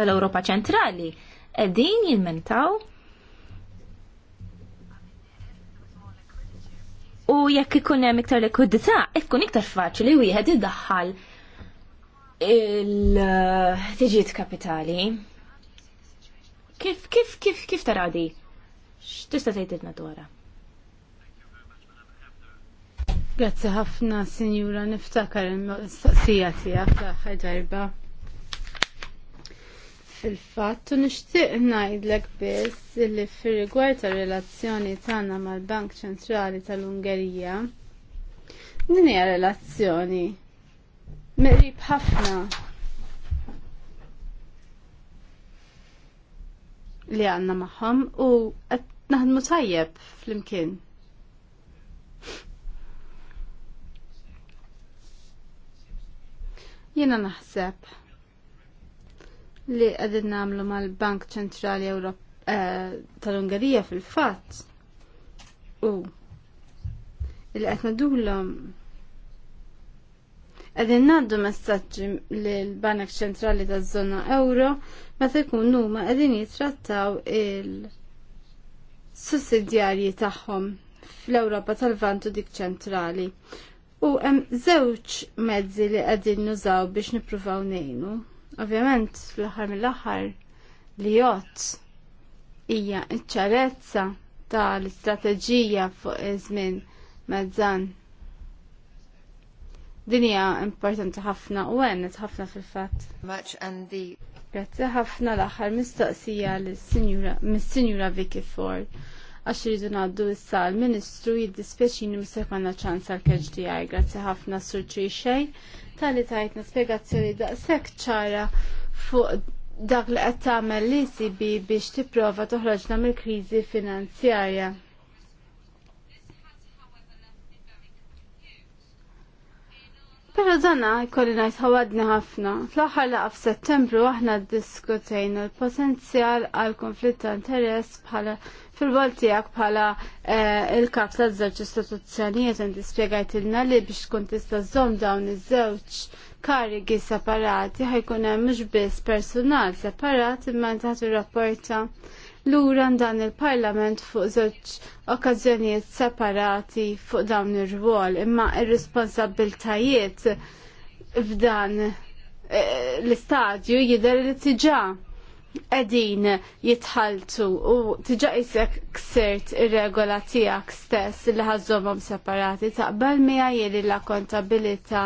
l-Europa ċentrali qegħdin jilmentaw u jekk ikun hemm iktar likwidità, ikun iktar faċli wieħed iddaħħal il-tiġiet kapitali. Kif, kif, kif, kif tara di? X'tista' tgħidilna dwarha? Grazzi ħafna, Sinjura, niftakar il-mistoqsija tiegħek l-aħħar darba fil-fatt u nixtieq ngħidlek biss li fir-rigward tar-relazzjoni tagħna mal-Bank Ċentrali tal-Ungerija din hija relazzjoni miqrib ħafna li għandna magħhom u qed naħdmu tajjeb flimkien. Jiena naħseb li għadin namlu mal-Bank Ċentrali eh, tal-Ungarija fil-fat u li għetna dullom għadin naddu messaġġi li l-Bank Ċentrali ta' zona euro ma jkun numa għadin jitrattaw il-sussidjarji tagħhom fl-Ewropa tal-Vantu dik ċentrali. U hemm żewġ mezzi li qegħdin nużaw biex nippruvaw ngħinu. Ovvjament, fl-aħħar mill-aħħar li jott hija ċċarezza tal-istrateġija fuq iż-żmien mezzan. Din hija importanti ħafna u għennet ħafna fil-fatt. Much and the Grazzi ħafna l-aħħar mistoqsija mis-Sinjura Vicky Ford. Għax rridu ngħaddu issa l-Ministru jiddispjaċini mis-sekwana ċans għal-keġ tiegħi. Grazzi ħafna Sur Trixej tali tajtna spiegazzjoni daqshekk ċara fuq dak li qed tagħmel l-ECB biex tipprova toħroġna mill-kriżi finanzjarja. Pero dana jkolli ngħid ħawadni ħafna. Fl-aħħar laqgħa f'Settembru aħna ddiskutejna l-potenzjal għal konflitt ta' interess bħala Fil-wol tiegħek bħala eh, il-kap ta' żewġ istituzzjonijiet inti il-na li biex tkun tista' żomm dawn iż-żewġ karigi separati ħajkun hemm mhux biss personal separat imma inti ħadd rapporta lura dan il-Parlament fuq żewġ okkażjonijiet separati fuq dawn ir-rwol imma ir-responsabbiltajiet f'dan eh, l-istadju jidher li tiġa edin jitħaltu u tġa jisek ksirt ir-regola tijak stess li ħazzomom separati taqbal mi għajjeli la kontabilita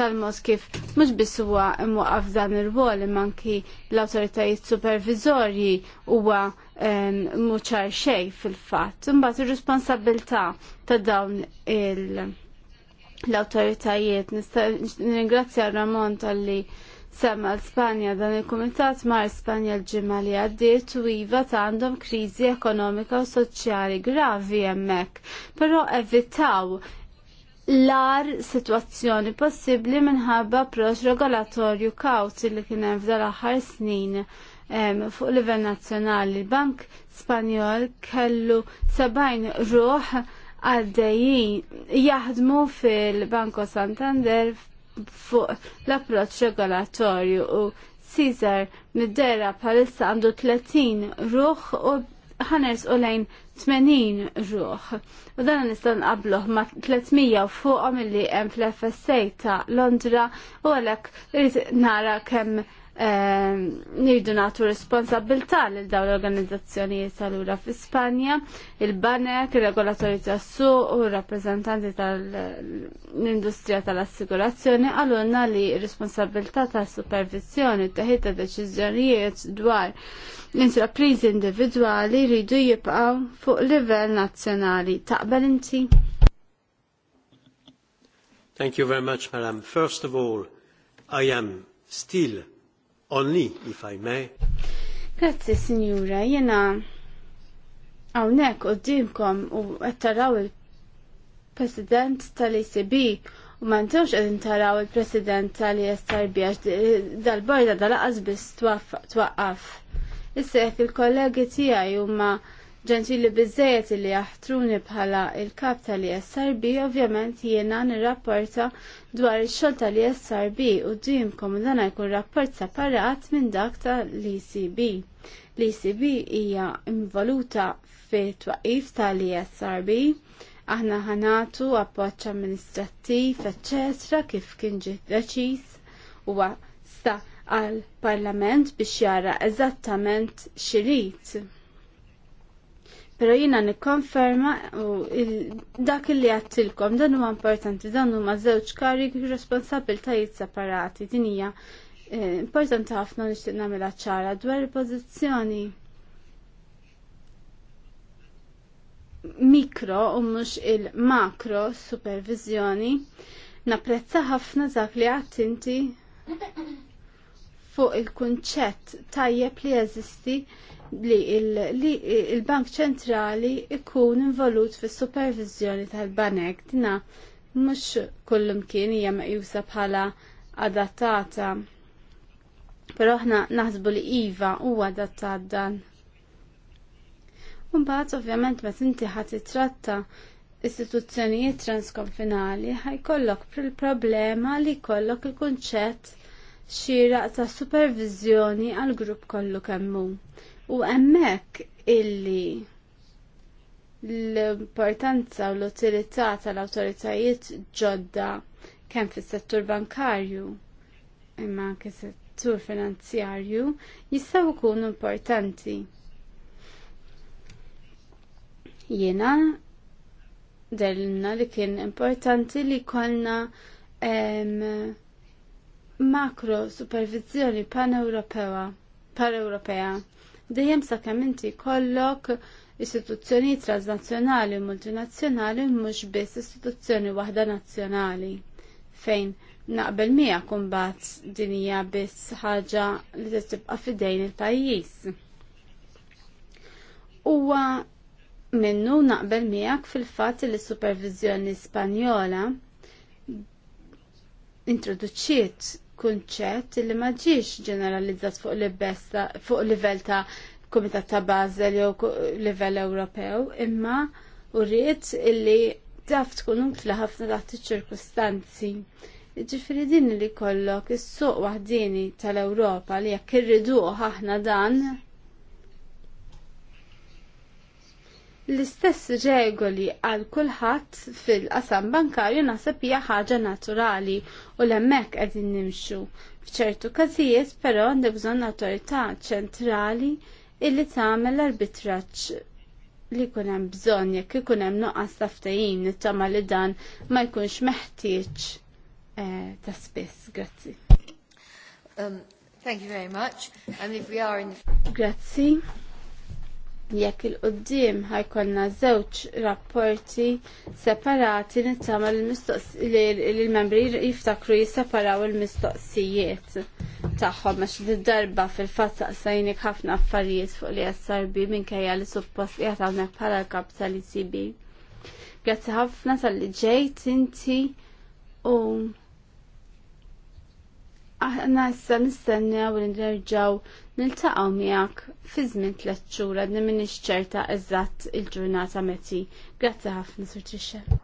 tal mos kif mux biss imu għafdan il wol rwol manki l-autoritajiet supervizorji huwa muċar ehm, xej fil-fatt. Imbagħad ir-responsabilità ta' dawn il- l-autoritajiet. Nista' ringrazzja Ramon tal-li semma l-Spanja dan il-Kumitat mar Spanja l-ġimma li għaddiet u iva ta' għandhom kriżi ekonomika u soċjali gravi hemmhekk, però evitaw l-ar situazzjoni possibli minħabba proċ regolatorju kawti li kien hemm f'dan aħħar snin fuq livell nazzjonali. Bank Spanjol kellu 70 ruħ għaddejjin jaħdmu fil-Banko Santander fuq l-approċ regolatorju u Caesar middera palissa għandu 30 ruħ u ħaners u lejn 80 ruħ. U dan nistan qabluħ ma 300 u fuqhom illi hemm fl-FSA ta' Londra u għalhekk irid nara kemm Ehm, nirdu natu responsabilta l daw l-organizzazzjonijiet tal-ura Spanja, il-banek, il-regolatori tassu u rappresentanti tal-industrija tal-assigurazzjoni għalunna li responsabilta tal-supervizjoni teħid deċizjonijiet deċiżjonijiet dwar l-intraprizi individuali rridu jibqaw fuq livell nazzjonali. Taqbel inti? Thank you very much, Madam. First of all, I am still only, if I may. Grazie, signora, jena għawnek u d-dimkom u għattaraw il-president tal-ECB u mantewx għedin taraw il-president tal-ESRB għax dal-bojda dal-qazbis twaqqaf. Issa jek il-kollegi tijaj u ma' ġentili bizzejet li jaħtruni bħala il-kap tal-ISRB, ovvjament jiena nirrapporta dwar il-xol tal-ISRB u d-dimkom dan jkun rapport separat minn dak tal-ECB. L-ECB hija involuta fi twaqif tal-ISRB, aħna ħanatu appoċ amministrattiv, eccetera, kif kien ġi deċiż huwa sta għal parlament biex jara eżattament xirit Pero jina nikkonferma u dak li għattilkom dan huwa importanti dan huma żewġ karik responsabiltajiet separati din hija eh, importanti ħafna nixtieq nagħmilha ċara dwar il-pożizzjoni mikro u mhux il-makro supervizjoni. Napprezza ħafna dak li għattinti fuq il-kunċett tajjeb li jeżisti li il-Bank ċentrali ikun involut fis supervizjoni tal-banek dina mhux kullum kien hija meqjusa bħala adattata. Però aħna naħsbu li iva huwa adattat dan. Mbagħad ovvjament meta inti ħadd titratta istituzzjonijiet transkonfinali ħajkollok problema li jkollok il-kunċett xieraq ta' supervizjoni għal grupp kollu kemmu. U hemmhekk illi l-importanza u l-utilità tal-awtoritajiet ġodda kemm fis-settur bankarju imma anke settur finanzjarju jistgħu jkunu importanti. Jiena delna li kien importanti li kollna makro supervizjoni pan-Ewropea. Pan-Ewropea dejjem sakemm inti jkollok istituzzjonijiet transnazzjonali u multinazzjonali mhux biss istituzzjoni waħda nazzjonali fejn naqbel mija kumbat din hija biss ħaġa li se tibqa' fidejn il-pajjiż. Huwa minnu naqbel miegħek fil-fatt li s-supervizjoni Spanjola introduċiet kunċett li ma ġiex ġeneralizzat fuq l-besta fuq livell ta' komitat ta' Basel jew livell Ewropew, imma urriet illi taf tkun unkla ħafna taħt iċ-ċirkustanzi. Ġifiri din li kollok is-suq waħdini tal-Ewropa li jekk irriduh aħna dan l-istess regoli għal kulħadd fil-qasam bankarju naħseb hija ħaġa naturali u l emmek qegħdin nimxu. F'ċertu każijiet però għandek bżonn autorità ċentrali illi tagħmel l-arbitraġġ li jkun hemm bżonn jekk ikun hemm nuqqas ta' ftehim nittama li dan ma jkunx meħtieġ eh, ta' spiss. Grazzi. Um, thank you very much. And if we are in the... Grazzi. Jekk il-qoddim ħajkonna żewġ rapporti separati nittama l-membri jiftakru jisseparaw il-mistoqsijiet tagħhom għax id-darba fil-fatt saqsajnik ħafna affarijiet fuq li minn minkejja li suppost qiegħed hawnhekk bħala l-kap tal-ICB. Grazzi ħafna tal-li ġejt inti u Aħna issa nistennew li nerġgħu niltaqgħu miegħek fi żmien tliet xhur għadni m'iniex ċerta eżatt il-ġurnata meti. Grazzi ħafna Sur Trixxer.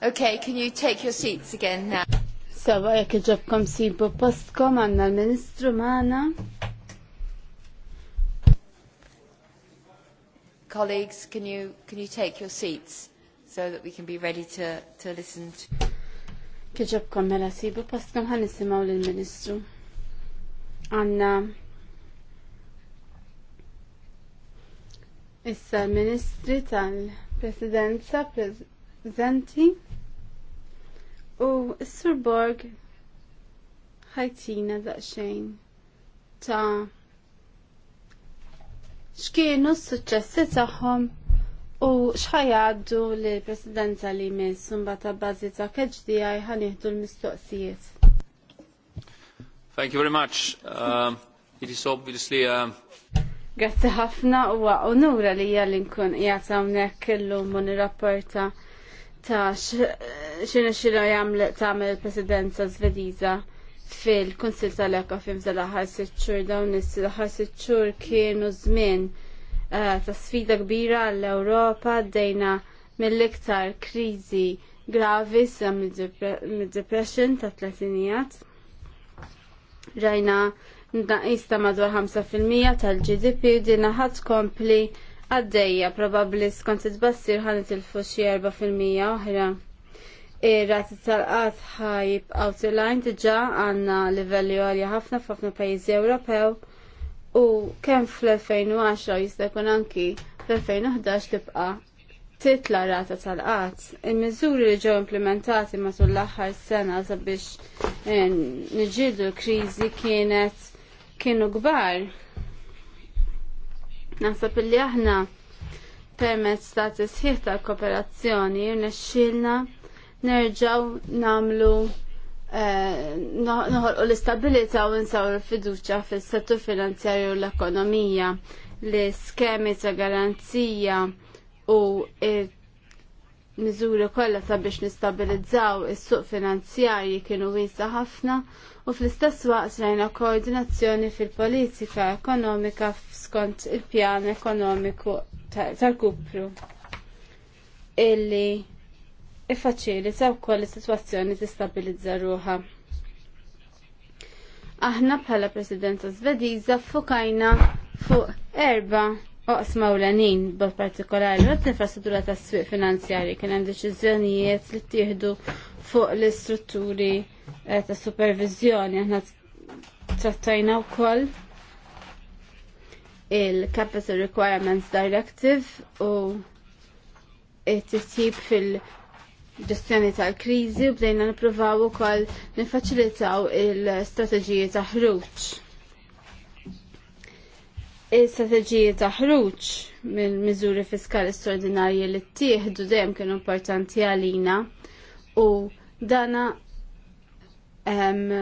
Okay, can you take your seats again now? Sawa, jek ġobkom sibu postkom għanna l-ministru maħna. Colleagues, can you, can you take your seats so that we can be ready to, to listen to... Kieġobkom mela sibu postkom għan nisimaw l-ministru. Għanna issa l-ministri tal-presidenza, presidenza, Venti u s-Sur Borg ħajtina daqxejn ta' xkienu s-suċċessi tagħhom u xħajaddu li presidenza li mis sumba ta' bażi ta' għaj ħaniħdu l-mistoqsijiet. Thank you very much. Uh, it is obviously a uh, Grazzi ħafna u għonura li hija li nkun qiegħed hawnhekk illum u nirrapporta ta' xina xina ta' tagħmel il-Presidenza Svediża fil-Kunsil tal eka fim aħħar sitt xhur dawn is-aħħar sitt xhur kienu żmien eh, ta' sfida kbira għall-Ewropa dejna mill-iktar kriżi gravi sa mid-depression ta' tletinijat. Rajna naqis madwar 5% tal-GDP u dinna ħadd kompli għaddejja probabbli skont it-bassir ħan itilfu xi 4% oħra. Ir-rati tal-qat ħajib outline diġà għandna livelli għalja ħafna f'ħafna pajjiżi Ewropew u kemm fl-2010 jista' jkun anki fl-2011 tibqa' titla rata tal-qat, il-mizuri li ġew implementati matul l-aħħar sena sabiex eh, niġidu kriżi kienet kienu kbar Naħseb li aħna permezz ta' tisħiħ tal kooperazzjoni nexxilna nerġaw namlu eh, noħolqu l-istabilità u nsaw il-fiduċa fis-settur finanzjarju l-ekonomija li skemi ta' garanzija u miżuri kollha sabiex nistabilizzaw is-suq finanzjarji kienu wiesa ħafna u fl-istess waqt rajna koordinazzjoni fil-politika ekonomika skont il-pjan ekonomiku tal-kupru illi iffaċilita wkoll is-sitwazzjoni tistabilizza ruha. Aħna bħala Presidenza Svediża fukajna fuq erba' oqsma u l-għanin bot partikolari għat infrastruttura ta' s-swiq finanzjari kien hemm deċiżjonijiet li ttieħdu fuq l-istrutturi eh, ta' supervizjoni aħna trattajna wkoll il-Capital Requirements Directive u it-tip fil- ġestjoni tal-krizi u bdejna nipruvaw ukoll nifaċilitaw il-strateġiji ta' ħruġ il strateġiji ta' ħruġ mill-miżuri fiskali straordinarji li ttieħdu dejjem kienu importanti għalina u dana um,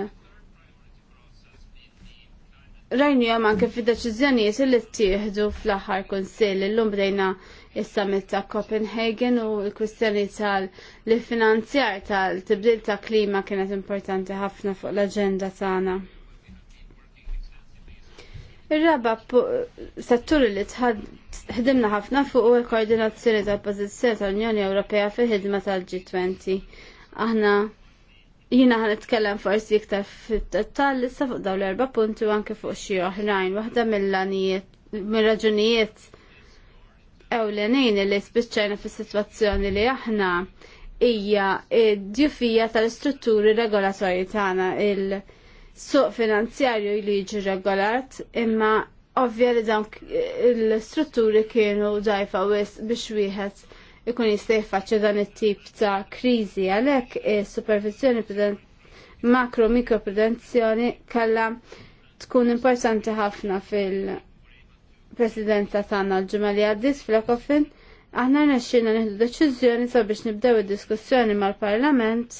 rajnu jom anke fil deċiżjonijiet li ttieħdu fl-aħħar kunsill illum bdejna il summit ta' Copenhagen u l-kwistjoni tal-finanzjar tal-tibdil ta' klima kienet importanti ħafna fuq l agenda tagħna. Ir-raba settur li tħedimna ħafna fuq u koordinazzjoni tal pozizjoni tal-Unjoni Ewropea fil-ħidma tal-G20. Aħna jina ħan itkellem forsi iktar fit-tal issa fuq dawn l-erba' punti u anke fuq xi oħrajn. Waħda mill-għanijiet mir-raġunijiet ewlenin li spiċċajna fis-sitwazzjoni li aħna hija d-djufija tal-istrutturi regolatorji tagħna il- suq finanzjarju li jiġi regolat imma ovvja li dawn l-strutturi kienu dajfa wis biex wieħed ikun jista' jfaċċja dan it-tip ta' kriżi għalhekk is-supervizjoni makro mikro prudenzjoni kellha tkun importanti ħafna fil-presidenza tagħna l-ġimgħa li għaddis fl-Ekofin aħna rnexxina nieħdu deċiżjoni sabiex nibdew id-diskussjoni mal-Parlament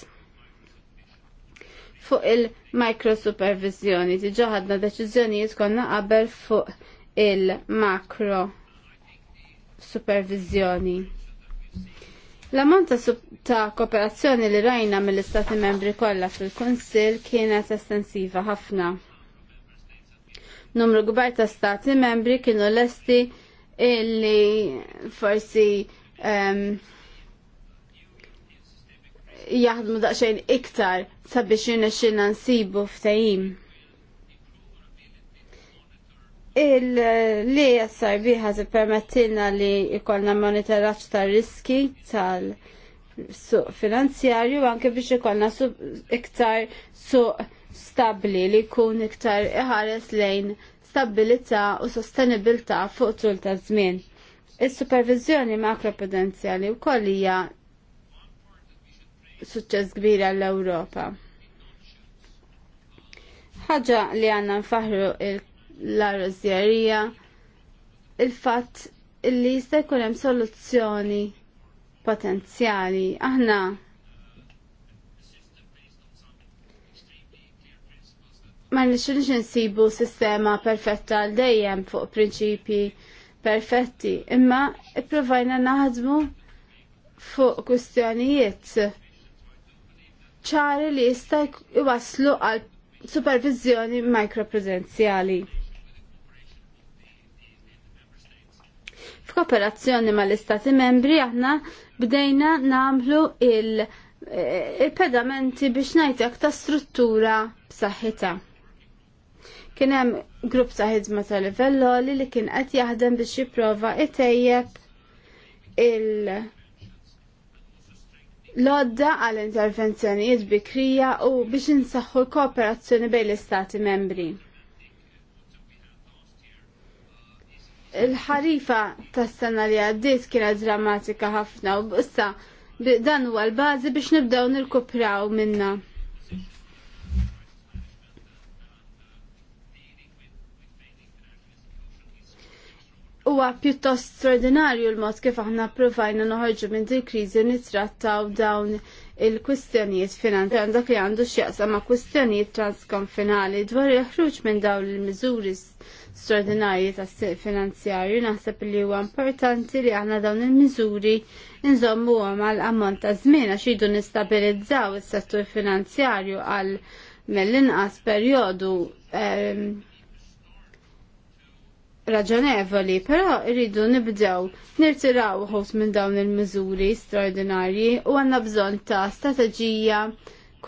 fuq il-mikrosupervizjoni. Diġa ħadna deċiżjonijiet konna qabel fuq il-makro supervizjoni. L-ammont ta' kooperazzjoni li rajna mill-Istati membri kollha fil-Kunsill kienet estensiva ħafna. Numru kbar ta' stati membri kienu lesti illi forsi um, jaħdmu daqsxejn iktar sabiex jirnexxilna nsibu ftehim. Il-li jassar biħa permettilna li jkollna monitoraġġ tar riski tal-suq finanzjarju anke biex ikollna iktar suq stabbli li jkun iktar iħares lejn stabilità u sostenibilità fuq tul ta' żmien. Is-supervizjoni makroprudenzjali wkoll hija suċċess kbir għall-Ewropa. Ħaġa li għanna nfaħru l arrozjerija il-fatt li jista' jkun hemm soluzzjoni potenzjali. Aħna ma nixilx nsibu sistema perfetta għal dejjem fuq prinċipji perfetti, imma ipprovajna naħdmu fuq kustjonijiet ċari li jista' jwaslu għal supervizjoni mikroprezenzjali. F'kooperazzjoni mal-Istati membri aħna bdejna namlu il- eh, il-pedamenti biex najtek ta' struttura b'saħħitha. Kien hemm grupp ta' ħidma ta' livell li kien qed jaħdem biex jipprova itejjeb il- lodda għal intervenzjonijiet bikrija u biex insaħħu l-kooperazzjoni bejn l-istati membri. Il-ħarifa tas sena li għaddiet kienet drammatika ħafna u bissa dan huwa l-bażi biex nibdew nirkupraw minna. huwa pjuttost straordinarju l-mod kif aħna provajna noħorġu minn din kriżi nittrattaw dawn il-kwistjonijiet finanzjari għandak li għandu x'jaqsam ma' kwistjonijiet transkonfinali dwar il-ħruġ minn dawn il-miżuri straordinarji tas s finanzjarju naħseb li huwa importanti li aħna dawn il-miżuri nżommu għal ammont ta' żmien għax idu nistabilizzaw is-settur finanzjarju għal mill-inqas perjodu ehm, raġonevoli, però rridu nibdew nirtiraw ħos minn dawn il-miżuri straordinarji u għanna bżonn ta' strateġija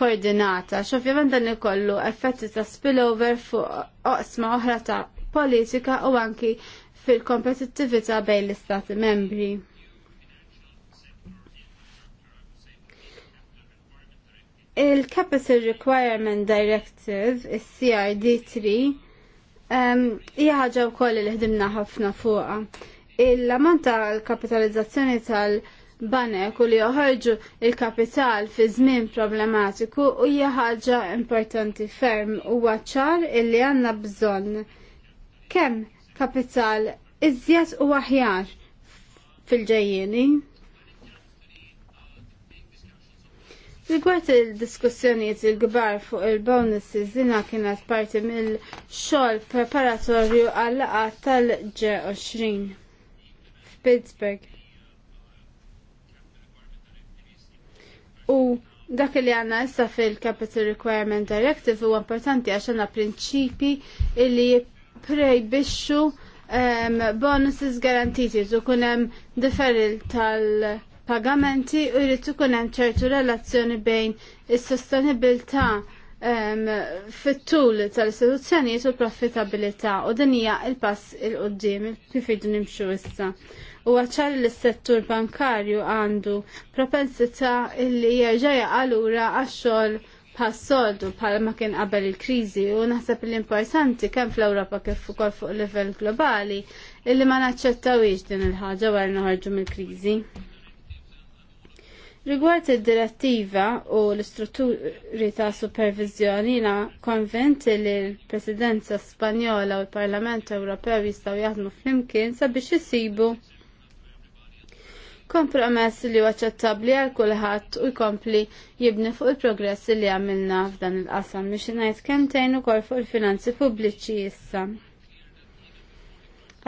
koordinata, x'ovvjament dan ikollu effetti ta' spillover fuq oqsma oħra ta' politika u anki fil-kompetittività bejn l-Istati membri. Il-Capital Requirement Directive, il-CRD3, hija ħaġa wkoll li ħdimna ħafna fuqha. Il-lamant tal-kapitalizzazzjoni tal- banek u li joħorġu il-kapital fi żmien problematiku u hija ħaġa importanti ferm u ċar illi għandna bżonn kemm kapital iżjed u aħjar fil-ġejjieni. Rigward il-diskussjonijiet il-gbar fuq il-bonuses żina kienet parti mill-xogħol preparatorju għal laqgħa tal-G20 f'Pittsburgh. U dak li għanna issa fil-Capital Requirement Directive huwa importanti għax għandna prinċipi li jipprejbixxu um, ehm, bonuses garantiti u kunem hemm tal- tal- pagamenti u jrid ikun hemm ċertu relazzjoni bejn is-sostenibilità fit-tul tal-istituzzjonijiet u l profitabilità u din hija l-pass il qudiem kif idu nimxu issa. U għacċar li s-settur bankarju għandu propensità illi jerġa' jaqalura għax-xogħol bħas-soldu bħala ma kien qabel il-kriżi u naħseb l-importanti kemm fl-Ewropa kif ukoll fuq livell globali illi ma naċċettawiex din il-ħaġa wara noħorġu mill-kriżi. Rigward id-direttiva u l-istrutturi ta' supervizjoni na konvent li l-Presidenza Spanjola u l-Parlament Ewropew jistgħu jaħdmu flimkien sabiex jisibu kompromess li waċċettabli għal kulħadd u jkompli jibni fuq il-progress li għamilna f'dan il-qasam biex ngħid kemm tgħin ukoll fuq il-finanzi pubbliċi issa.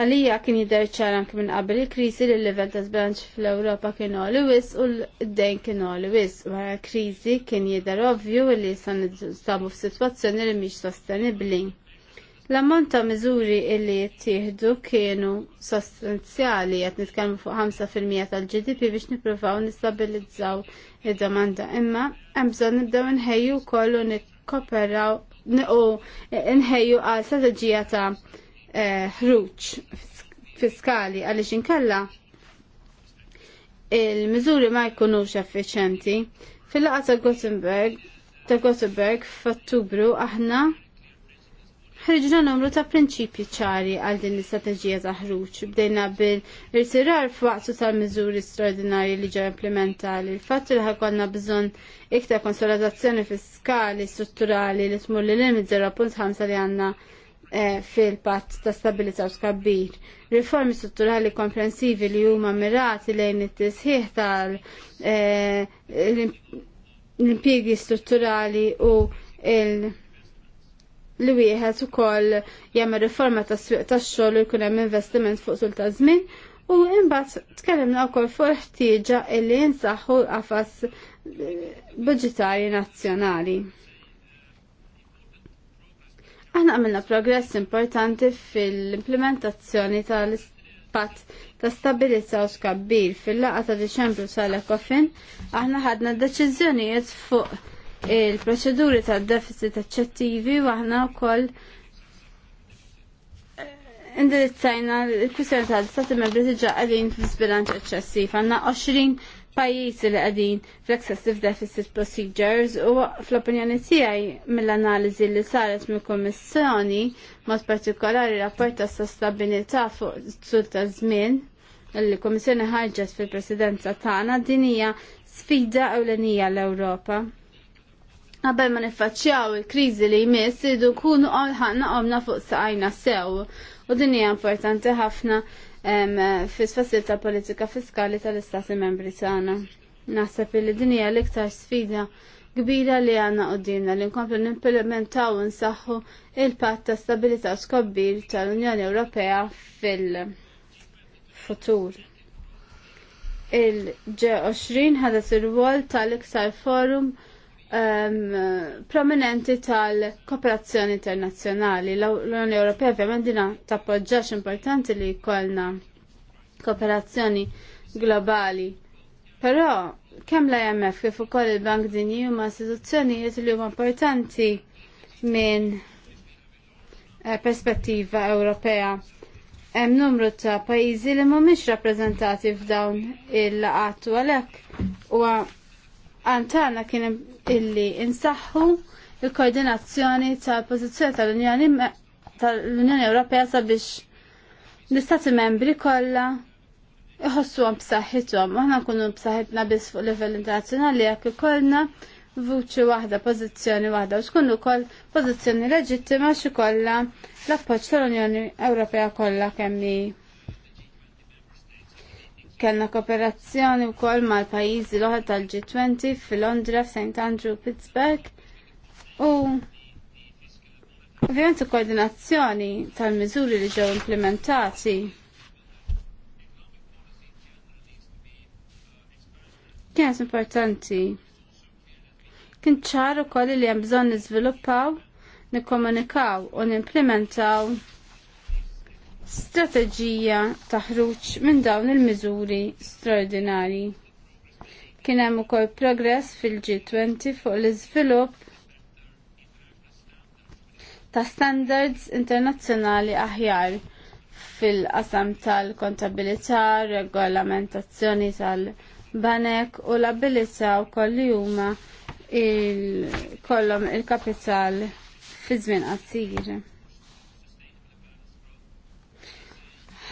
Għalija kien jidher ċar anki minn qabel il-kriżi li l-livell ta' zbranċ fl-Ewropa kien l wis u d-dejn kien l wis. Wara kriżi kien jidher ovvju li sa nistabu f'sitwazzjoni li mhix sostenibbli. L-ammont ta' miżuri illi jittieħdu kienu sostanzjali qed nitkellmu fuq 5% tal-GDP biex nippruvaw nistabilizzaw id-domanda imma hemm bżonn nibdew inħejju wkoll nikkoperaw u għal strateġija ta' Eh, ħruġ fiskali għaliex inkella il-miżuri ma jkunux effiċenti. Fil-laqa ta' Gothenburg, ta' Gothenburg f'Ottubru aħna ħriġna numru ta' prinċipji ċari għal din l-istrateġija ta' ħruġ. Bdejna bil-irtirar f'waqtu tal-miżuri straordinarji li ġew implementali. Il-fatt li ħakonna bżonn iktar konsolidazzjoni fiskali strutturali li tmur li limit 0.5 li għandna Eh, fil-patt ta' stabilità u skabbir. Riformi strutturali komprensivi li huma mirati lejn it-tisħiħ tal eh, l-impjegi strutturali u il- li wieħed ukoll jagħmel riforma tas-swieq tax-xogħol u jkun hemm investiment fuq sul ta' żmien u imbagħad tkellimna wkoll fuq il-ħtieġa li jinsaħħu qafas eh, budġetarji nazzjonali. Aħna għamilna progress importanti fil-implementazzjoni tal pat ta' stabilizza u skabbir fil-laqa ta' Deċembru sal-Ekofin, aħna ħadna deċiżjonijiet fuq il-proċeduri ta' deficit eċċettivi u aħna wkoll eh, indirizzajna l-kwistjoni tal-Stati Membri diġa għalin fil-sbilanċ eċċessiv. Aħna 20 pajjiżi li qegħdin fl-excessive deficit procedures u fl-opinjoni tiegħi mill-analiżi li saret mill-Kummissjoni mod partikolari rapport ta' sostabilità fuq tul ta' żmien li kummissjoni ħarġet fil-presidenza tagħna din hija sfida ewlenija l-Ewropa. Qabel ma niffaċċjaw il-kriżi li jmiss idu nkunu ħanna għomna fuq saqajna sew u din hija importanti ħafna fis-fasil tal-politika fiskali tal-Istati Membri tagħna. Naħseb li din hija l-iktar sfida kbira li għanna dinna li nkomplu nimplementaw nsaħħu il-patt ta' stabilità u skobbir tal-Unjoni Ewropea fil-futur. Il-G20 ħadet il-wol tal-iktar forum um, prominenti tal-kooperazzjoni internazzjonali. L-Unjoni Ewropea ovvjament dina tappoġġax importanti li jkollna kooperazzjoni globali. Però kemm l-IMF kif ukoll il-Bank Dinji huma istituzzjonijiet li huma importanti minn eh, perspettiva Ewropea. Hemm numru ta' pajjiżi li mhumiex rappreżentati f'dawn il qatt u għalhekk huwa għantana kien illi insaħħu il-koordinazzjoni tal-pozizjoni tal-Unjoni tal-Unjoni Ewropea sabiex l-Istati membri kollha iħossu għam b'saħħithom, aħna nkunu b'saħħitna biss fuq livell internazzjonali jekk ikollna vuċi waħda, pożizzjoni waħda, u tkun ukoll pożizzjoni leġittima xikolla l-appoġġ tal-Unjoni Ewropea kollha kemm kellna kooperazzjoni wkoll mal-pajjiżi l oħra tal-G20 fil-Londra, St. Andrew, Pittsburgh u ovvjament koordinazzjoni tal-miżuri li ġew implementati. Kienet importanti. Kien ċar ukoll li hemm bżonn niżviluppaw, nikkomunikaw u nimplementaw strateġija taħruġ minn dawn il-miżuri straordinari. Kien hemm ukoll progress fil-G20 fuq l-iżvilupp ta' standards internazzjonali aħjar fil-qasam tal-kontabilità, regolamentazzjoni tal-banek u l-abilità wkoll li huma il il-kapital fi żmien qasir.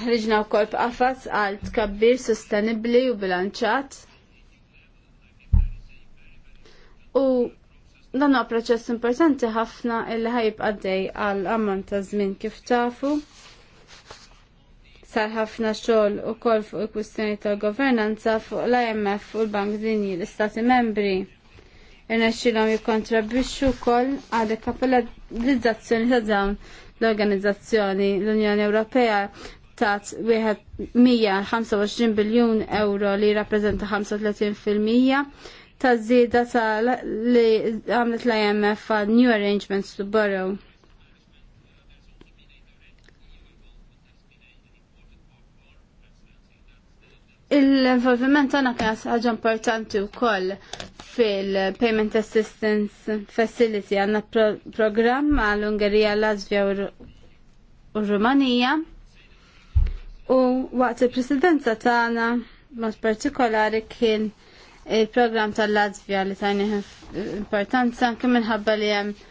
ħriġna wkoll b'qafas għal tkabbir sostenibbli u bilanċat. U dan huwa proċess importanti ħafna illi ħajibqa' dej għal ammont ta' żmien kif tafu. Sar ħafna xogħol ukoll fuq il-kwistjoni tal-governanza fuq l-IMF u l-Bank Dinji l-Istati Membri irnexxilhom jikkontribwixxu wkoll għal kapitalizzazzjoni ta' dawn l-organizzazzjoni l-Unjoni Ewropea tat 125 biljun euro li rappresenta 35% ta' zida ta' li għamlet l-IMF għal New Arrangements to Borrow. Il-involviment għana kienas ħaġa importanti u koll fil-Payment Assistance Facility għanna pro programm għal-Ungerija, Lazvja u Rumanija u waqt il-presidenza tagħna mod partikolari kien il-programm tal-Latvja li tajni importanza anke minħabba li hemm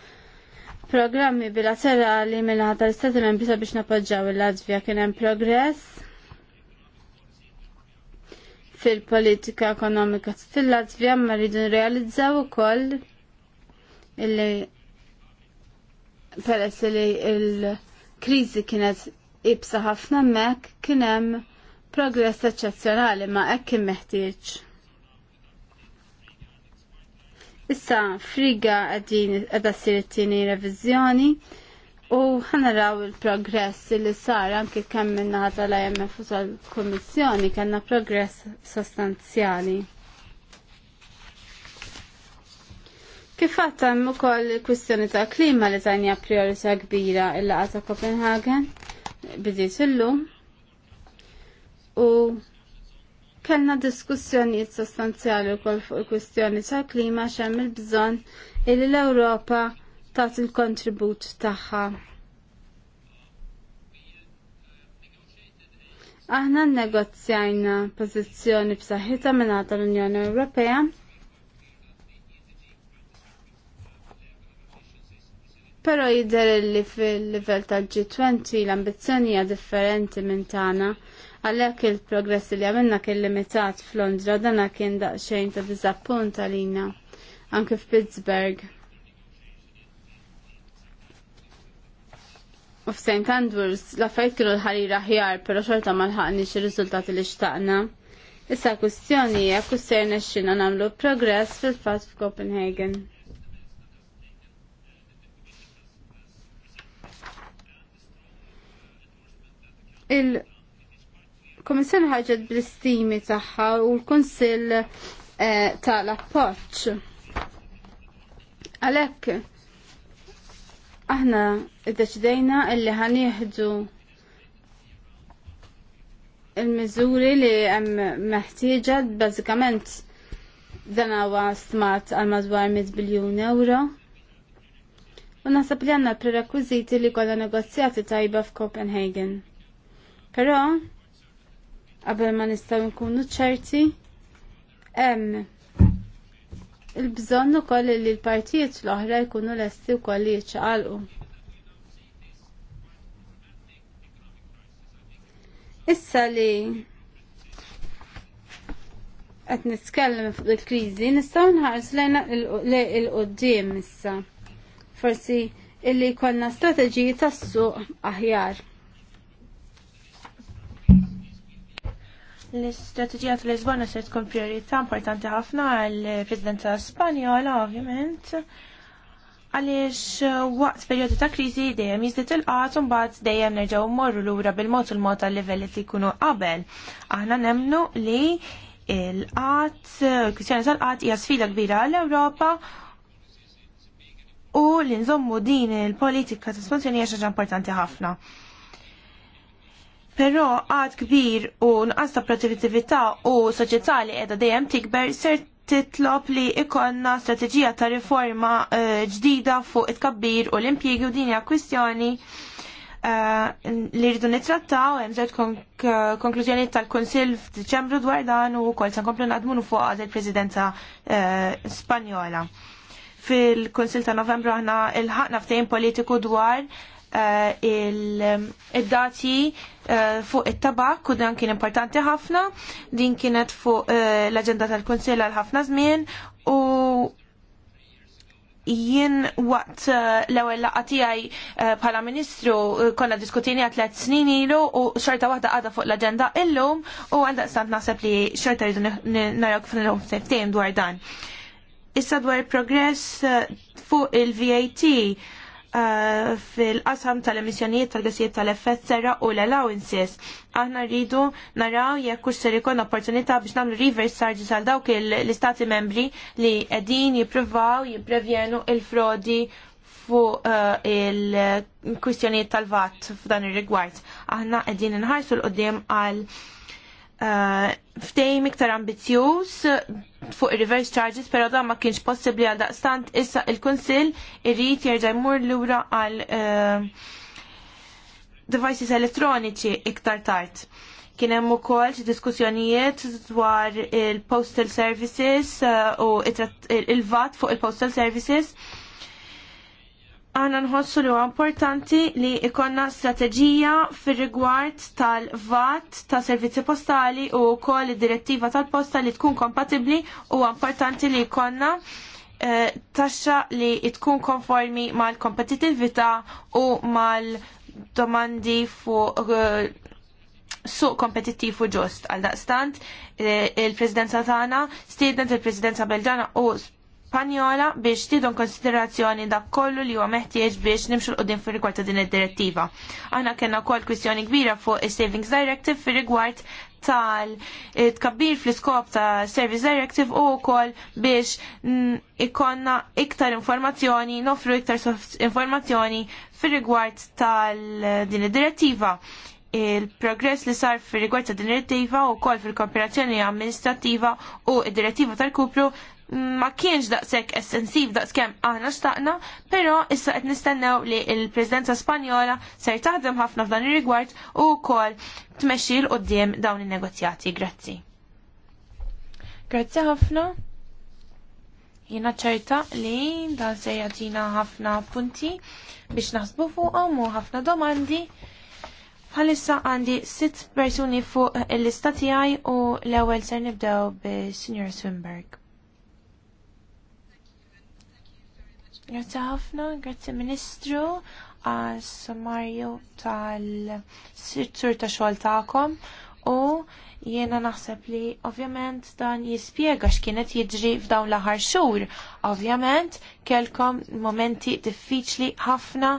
programmi bilaterali mill ħat tal istati Membri sabiex napoġġaw il-Latvja kien hemm progress fil-politika ekonomika fil-Latvja ma rridu nrealizzaw ukoll illi peress li il-kriżi kienet ibsa ħafna mek kienem progress eccezzjonali ma hekk kien meħtieġ. Issa friga għadin edha s it-tieni u ħanaraw il-progress li sar anke kemm minna ħadha la imf u tal-Kummissjoni kellna progress sostanzjali. Kif għattam u koll kwistjoni ta' klima li tajnija priorità kbira il-laqa ta' Copenhagen? bidiet illum u kellna diskussjonijiet sostanzjali wkoll fuq il-kwistjoni tal-klima x'hemm il-bżonn illi l-Ewropa tat il-kontribut tagħha. Aħna nnegozjajna pożizzjoni b'saħħitha minn l-Unjoni Ewropea Pero jider li fil-level tal-G20 l-ambizzjoni hija differenti minn tagħna għalhekk il-progress li għamilna kien limitat f'Londra dana kien daqsxejn ta' diżappunt għalina anke f'Pittsburgh. U f'St. Andrews l-affarijiet kienu l-ħarira ħjar, però xorta ma lħaqniex ir-riżultati li xtaqna. Issa kwistjoni hija kussejna x'inha nagħmlu progress fil-fatt f'Copenhagen. Il-Komissjoni ħarġet bl-istimi tagħha u l-Kunsill eh, tal-appoġġ. Għalhekk aħna iddeċidejna illi ħanieħdu il-miżuri li hemm meħtieġa bażikament dan huwa stmat għal madwar 100 biljun euro. U nasab li għanna prerekwiziti li kolla negozjati tajba f'Copenhagen. Però qabel ma nistgħu nkunu ċerti hemm il-bżonn ukoll li l-partijiet l-oħra jkunu lesti wkoll li jiċċaqalqu. Issa li qed niskellem fuq il-kriżi nistgħu nħares lejna il-qudiem issa. Forsi illi jkollna strateġiji tas-suq aħjar. L-istrateġija fil-Lisbona se tkun priorità importanti ħafna għall-Presidenza Spanjola, ovvjament. Għaliex waqt periodi ta' kriżi dejjem jiżdied il-qat u mbagħad dejjem nerġgħu mmorru lura bil-mod u l-mod tal-livelli li jkunu qabel. Aħna nemnu li il-qat, kwistjoni tal-qat hija sfida kbira għall-Ewropa u li nżommu din il-politika ta' sponsjoni hija importanti ħafna. Però għad kbir u nqas ta' produttività u soċjetà li qiegħda dejjem tikber ser titlob li ikonna strateġija ta' riforma eh, ġdida fuq it-kabbir u l-impjiegi u dinja kwistjoni eh, li rridu nittrattaw hemm żewġ eh, konklużjoni tal-Kunsill f'Diċembru dwar dan u wkoll se nkomplu nadmu fuq għad il-Presidenza Spanjola. Fil-Kunsill ta' Novembru aħna il-ħaqna ftehim politiku dwar Eh, il-dati eh, fuq it-tabak u dan kien importanti ħafna, din kienet fuq eh, l-agenda tal-Kunsell għal ħafna żmien u jien waqt l-ewwel laqati tiegħi bħala Ministru konna diskutini għat tliet snin ilu u xorta waħda għadha fuq l-aġenda illum u għandaqstant naħseb li xorta rridu naraw kif nilhom dwar dan. Issa dwar progress fuq il-VAT Eh, fil-qasam tal-emissjonijiet tal-gassijiet tal-effett serra u l-allowances. Aħna rridu naraw jekk hux ser ikun opportunità biex nagħmlu reverse charges għal dawk l-istati membri li qegħdin jippruvaw jiprevjenu il-frodi fuq eh, il-kwistjonijiet tal-vat f'dan ir-rigward. Aħna qegħdin inħarsu l-qudiem għal eh, ftejm iktar ambizzjuż fuq reverse charges, pero da ma kienx possibli għal daqstant issa il konsil irrit jerġa' jmur lura għal eh, devices elettroniċi iktar tard. Kien hemm ukoll xi diskussjonijiet dwar il-postal services eh, u il-VAT fuq il-postal services. Għana nħossu li huwa importanti li ikonna strateġija fir rigward tal-VAT ta' servizzi postali u wkoll id-direttiva tal-posta li tkun kompatibbli u importanti li jkollna eh, taxxa li tkun konformi mal kompetitivita u mal-domandi fuq su eh, suq kompetittiv u ġust. Għal daqstant, eh, il-presidenza tagħna, stiednet il-presidenza Belġana u Spanjola biex tidon konsiderazzjoni da kollu li huwa meħtieġ biex nimxu l-qudin fir rigward ta' din id-direttiva. Aħna kellna wkoll kwistjoni kbira fuq is-Savings Directive fir rigward tal-tkabbir eh, fl-iskop ta' Service Directive u wkoll biex mm, ikonna iktar informazzjoni, nofru iktar informazzjoni fir rigward tal-din eh, id-direttiva il-progress li sar fir rigward ta' din direttiva u kol fil-kooperazzjoni amministrativa u id-direttiva tal-kupru ma kienx daqshekk essensiv daqskemm aħna xtaqna, però issa qed nistennew li l-Presidenza Spanjola se taħdem ħafna f'dan ir-rigward u wkoll tmexxi l qudiem dawn in-negozjati. Grazzi. Grazzi ħafna. Jiena ċerta li dan se jagħtina ħafna punti biex naħsbu fuqhom u ħafna domandi. Bħalissa għandi sitt persuni fuq l istatijaj tiegħi u l-ewwel ser nibdew bi Sr. Swinberg. Grazie ħafna, grazie Ministru għal sommarju tal-sittur ta' xogħol tagħkom u jiena naħseb li ovvjament dan jispjega x'kienet jiġri f'dawn l-aħħar xhur. Ovvjament kelkom momenti diffiċli ħafna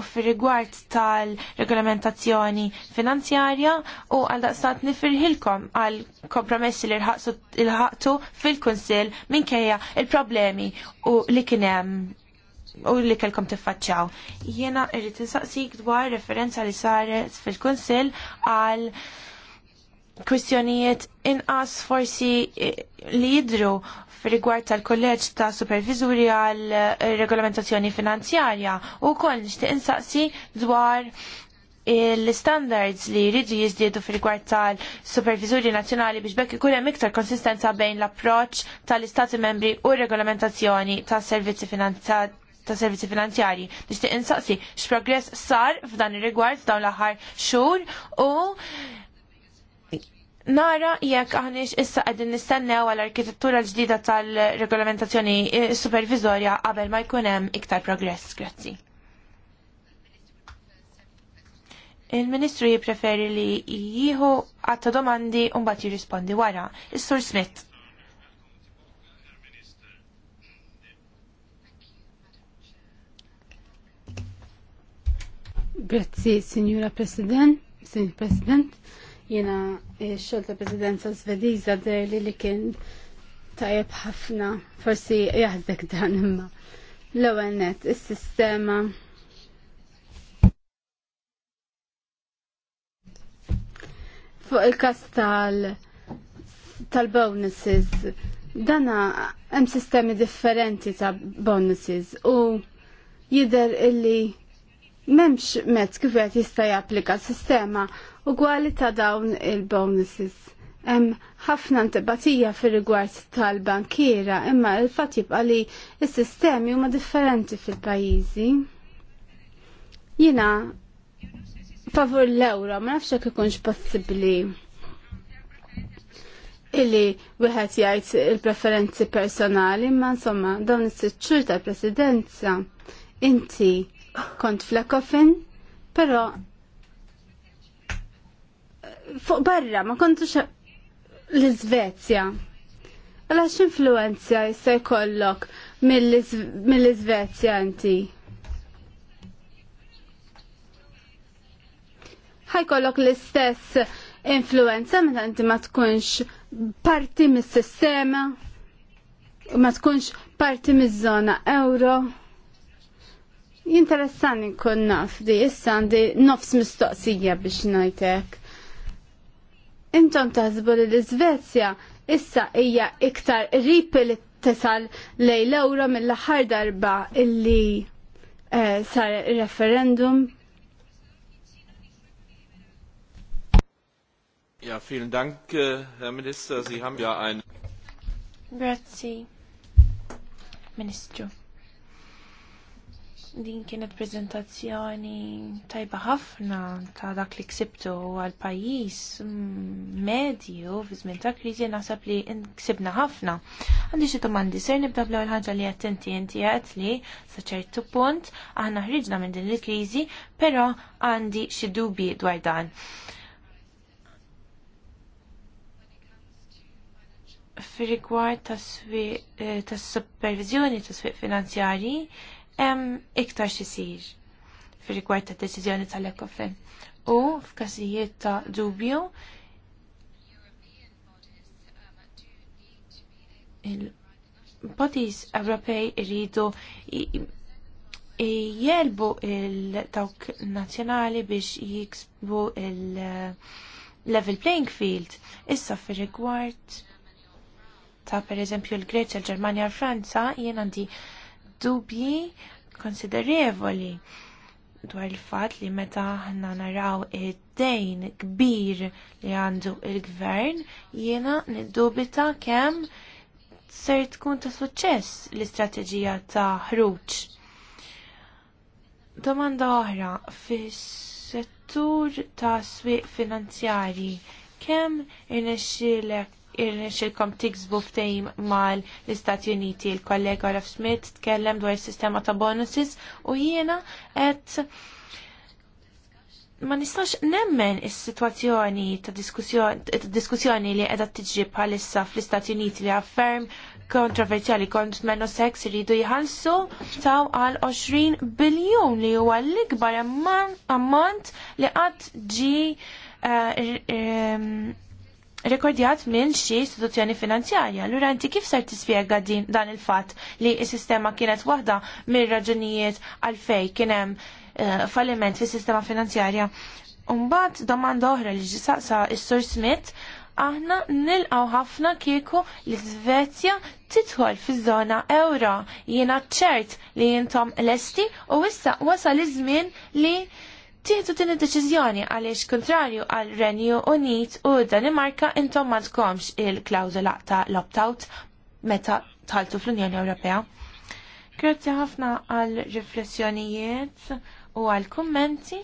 u fir-rigward tal-regolamentazzjoni finanzjarja u għal daqstat nifirħilkom għal kompromessi li rħaqtu fil-Kunsil minkejja il-problemi u li kienem u li kelkom tiffaċċaw. Jiena irrid insaqsik dwar referenza li saret fil-Kunsil għal kwistjonijiet inqas forsi eh, li jidru f'rigward tal-kolleġġ ta' supervizuri għal eh, regolamentazzjoni finanzjarja u koll nixtieq insaqsi dwar l-standards li jridu jizdiedu f'rigward tal-supervizuri nazjonali biex bekk ikun hemm iktar konsistenza bejn l-approċċ tal-istati membri u regolamentazzjoni tas servizzi finanzjarji ta' servizzi finanzjari. Nixtieq insaqsi x'progress sar f'dan ir-rigward dawn l-aħħar xhur u Nara jekk aħniex issa qegħdin nistennew għal arkitettura ġdida tal-regolamentazzjoni eh, supervizorja qabel ma jkun hemm iktar progress. Grazzi. Il-Ministru jippreferi li jieħu għatta domandi u mbagħad jirrispondi wara. Is-Sur Smith. Grazzi, Signora President, Signor President. Jena eh, xogħol ta' Presidenza svediza li li kien tajjeb ħafna, forsi jaħdek dan imma. L-ewwel il is-sistema fuq il-kas tal bonuses dana hemm sistemi differenti ta' bonuses u jidher illi m'hemmx mezz kif qed jista' japplika s sistema ugwali ta' dawn il-bonuses. Hemm ħafna antipatija fir-rigward tal-bankiera imma l-fatt jibqa' li s-sistemi huma differenti fil-pajjiżi. Jiena favur l-ewro ma nafx hekk ikunx possibbli illi wieħed jgħid il-preferenzi personali, ma insomma dawn is-sitt tal-presidenza inti kont fl-ekofin, però fuq barra, ma kontux l-Svezja. x influenzja jista' jkollok mill-Svezja inti? kollok l-istess influenza meta inti ma tkunx parti mis-sistema, ma tkunx parti miż-żona euro. Interessani nkun naf di, issa għandi nofs mistoqsija biex ngħidlek. Intom taħsbu li l-Svezja issa hija iktar qrib li tesal lej l-ewro mill-aħħar darba illi eh, sar referendum. Ja, vielen Dank, eh, Herr Minister. Sie haben ja ein. Grazie, Ministro. Din kienet prezentazzjoni tajba ħafna ta' dak li ksibtu għal pajjiż mm, medju fi żmien ta' kriżi naħseb li ksibna ħafna. Għandi xi domandi ser nibda bl-ewwel ħaġa li qed inti inti qed li sa ċertu punt aħna ħriġna minn din il-kriżi, però għandi xi dubji dwar dan. fir-rigward tas-supervizjoni eh, tas-swieq finanzjarji, hemm iktar xisir fir-rigward ta' deċiżjoni tal ekofen U f'każijiet ta' dubju il-bodies Ewropej iridu jelbu il-dawk nazzjonali biex jiksbu il-level playing field. Issa fir-rigward ta' per eżempju l-Greċja, il ġermanja l-Franza, jien għandi dubji konsiderevoli dwar il-fat li meta ħna naraw id-dejn kbir li għandu il-gvern, jiena niddubita kemm ser tkun ta' suċċess l-istrateġija ta' ħruġ. Domanda oħra, fis-settur ta' swieq finanzjari, kemm irnexxielek irnexilkom tiksbu ftejm mal l-Istati Uniti. Il-kollega Raf Smith tkellem dwar sistema ta' bonuses u jiena qed ma nistax nemmen is-sitwazzjoni ta' diskussjoni li qiegħda tiġi bħalissa fl-Istati Uniti li afferm kontroversjali kont meno sex iridu jħallsu taw għal 20 biljon li huwa l-ikbar ammont li qatt ġi eh, rekordjat minn xi istituzzjoni finanzjarja. Luranti, inti kif ser tispjega din dan il-fatt li s-sistema kienet waħda minn raġunijiet għalfej kien hemm uh, falliment fis-sistema finanzjarja. Umbagħad domanda oħra li ġisaqsa is-Sur Smith aħna nilqaw ħafna kieku li Svezja titħol fiż-żona euro. Jiena ċert li jintom lesti u issa wasal iż-żmien li tieħdu din id-deċiżjoni għaliex kontrarju għal Renju Unit u Danimarka intom ma tkomx il-klawżola ta' l-opt-out meta tħaltu fl-Unjoni Ewropea. Grazzi ħafna għal riflessjonijiet u għal kummenti.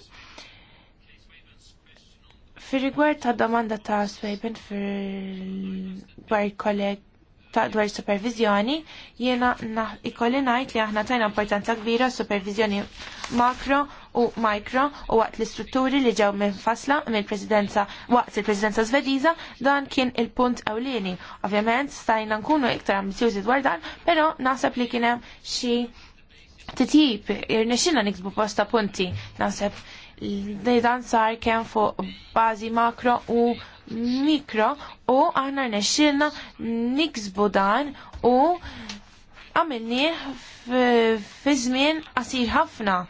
Fi rigward ta' domanda ta' Swejben fir bar kolleg ta' dwar supervizjoni, jiena ikolli ngħid li aħna tajna importanza kbira supervizjoni makro u mikro u waqt l-istrutturi li ġew minn fasla mill presidenza waqt il-presidenza svediża dan kien il-punt ewlieni. Ovvjament stajna nkunu iktar ambizjużi dwar dan, però naħseb li kien hemm xi titjib irnexxina niksbu posta punti naħseb li dan sar kemm fuq bażi makro u mikro u aħna rnexxilna niksbu dan u għamilni fi żmien qasir ħafna.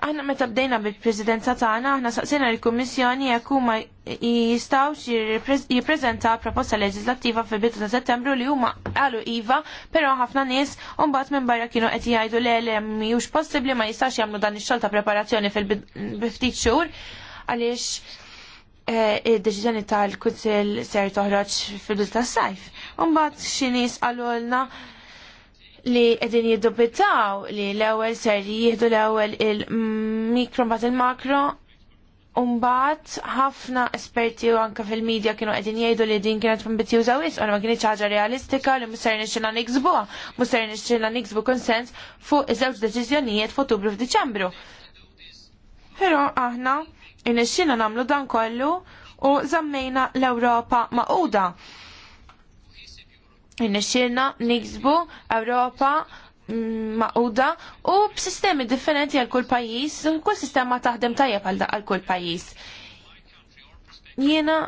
Aħna meta bdejna bil-Presidenza tagħna aħna saqsina l-Kummissjoni jekk huma jistgħux jippreżenta proposta leġislattiva fil bidu ta' Settembru li huma qalu iva, però ħafna nies mbagħad minn barra kienu qed jgħidu le le mhijiex possibbli ma jistax jagħmlu dan ix-xogħol ta' preparazzjoni fil-ftit xhur għaliex Eh, id-deċiżjoni tal-Kunsill ser toħroġ fil-bil tas-sajf. Imbagħad xi nies qalulna li qegħdin jiddubitaw li l-ewwel ser jieħdu l-ewwel il-mikro mbagħad il-makro Umbat, ħafna esperti u anka fil-medja kienu għedin jgħidu li din kienet mbiti u zawis, u ma kienieċ ħaġa realistika li musser nixxilna niksbu, se nixxilna niksbu konsens fuq iż-żewġ deċiżjonijiet f'Ottubru f'Diċembru. Però aħna Inixxina namlu dan kollu u zammejna l-Ewropa maquda. Inixxina niksbu Ewropa mm, maquda u b'sistemi differenti għal kull pajjiż, kull sistema taħdem tajjeb għal kull pajjiż. Jiena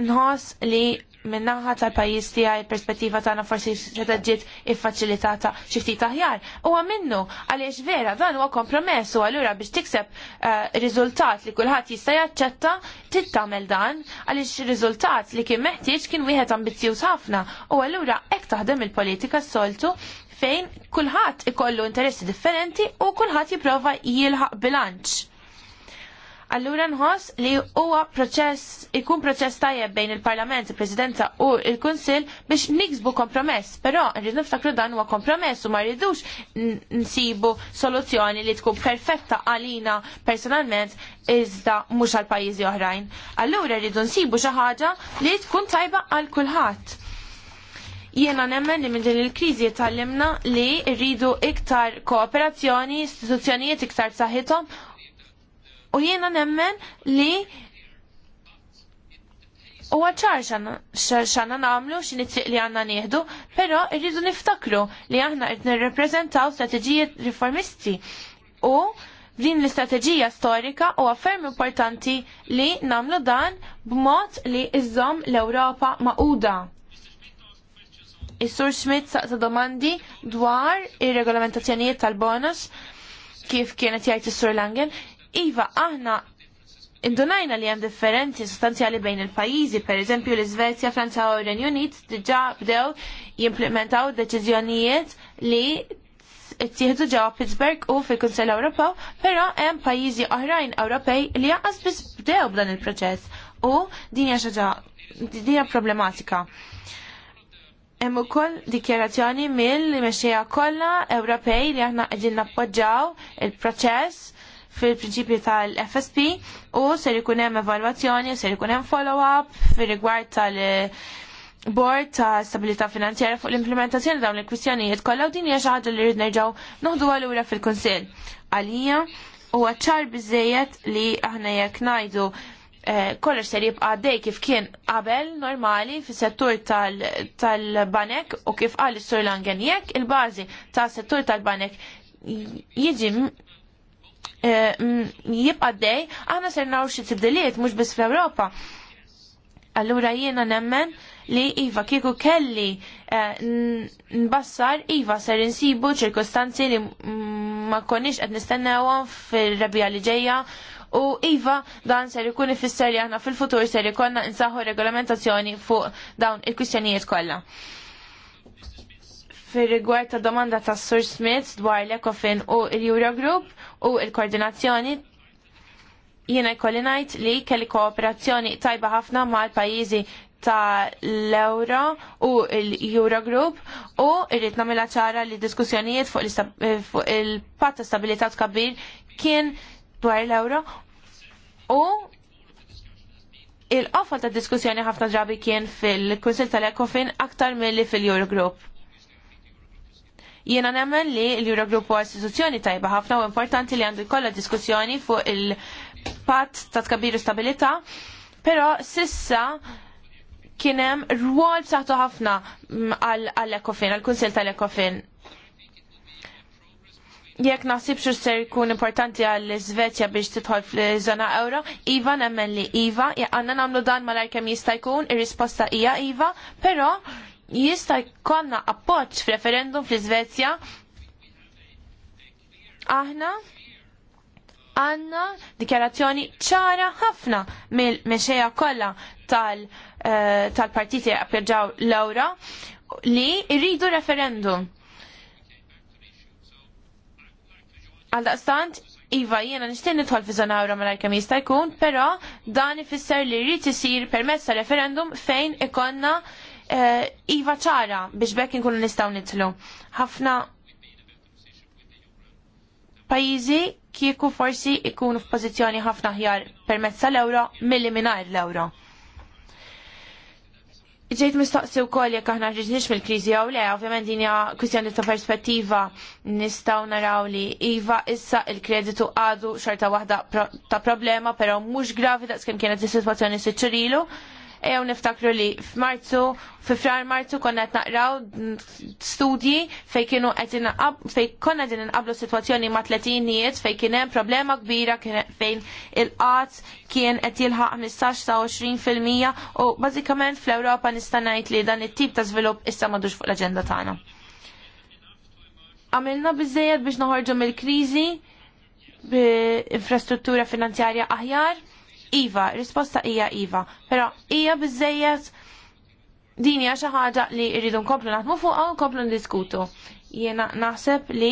nħoss li minnaħa tal-pajis tijaj perspettiva tagħna forsi xeta ġiet iffaċilitata xi ftit aħjar. Huwa minnu għaliex vera dan huwa kompromess u allura biex tikseb eh, riżultat li kulħadd jista' jaċċetta trid tagħmel dan għaliex riżultat li kien meħtieġ kien wieħed ambizzjuż ħafna u allura hekk taħdem il-politika s-soltu fejn kulħadd ikollu interessi differenti u kulħadd jipprova jilħaq bilanċ Allura nħoss li huwa proċess, ikun proċess tajjeb bejn il-Parlament, il-Presidenza u il-Kunsil biex niksbu kompromess, però rridu niftakru dan huwa kompromess u ma rridux nsibu soluzzjoni li tkun perfetta għalina personalment iżda mhux għal pajjiżi oħrajn. Allura rridu nsibu xi ħaġa li tkun tajba għal kulħadd. Jiena nemmen li minn din il-kriżi tallimna li rridu iktar kooperazzjoni, istituzzjonijiet iktar saħħithom U jiena nemmen li u għacċar xanna namlu xin it-triq li għanna nieħdu, pero irridu niftakru li aħna qed nirreprezentaw strateġijiet riformisti u din l-istrateġija storika u għaffermi importanti li namlu dan b'mod li iżom l-Ewropa maquda. Is-Sur Schmidt saqsa domandi dwar ir-regolamentazzjonijiet tal-bonus kif kienet jgħid is-Sur Langen, Iva, aħna indunajna li hemm differenzi sostanzjali bejn il-pajjiżi, per eżempju l-Iżvezja, Franza u Renju Unit diġà bdew jimplementaw deċiżjonijiet li ttieħdu ġewwa Pittsburgh u fil-Kunsell Ewropew, però hemm pajjiżi oħrajn Ewropej li jaqas biss bdew b'dan il-proċess u din hija xi dinja problematika. Hemm ukoll dikjarazzjoni mill-mexxejja kollha Ewropej li aħna qegħdin nappoġġjaw il-proċess fil-prinċipju tal-FSP u ser ikun hemm evalwazzjoni, ser ikun hemm follow-up fir-rigward tal- bord ta' stabilità finanzjera fuq l-implementazzjoni dawn il-kwistjonijiet kollha u din hija xi ħaġa li rrid nerġgħu noħdu għalura fil-Kunsill. Għalija huwa ċar biżejjed li aħna jekk ngħidu eh, kollox ser jibqa' dej kif kien qabel normali fis settur tal-banek u kif qal is-Sur Langen jekk il-bażi tas settur tal-banek jiġi Eh, mm, jibqa' dej, aħna ser nagħu xi tibdiliet mhux biss fl-Ewropa. Allura jiena nemmen li Iva kieku kelli eh, nbassar Iva ser insibu ċirkostanzi li ma konniex qed nistennewhom fir rebija li ġejja u Iva dan ser ikun ifisser li aħna fil-futur ser ikonna insaħħu regolamentazzjoni fuq dawn il-kwistjonijiet kollha fir rigward ta' domanda ta' Sur Smith dwar l-Ecofin u l-Eurogroup, u il-koordinazzjoni jiena jkolli ngħid li kelli kooperazzjoni tajba ħafna mal-pajjiżi ta' l-Euro u l-Eurogroup u irrid nagħmilha ċara li diskussjonijiet fuq il-patt ta' stabilità tkabbir kien dwar l-Euro u il-qofol ta' diskussjoni ħafna drabi kien fil-Kunsil tal-Ekofin aktar milli fil-Eurogroup. Jiena nemmen li l-Eurogroup huwa istituzzjoni tajba ħafna u importanti li għandu jkollha diskussjoni fuq il-patt ta' tkabbir u stabilità, però sissa kien hemm rwol saħtu ħafna għall-Ekofin, għall kunsil tal-Ekofin. Jekk naħsib xur ser jkun importanti għall iżvezja biex tidħol fl-żona euro, Iva nemmen li Iva, għandna nagħmlu dan mal kemm jista' jkun, ir-risposta hija Iva, però jista' jkollna appoġġ f'referendum fl-Iżvezja aħna għanna dikjarazzjoni ċara ħafna mill-mexeja kollha eh, tal-partiti tal l-ewra li rridu referendum. Għal daqstant, Iva, jiena nishtin nidħol fi zona ewra malajka kemm jista' jkun, però dan ifisser li rrid isir permezz ta' referendum fejn ikonna Eh, iva ċara biex bekk inkunu nistgħu nitlu. Ħafna pajjiżi kieku forsi ikunu f'pożizzjoni ħafna ħjar permezz tal-ewro milli mingħajr l-ewro. Ġejt mistoqsi wkoll jekk aħna rriġniex mill-kriżi jew le, ovvjament din hija kwistjoni ta' perspettiva nistgħu naraw li iva issa il-kreditu għadu xorta waħda ta' problema, però mhux gravi daqs kemm kienet is-sitwazzjoni siċċirilu. Ew niftakru li f'Marzu, f frar Marzu konna qed naqraw studji fej kienu qed fej konna din inqablu sitwazzjoni ma' 30 nies fej kien hemm problema kbira fejn il qat kien qed jilħaq 15 sa 20% u bażikament fl-Ewropa nista' ngħid li dan it-tip ta' żvilupp issa madux fuq l-aġenda tagħna. Għamilna biżejjed biex noħorġu mill-kriżi bl-infrastruttura finanzjarja aħjar Iva, risposta hija Iva, però hija biżejjed din hija xi ħaġa li rridu nkomplu naħmu fuq għaw nkomplu ndiskutu. Jiena naħseb li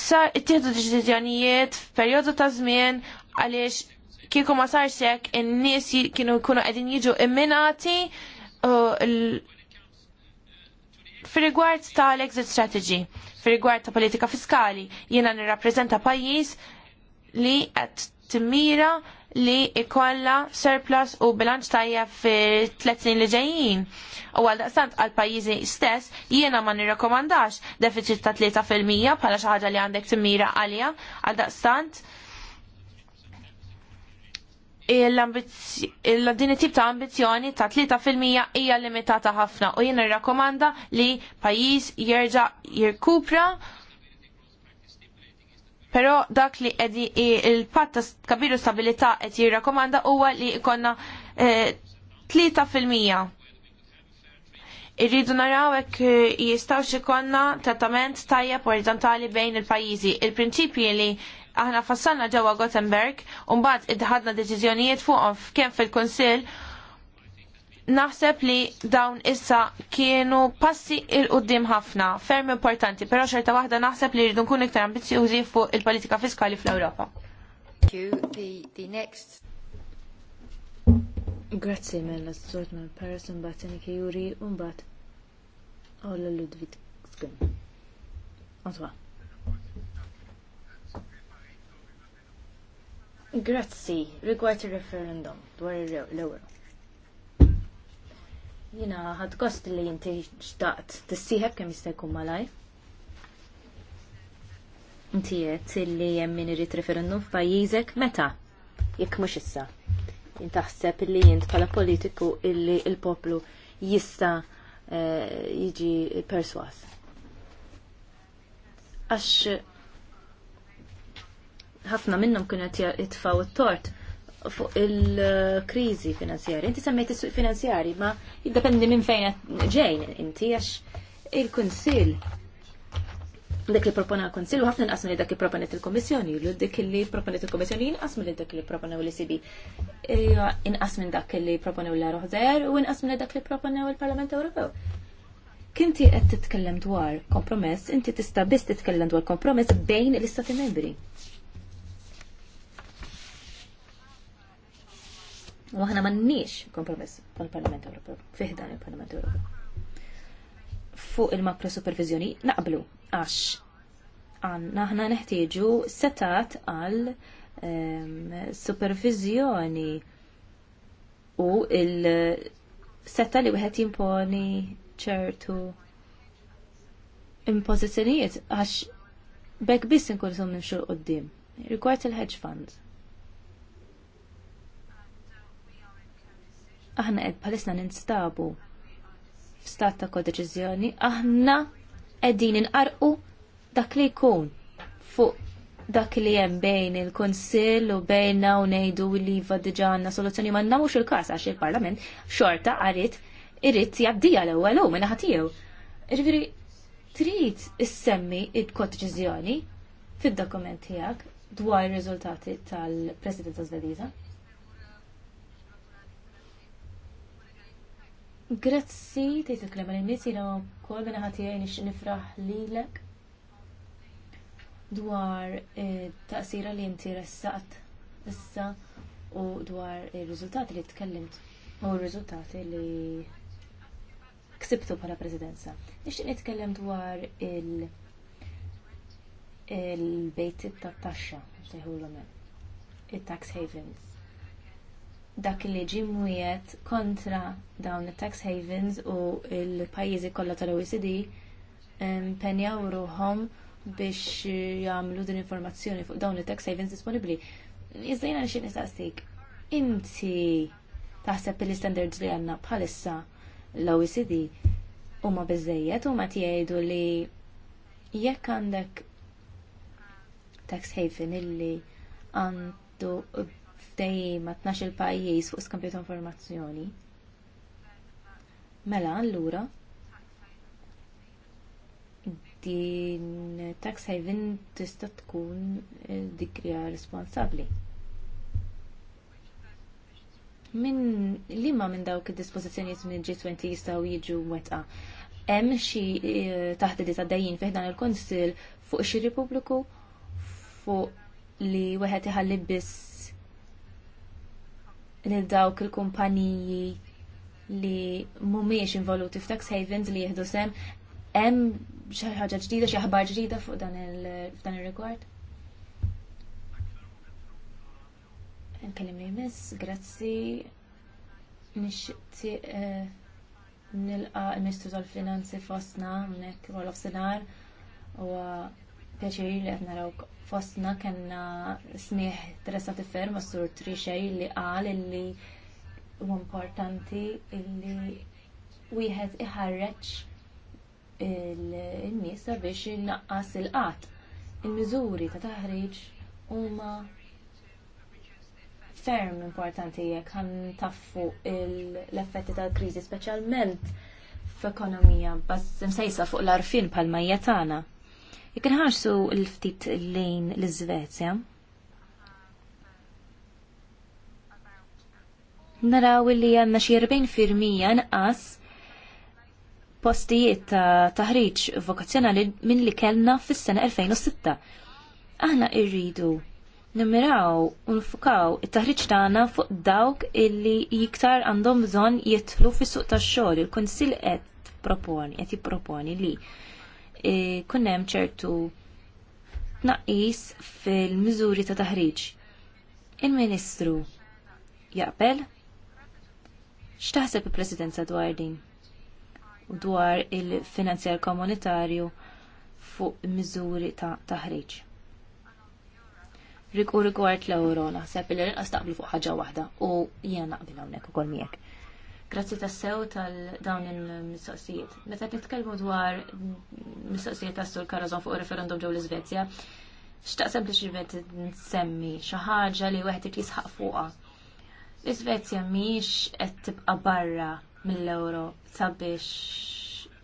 sar ittieħdu deċiżjonijiet f'perjodu ta' żmien għaliex kieku ma sar hekk in-nies kienu jkunu qegħdin jiġu imminati uh, fir-rigward tal exit strategy, fir-rigward ta' politika fiskali, jiena nirrappreżenta pajjiż li qed timmira li ikolla surplus u bilanċ tajjeb fi tlet snin li ġejjin. U għal daqstant għal pajjiżi stess jiena ma nirrekomandax deficit ta' 3% bħala xi ħaġa li għandek timmira għalja għal daqstant din tip ta' ambizjoni ta' 3% hija limitata ħafna u jien nirrakkomanda li pajjiż jerġa' jirkupra Pero dak li edi il-patt ta' kabiru stabilità qed jirrakomanda huwa li ikonna eh, fil 3%. Irridu naraw hekk eh, jistgħux ikonna trattament tajjeb orizzontali bejn il-pajjiżi. Il-prinċipji li aħna fassanna ġewwa Gothenburg u mbagħad idħadna deċiżjonijiet fuqhom kemm fil-Kunsill naħseb li dawn issa kienu passi il-qoddim ħafna, ferm importanti, pero xorta waħda naħseb li rridu nkunu iktar ambizjużi fuq il-politika fiskali fl-Ewropa. Grazzi mella s-sort ma' Paris un bat Senike Juri un bat Olla Ludwig Skin. Antwa. Grazzi, rigward il-referendum dwar il lower. Jina għad kost li jinti xtaqt t kemm jista' jkun malaj. Inti qed li hemm min irid referendum f'pajjiżek meta? Jekk mhux issa. Intaħseb li jint bħala politiku illi il-poplu jista' eh, jiġi perswas. Għax ħafna minnhom kienu qed jitfgħu t-tort fuq il-krizi finanzjari. Inti semmejt is-suq finanzjarji, ma jiddependi minn fejn ġejn inti għax il-Kunsill dak li propona l-Konsil u ħafna nqas li dak li proponet il-Komissjoni, u dik li proponet il-Komissjoni inqas li dak li proponew l-ECB. Inqas minn dak li proponew l-Roħder u inqas minn dak li proponew il-Parlament Ewropew. Kinti qed titkellem dwar kompromess, inti tista' biss titkellem dwar kompromess bejn l-Istati Membri. U aħna m'għandniex kompromess mal-Parlament Ewropew, fih dan il-Parlament Ewropew. Fuq il-makro supervizjoni naqblu għax għanna aħna neħtieġu setat għal ehm, supervizjoni u il-setta li wieħed jimponi ċertu impożizzjonijiet għax bekk biss nkun nimxu qoddim. Rigward il-hedge funds aħna qed bħalissa ninstabu f'stat ta' kodeċiżjoni, aħna qegħdin inqarqu dak li jkun fuq dak li hemm bejn il-Kunsill u bejna u ngħidu li va diġà għandna soluzzjoni ma nagħmux il-każ għax il-Parlament xorta qarit irid jabdija l-ewwel hu minn ħatiew. Irviri trid issemmi id-kodeċiżjoni fid-dokument tiegħek dwar ir-riżultati tal-Presidenza Żvediża. Grazzi, tejtek li għal nis jina kol minna ħati għajni nifraħ li l-ek dwar eh, taqsira li inti ressaqt issa u dwar il-rizultati li tkellimt u il-rizultati li ksibtu bħala prezidenza. Nixtieq nitkellem dwar il- il-bejt il taxxa sejħu l-għamel, il-tax havens dak li ġie mwiet kontra dawn it tax havens u l pajjiżi kollha tal-OECD penjaw ruhom biex jagħmlu din informazzjoni fuq dawn it tax havens disponibbli. Iżda jiena xi nistaqsik. Inti taħseb li standards li għandna bħalissa l-OECD huma biżżejjed huma tgħidu li jekk għandek tax haven illi għandu ftehim ma' tnax il pajjiż fuq skambju ta' informazzjoni. Mela, allura, din tax haven tista' tkun eh, dikrija responsabbli. Min liema minn dawk id-dispożizzjonijiet minn G20 jistgħu jiġu wetqa. Hemm xi eh, taħdidi ta' dejjin fih dan il-Kunsill fuq xi Repubbliku fuq li wieħed iħalli biss lil dawk il-kumpaniji li mumiex involuti f'tax havens li jieħdu sem hemm xi ħaġa ġdida, xi ħabar ġdida fuq dan il-f'dan ir-rigward? Nkellim li miss, grazzi. Nixti eh, nilqa' il-Ministru tal-Finanzi fostna hawnhekk of senar u pjaċir li għetna raw fostna kena smieħ interessati ferm għas-sur Trixej li qal illi u importanti illi wieħed iħarreċ il-nies sabiex innaqqas il qat Il-miżuri ta' taħriġ huma ferm importanti jekk għan taffu l-effetti tal-kriżi speċjalment f'ekonomija bas imsejsa fuq l-arfin bħal majja tagħna. Jekk inħarsu l-ftit lejn l-Iżvezja, naraw li għandna xi 40% nqas postijiet ta' taħriġ vokazzjonali minn li kellna fis-sena 2006. Aħna irridu nimmiraw u nfukaw it-taħriġ tagħna fuq dawk illi iktar għandhom bżonn jitlu fis-suq tax-xogħol. Il-Kunsill qed proponi qed jipproponi li kunnem hemm ċertu tnaqqis fil-miżuri ta' taħriġ. Il-Ministru jaqbel x'taħseb il-Presidenza dwar din u dwar il-finanzjar komunitarju fuq miżuri ta' taħriġ. Rikur u rigward l-euro naħseb li l-inqas taqblu fuq ħaġa waħda u jiena naqbil hawnhekk ukoll miegħek. Grazzi sew tal-dawn il-mistoqsijiet. Meta nitkellmu dwar mistoqsijiet tas sur Karazon fuq referendum ġew l-Iżvezja, li sempliċiment nsemmi xi ħaġa li wieħed irid jisħaq fuqha. L-Iżvezja mhix qed tibqa' barra mill-Ewro sabiex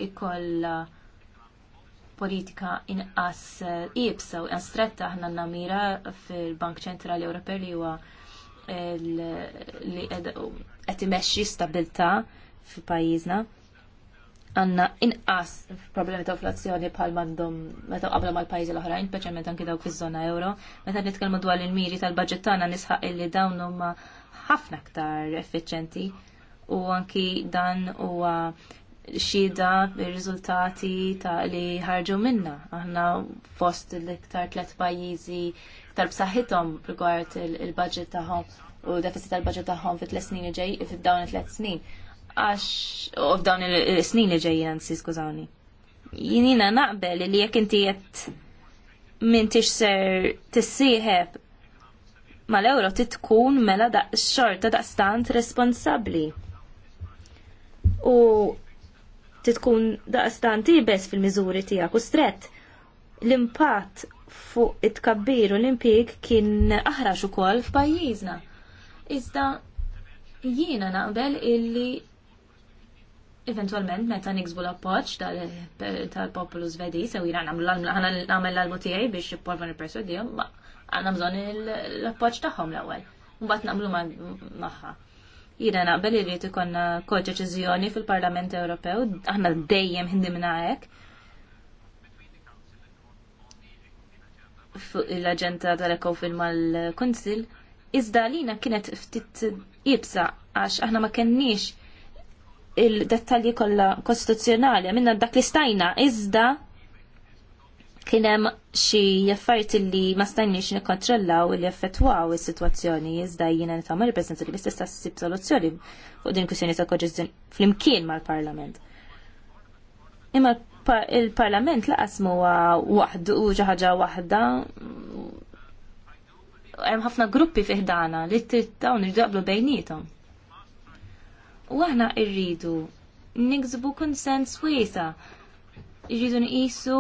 ikollha politika inqas ibsa u inqas stretta aħna namira fil-Bank Ċentrali Ewropew li huwa li qed imexxi stabilità f'pajjiżna, pajjiżna Għanna inqas problemi ta' inflazzjoni bħal m'għandhom meta qabla mal-pajjiżi l-oħrajn, speċjalment anke dawk fiż-żona euro, meta nitkellmu dwar il-miri tal-baġġett tagħna nisħaq illi dawn huma ħafna aktar effiċenti u anki dan huwa xida bir-riżultati ta' li ħarġu minna. Aħna fost l-iktar tlet pajjiżi iktar b'saħħithom rigward il-budget tagħhom u deficit tal-budget tagħhom fit tlet snin ġej fid-dawn it-tlet snin. Għax u f'dawn il-snin li ġejjin anzi skużawni. Jinina naqbel li jekk inti qed m'intix ser tissieħeb mal-ewro titkun mela xorta daqstant responsabbli. U titkun daqstant ibes fil-miżuri tiegħek u strett. L-impatt fuq it tkabbir u l-impjeg kien aħrax ukoll f'pajjiżna. Iżda jiena naqbel illi eventualment meta niksbu l-appoċ tal-popolu zvedi, sew jina għamel l-almu tijaj biex porvan il-persodijom, ma għanna bżon l-appoċ tagħhom l-ewel. Mbat namlu magħha. Jina naqbel irrit ikonna kodeċizjoni fil-Parlament Ewropew, aħna dejjem hindi hekk. għek. l-agenda tal-ekofil mal-Kunsil, Iżda lina kienet ftit jibsa għax aħna ma kenniex il-dettalji kollha kostituzzjonali minna dak li stajna iżda kien hemm xi affarijiet li ma stajniex nikkontrollaw li effettwaw is-sitwazzjoni iżda jiena il reprezentanti li s-sib soluzzjoni fuq din kwistjoni ta' fl-imkien flimkien mal-Parlament. Imma il-Parlament laqas huwa waħdu u xi ħaġa waħda hemm ħafna gruppi fiħdana li dawn irridu bejnietom. U aħna rridu nigżbu konsens wiesa. Irridu nqisu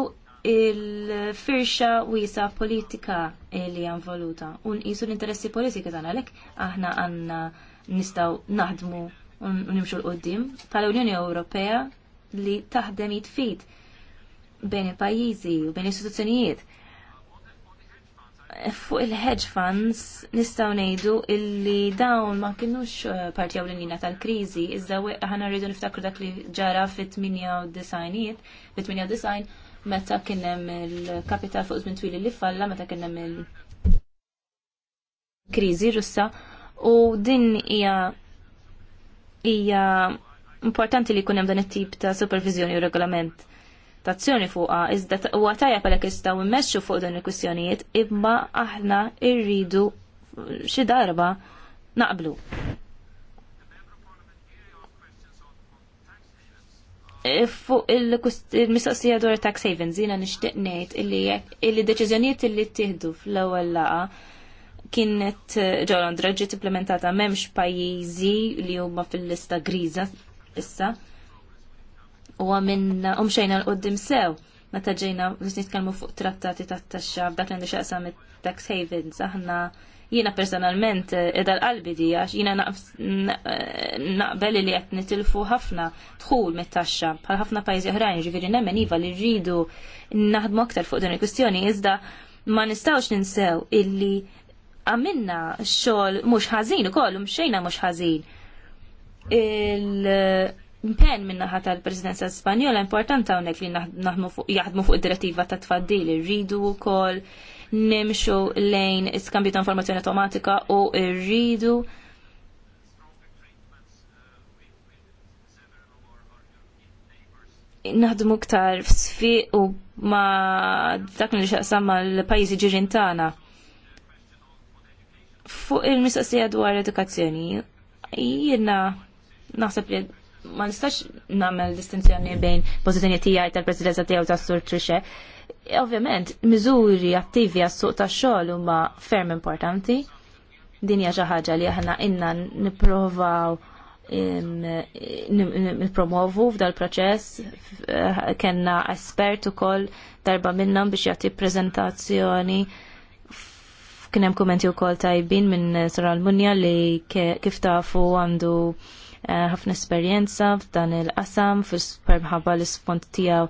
il-firxa wiesa politika li hemm voluta. U nqisu l-interessi politika tagħna għalhekk. aħna għandna nistgħu naħdmu nimxu l-qoddim. tal Unjoni Ewropea li taħdem jitfid bejn il pajjiżi u bejn l-istituzzjonijiet fuq il-hedge funds nistaw nejdu illi dawn ma kienux eh, l-inina tal-krizi, iżda ħana rridu niftakru dak li ġara fit-98, fit-98 meta kienem il-kapital fuq żmien twili li falla, meta kienem il-krizi russa, u din hija hija importanti li kunem dan it-tip ta' supervizjoni u regolament tazzjoni fuqha iżda huwa tajja għalhekk jistgħu immexxu fuq dan il-kwistjonijiet imma aħna rridu xi darba naqblu. E, fuq il-mistoqsija dwar tax havens, jiena nixtieq ngħid illi deċiżjonijiet illi ttieħdu fl-ewwel laqgħa kienet e, ġo Londra ġiet implementata m'hemmx pajjiżi li huma fil-lista griża issa u għamin umxajna l-qoddim sew meta ġejna biex nitkellmu fuq trattati tat taxxa b'dak li xaqsa mit tax havens aħna jiena personalment eh, edal qalbi di għax jiena eh, naqbel li qed nitilfu ħafna dħul mit-taxxa bħal ħafna pajzi oħrajn ġifieri nemmen iva li rridu naħdmu aktar fuq din il kustjoni iżda ma nistgħux ninsew illi għamilna xogħol mhux ħażin ukoll u mxejna mhux ħażin impenn minn naħa tal-Presidenza Spanjola importanti hawnhekk li naħdmu fuq jaħdmu fuq id-direttiva ta' tfaddil irridu wkoll nimxu lejn iskambju ta' informazzjoni automatika u rridu naħdmu ktar f'sfiq u ma dak li xaqsam mal-pajjiżi ġirin tagħna. Fuq il-mistoqsija dwar edukazzjoni, jiena naħseb li ma nistax nagħmel distinzjoni bejn pozizjoni tiegħi tal-Presidenza tiegħu tas-Sur Trixe. Ovvjament, miżuri attivi għas-suq tax-xogħol huma ferm importanti. Din hija xi ħaġa li aħna inna nipprovaw nipromovu f'dal proċess eh, kena espert ukoll darba minnhom biex jagħti prezentazzjoni kien hemm kummenti wkoll tajbin minn Sara Almunja li kif tafu għandu Eh, ħafna esperjenza f'dan il-qasam fil l-spont tiegħu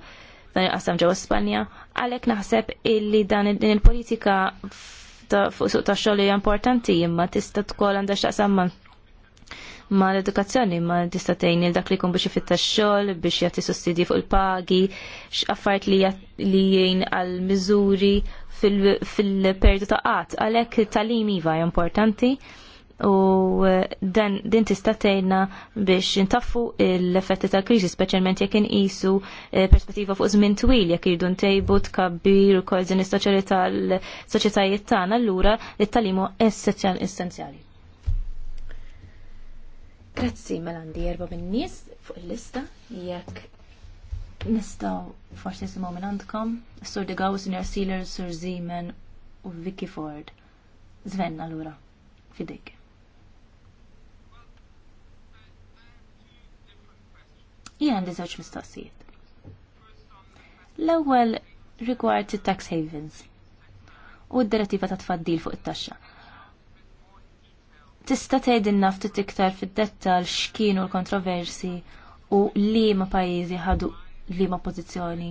dan il-qasam ġewwa Spanja. Għalhekk naħseb illi dan il-politika fuq suq ta' xogħol hija importanti imma tista' tkun għandha x'taqsam ma' ma l-edukazzjoni ma tista' tgħin il dak li jkun biex ifittax xogħol biex jagħti sussidji fuq il-pagi, x'affarijiet li li jgħin għal miżuri fil perjodu ta' qatt, għalhekk it-talim iva importanti u eh, dan din tista' biex intaffu l-effetti tal-kriżi speċjalment jekk inqisu eh, perspettiva fuq żmien twil jekk jridu ntejbu tkabbir u koeżjoni soċjali tal-soċjetajiet tagħna allura it huwa essenzjali essenzjali. Grazzi Melandi erba' min-nies fuq il-lista jekk nistgħu forsi nisimgħu minn għandkom Sur de Gaw, Sr. Sealer, Sur Zeman u Vicky Ford. Zvenna allura fidejk. Jien għandi żewġ mistoqsijiet. L-ewwel rigward it-tax havens u d-direttiva ta' tfaddil fuq it-taxxa. Tista' tgħidilna ftit iktar fid dettall x'kienu l-kontroversi u liema pajjiżi ħadu liema pożizzjoni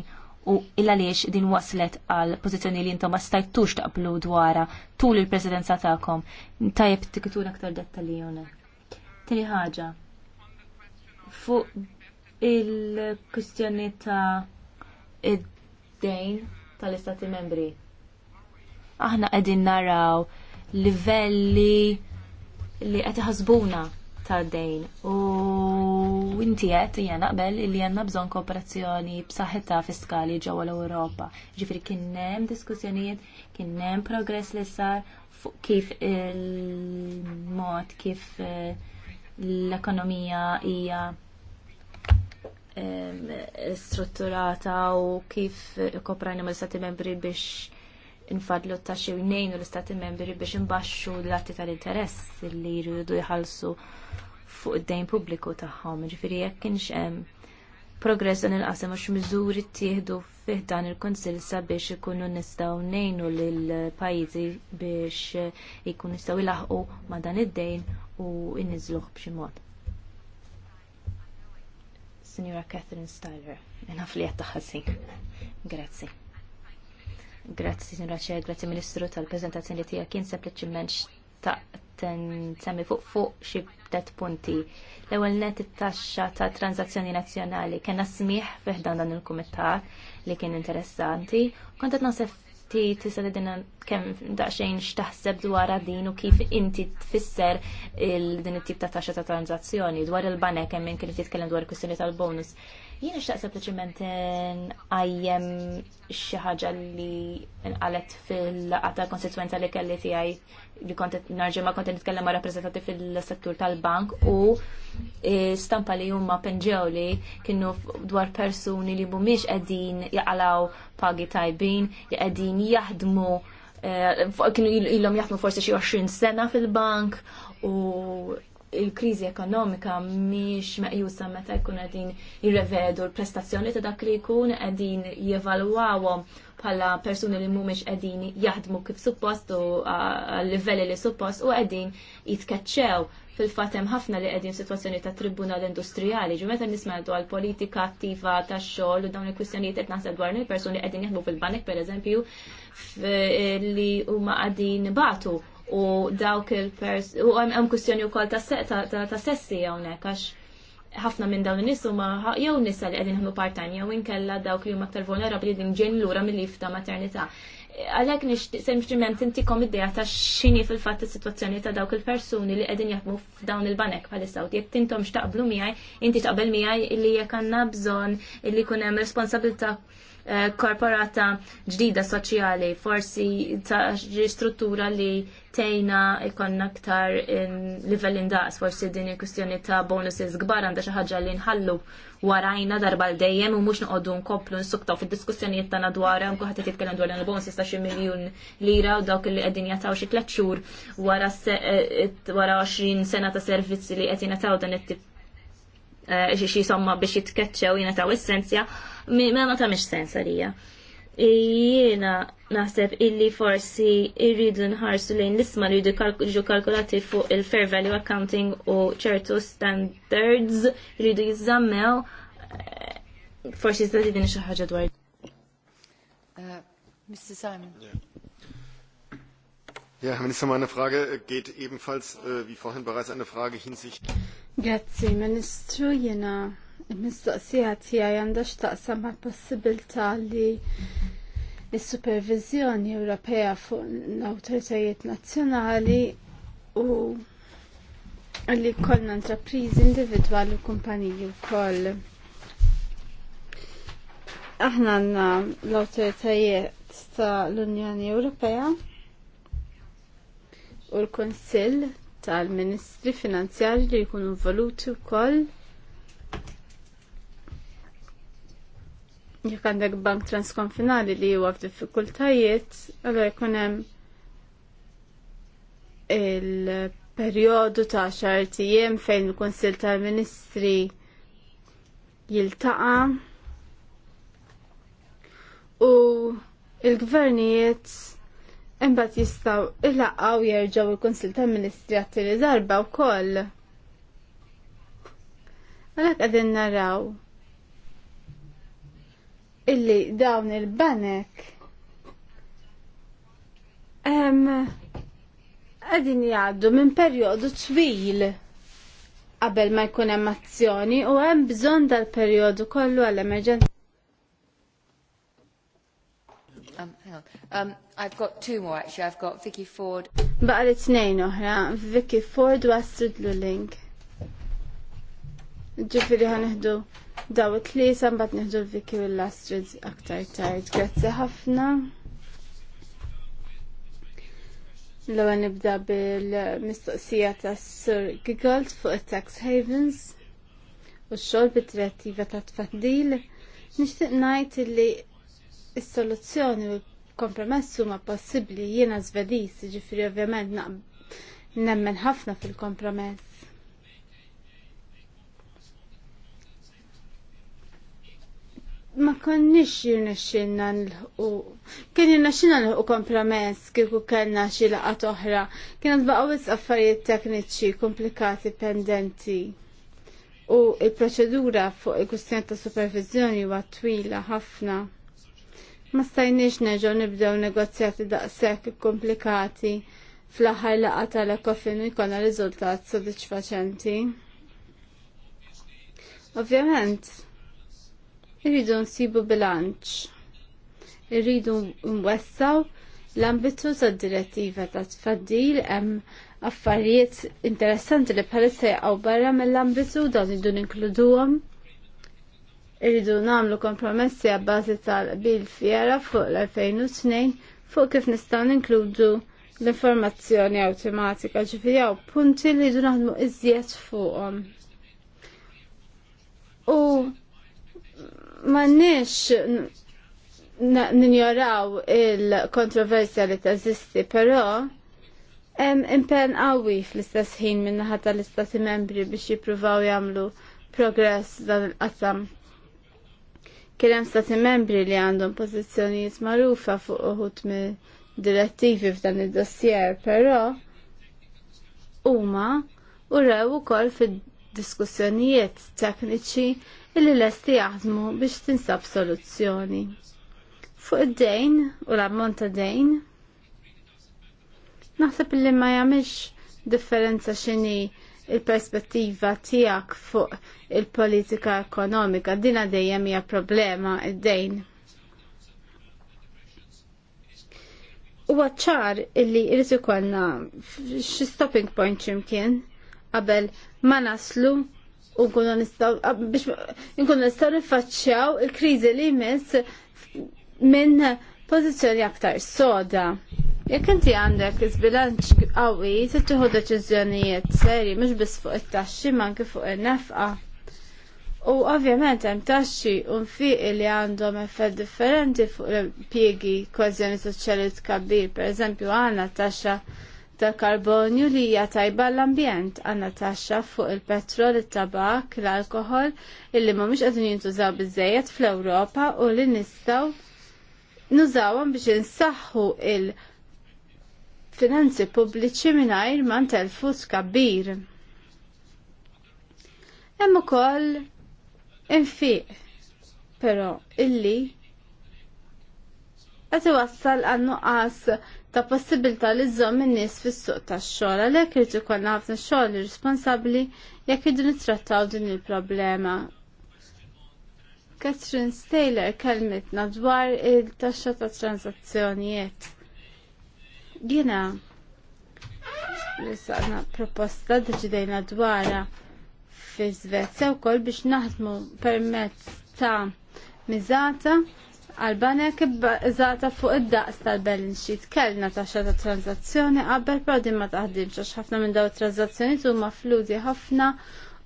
u il-għaliex din waslet għal pożizzjoni li intom ma stajtux taqblu dwara tul il-presidenza tagħkom. Tajjeb tikituna aktar dettalji hawnhekk. Tieni ħaġa. Fuq il-kustjoni ta' id-dejn tal-istati membri. Aħna qegħdin naraw livelli li qed iħasbuna ta' dejn u inti qed hija naqbel li għandna bżonn kooperazzjoni b'saħħitha fiskali ġewwa l-Ewropa. Ġifieri kien hemm diskussjonijiet, kien hemm progress li sar fuq kif il-mod kif eh, l-ekonomija hija strutturata u kif koprajna mal stati membri biex infadlu ta' xi nejnu l-istati membri biex imbaxxu l-atti tal-interess li jridu jħallsu fuq id-dejn pubbliku tagħhom. Ġifiri, jekk kienx hemm progress dan il-qasam għax miżuri tieħdu fih dan il-Kunsill sabiex ikunu nistgħu nejnu lill-pajjiżi biex ikunu jistgħu jilaħqu ma' dan id-dejn u inniżluh b'xi mod. Signora Catherine Styler, naf li għatta ħazin. Grazzi. Grazzi, Signora Ċer, grazzi Ministru tal-prezentazzjoni li tija kien sempliciment ta' semmi fuq fuq xi tet punti. L-ewwel net it-taxxa ta' tranzazzjoni nazzjonali kena smiħ fiħdan dan il-kumitat li kien interessanti. Kont nasef inti tista' tidina kem daċxajn x'taħseb dwar din u kif inti tfisser din it-tip ta' taxxa ta' tranzazzjoni dwar il-banek minn kien titkellem dwar kwistjoni tal-bonus. Jien x'taqseb sempliċement għajjem xi ħaġa li nqalet fil-laqgħa konsekwenza li kelli tiegħi li kontet narġema kontet nitkellem ma' rappresentanti fil-settur tal-bank u e, stampa li huma penġew li kienu dwar persuni li mhumiex qegħdin jaqalaw pagi tajbin, li qegħdin jaħdmu e, kienu ilhom jaħdmu forsi xi 20 sena fil-bank u il-kriżi ekonomika miex meqjusa meta jkun għedin jirrevedu l-prestazzjoni ta' dak li jkun qegħdin jevalwawhom bħala persuni li mhumiex qegħdin jaħdmu kif suppost u għal-livelli li suppost u qegħdin jitkeċċew fil-fatt hemm ħafna li qegħdin f'sitwazzjoni ta' tribunal industrijali, ġu meta nisma' dwar politika attiva tax-xogħol u dawn il-kwistjonijiet qed naħseb dwar il-persuni qegħdin jaħdmu fil-banek pereżempju li huma qegħdin batu u dawk il-pers u hemm kwistjoni wkoll ta' sessi hawnhekk għax ħafna minn dawn in-nies huma jew nisa li qegħdin ħadmu part-time jew inkella dawk li huma aktar vulnerabbli li ġejn lura mill ta' maternità. Għalhekk nixtieq sempliċement intikom id-dea ta' xini fil-fatt is-sitwazzjoni ta' dawk il-persuni li qegħdin jaħmu f'dawn il-banek bħalissa u jekk intom x'taqblu miħaj, inti taqbel miegħi li jekk għandna bżonn li jkun hemm responsabilità Eh, korporata ġdida soċjali, forsi ta' struttura li tejna ikonna ktar livell indaqs, forsi din il-kustjoni ta' bonuses gbar għanda xaħġa li nħallu warajna darba l-dejjem u mux nqoddu nkomplu nsuktaw fil-diskussjonijiet tagħna dwar hemm kuħadd jitkellem dwar il-bonuses ta' xi miljun lira u dawk li qegħdin jataw xi tliet xhur wara 20 eh, sena ta' servizzi li qed jingħataw dan it-tip eh, xi somma biex jitkeċċew jingħataw essenzja ma ma mish sens għalija. Jiena naħseb illi forsi irridu nħarsu lejn l-isma li jiġu kalkulati fuq il-fair value accounting u ċertu standards jridu jizzammew forsi zdadi din xi ħaġa dwar. Uh, Mr. Simon. Ja, Herr Minister, meine Frage geht ebenfalls, äh, wie vorhin bereits, eine Frage hinsichtlich. Grazie, Ministru, jena mistoqsija tiegħi għandax x'taqsam mal possibilta li il supervizjoni Ewropea fuq l-awtoritajiet nazzjonali u li kollna intrapriżi individwali u kumpaniji wkoll aħna għanna l-autoritajiet ta' l-Unjoni Ewropea u l-Konsil tal-Ministri Finanzjari li jkunu voluti u koll jekk għandek bank transkonfinali li huwa f'diffikultajiet, allora jkun hemm il-perjodu ta' xar fejn il-Kunsill tal-Ministri jiltaqa u il-gvernijiet imbagħad jistgħu ilaqgħu jerġgħu il-Kunsill tal-Ministri għattili darba wkoll. Għalhekk qegħdin naraw illi dawn il-banek għadin jgħaddu minn perjodu twil qabel ma jkun hemm u hemm bżonn dal-perjodu kollu għall-emerġenza. Um, um, I've got two more actually. I've got Vicky Ford. Baqa li tnejn oħra, Vicky Ford u Astrid Luling. Ġifiri ħanħdu daw it-tliesa mbagħad nieħdu l-Viki u l-Astrid aktar tard. Grazzi ħafna. l nibda bil-mistoqsija ta' sur Giggold fuq it-tax havens u x-xogħol bit trettiva ta' tfaddil. Nixtieq ngħid li s-soluzzjoni u l-kompromess huma possibbli jiena Żvediż, jiġifieri ovvjament nemmen ħafna fil-kompromess. ma konniex jirnexxinna nilħu. Kien l nilħu kompromess kieku kellna xi laqgħat oħra. Kienet baqgħu affarijiet tekniċi komplikati pendenti. U il-proċedura fuq il-kustjoni ta' supervizjoni huwa twila ħafna. Ma stajniex neġo nibdew negozjati daqshekk komplikati fl-aħħar laqgħa tal-ekofin u jkollna riżultat sodisfaċenti. Ovvjament, Irridu nsibu bilanċ. Irridu nwessaw l-ambitu tad direttiva ta' tfaddil hemm affarijiet interessanti li bħalissa jaqgħu barra mill-ambitu dan irridu ninkluduhom. Irridu nagħmlu kompromessi għabbażi tal-bil fjera fuq l-2002 fuq kif nistgħu ninkludu l-informazzjoni awtomatika ġifiri għaw punti li jdu naħdmu iżjed fuqhom. U ma nix ninjoraw il-kontroversja li tazisti, però em impenn qawwi fl-istess ħin min-naħa tal-istati membri biex jippruvaw jagħmlu progress dan il-qasam. Kien hemm stati membri li għandhom pożizzjonijiet magħrufa fuq uħud me direttivi f'dan id-dossier, però huma u rew ukoll fid-diskussjonijiet tekniċi illi lesti jaħdmu biex tinsab soluzzjoni. Fuq id-dejn u l-ammont ta' dejn, naħseb illi ma jagħmilx differenza x'inhi il-perspettiva tiegħek fuq il-politika ekonomika, dina dejjem hija problema id-dejn. U għacċar illi irrit ikollna xi stopping point ximkien qabel ma naslu u kuna nistaw, biex nkun nistaw nifacċaw il-krizi li jmiss minn pozizjoni aktar soda. Jekk inti għandek iż-bilanċ qawwi, se tieħu deċiżjonijiet serji mhux biss fuq it-taxxi ma anke fuq in-nefqa. U ovvjament hemm taxxi u nfiq li għandhom effett differenti fuq l-impjiegi kważjoni soċjali tkabbir, pereżempju għandna taxxa tal-karbonju li hija tajba l-ambjent għandna taxxa fuq il-petrol, it-tabak, l-alkohol illi mhumiex qegħdin jintużaw biżejjed fl-Ewropa u li nistgħu nużawhom biex insaħħu il- finanzi pubbliċi mingħajr ma ntelfu skabbir. Hemm ukoll infiq però illi qed iwassal għan nuqqas ta' possibilità li żomm in-nies fis-suq tax-xogħol għalhekk irid ikollna ħafna xogħol irresponsabbli jekk iridu nittrattaw din il-problema. Catherine Staylor kelmetna dwar il-taxxa ta' transazzjonijiet. Jiena Rissaqna proposta deċidejna dwarha fi Svezja wkoll biex naħdmu permezz ta' miżata Għalbanek bbażata fuq id-daqs tal-balance sheet kellna taxxa ta' tranzazzjoni qabel però din ma taħdimx għax ħafna minn daw tranzazzjoni huma fludi ħafna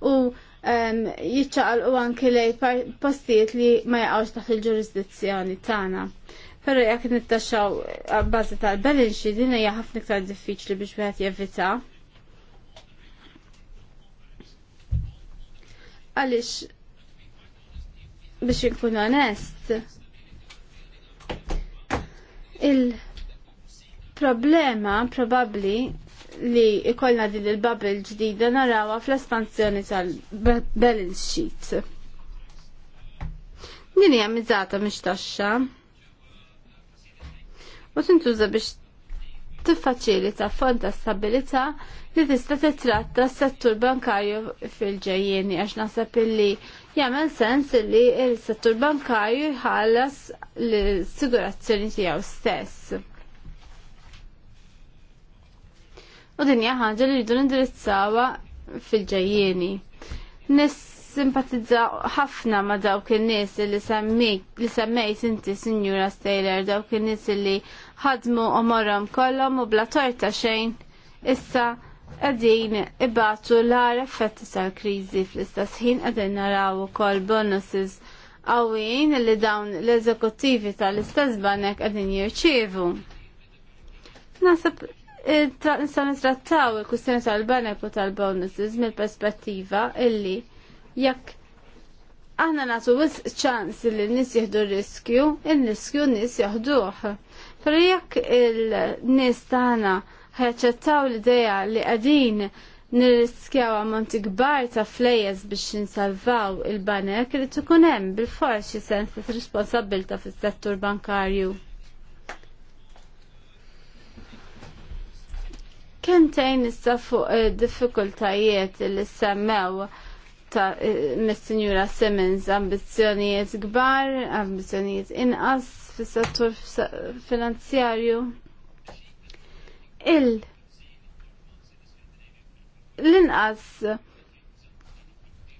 u ehm, jiċċaqalqu anki lej postijiet li ma jaqgħux taħt il-ġurisdizzjoni tagħna. Però jekk nittaxxaw bażi tal-balance sheet din hija ħafna iktar diffiċli biex wieħed jevita. Għaliex biex inkun onest, Il-problema probabli li ikollna din il-bubble ġdida narawa fl-espansjoni tal-balance sheet. Din hija miżata mhix taxxa. U tintuża biex tiffaċilita fond ta' stabilità li tista' titratta s-settur bankarju fil-ġejjeni għax naħseb illi jagħmel sens li l-settur bankarju jħallas l-sigurazzjoni tiegħu stess. U din hija ħaġa li rridu indirizzawa fil-ġejjieni. Nis-simpatizza ħafna ma dawk in-nies li semmejt inti Sinjura Stajler dawk in-nies li ħadmu u omorhom kollhom u bla torta xejn issa għadin ibatu l-għar effetti tal-krizi fl-istess ħin għadin naraw ukoll bonuses għawin li dawn l eżekutivi tal-istess banek għadin jirċievu. Nasab eh, nisan nitrattaw il-kustjoni tal-banek u tal-bonuses mill-perspettiva illi jekk għanna natu wis ċans li n-nis jihdu riskju, il-riskju n-nis jihduħ. Pero jekk il-nis taħna ħeċettaw l-ideja li għadin nirriskjaw ammonti kbar ta' flejes biex nsalvaw il-banek li tukunem hemm bil-fors xi sens responsabilta fis-settur bankarju. Kemm tgħin issa fuq id-diffikultajiet eh, li semmew ta' eh, mis-Sinjura Simmons ambizzjonijiet kbar, ambizzjonijiet inqas fis-settur finanzjarju il- l-inqas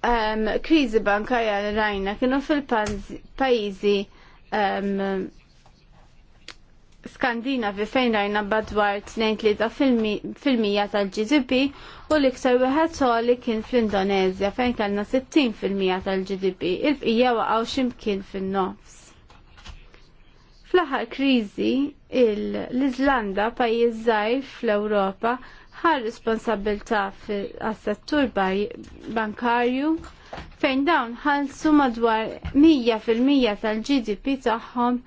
um, krizi bankarja li rajna kienu fil-pajizi um, Skandinavi fejn rajna badwar 2-3 fil-mija tal-GDP u l-iktar wieħed soli kien fl-Indonezja fejn kellna 60 fil-mija tal-GDP il-bqija waqgħu x'imkien fin-nofs. Fl-aħħar kriżi l-Iżlanda pajjiż żgħir fl-Ewropa ħar responsabilità fil settur bankarju fejn dawn ħalsu madwar 100% tal-GDP tagħhom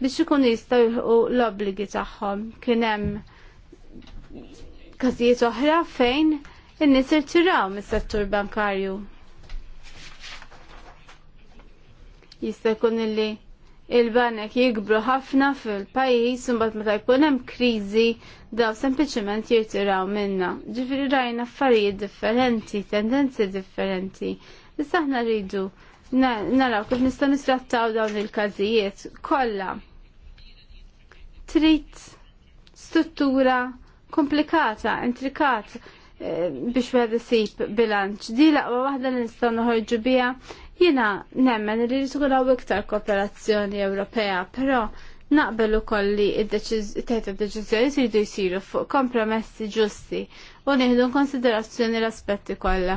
biex ikunu jistgħu jilħqu l-obbligi tagħhom. Kien hemm każijiet oħra fejn in-nies irtiraw mis-settur bankarju. Jista' jkun illi il-banek jikbru ħafna fil-pajis un bat meta jkun hemm kriżi daw sempliċement jirtiraw minna. Ġifieri rajna affarijiet differenti, tendenzi differenti. Issa aħna rridu naraw kif nistgħu nisrattaw dawn il-każijiet kollha. Trit struttura komplikata, intrikat eh, biex wieħed isib bilanċ. Di laqwa waħda li nistgħu noħorġu biha Jina nemmen li għaw iktar kooperazzjoni Ewropea, però naqbel ukoll li id-deċiżjoni deċiżjoni jridu jsiru fuq kompromessi ġusti u nieħdu konsiderazzjoni l-aspetti kollha.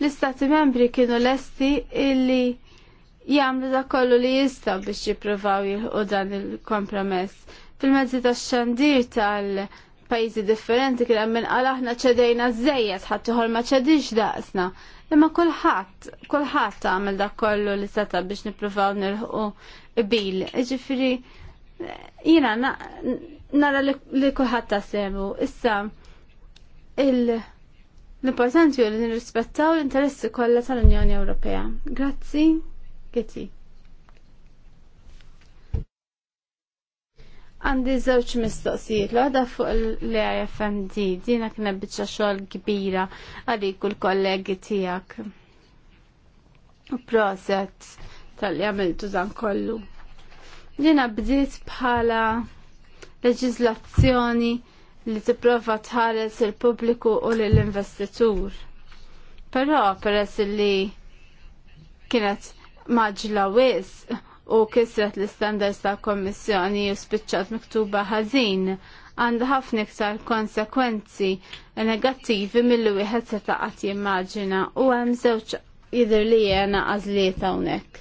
L-istati membri kienu lesti illi jagħmlu da kollu li jistgħu biex jipruvaw u dan il-kompromess. Fil-mezzi tax-xandir tal-pajjiżi differenti kien hemm minqal aħna ċedejna żejjed ħadd ma ċedix daqsna. Imma kulħadd, kulħadd għamel dak kollu li seta biex nippruvaw nilħu bil. Ġifieri jina, nara li kulħadd tasebu. Issa l-importanti u li nirrispettaw l-interessi kollha tal-Unjoni Ewropea. Grazzi, Kitty. Għandi żewġ mistoqsijiet l-għada fuq l ifmd dina kena bieċa xogħol kbira għalik u l-kollegi tijak. U proset tal-li għamiltu dan kollu. Dina bdiet bħala leġizlazzjoni li tipprova tħares il-pubbliku u l-investitur. Però peress li kienet maġla wisq u kisret l-standards tal kommissjoni u spiċċat miktuba ħażin għand ħafna iktar konsekwenzi negattivi mill wieħed se taqgħet jimmaġina u hemm żewġ jidher li jena għażliet hawnhekk.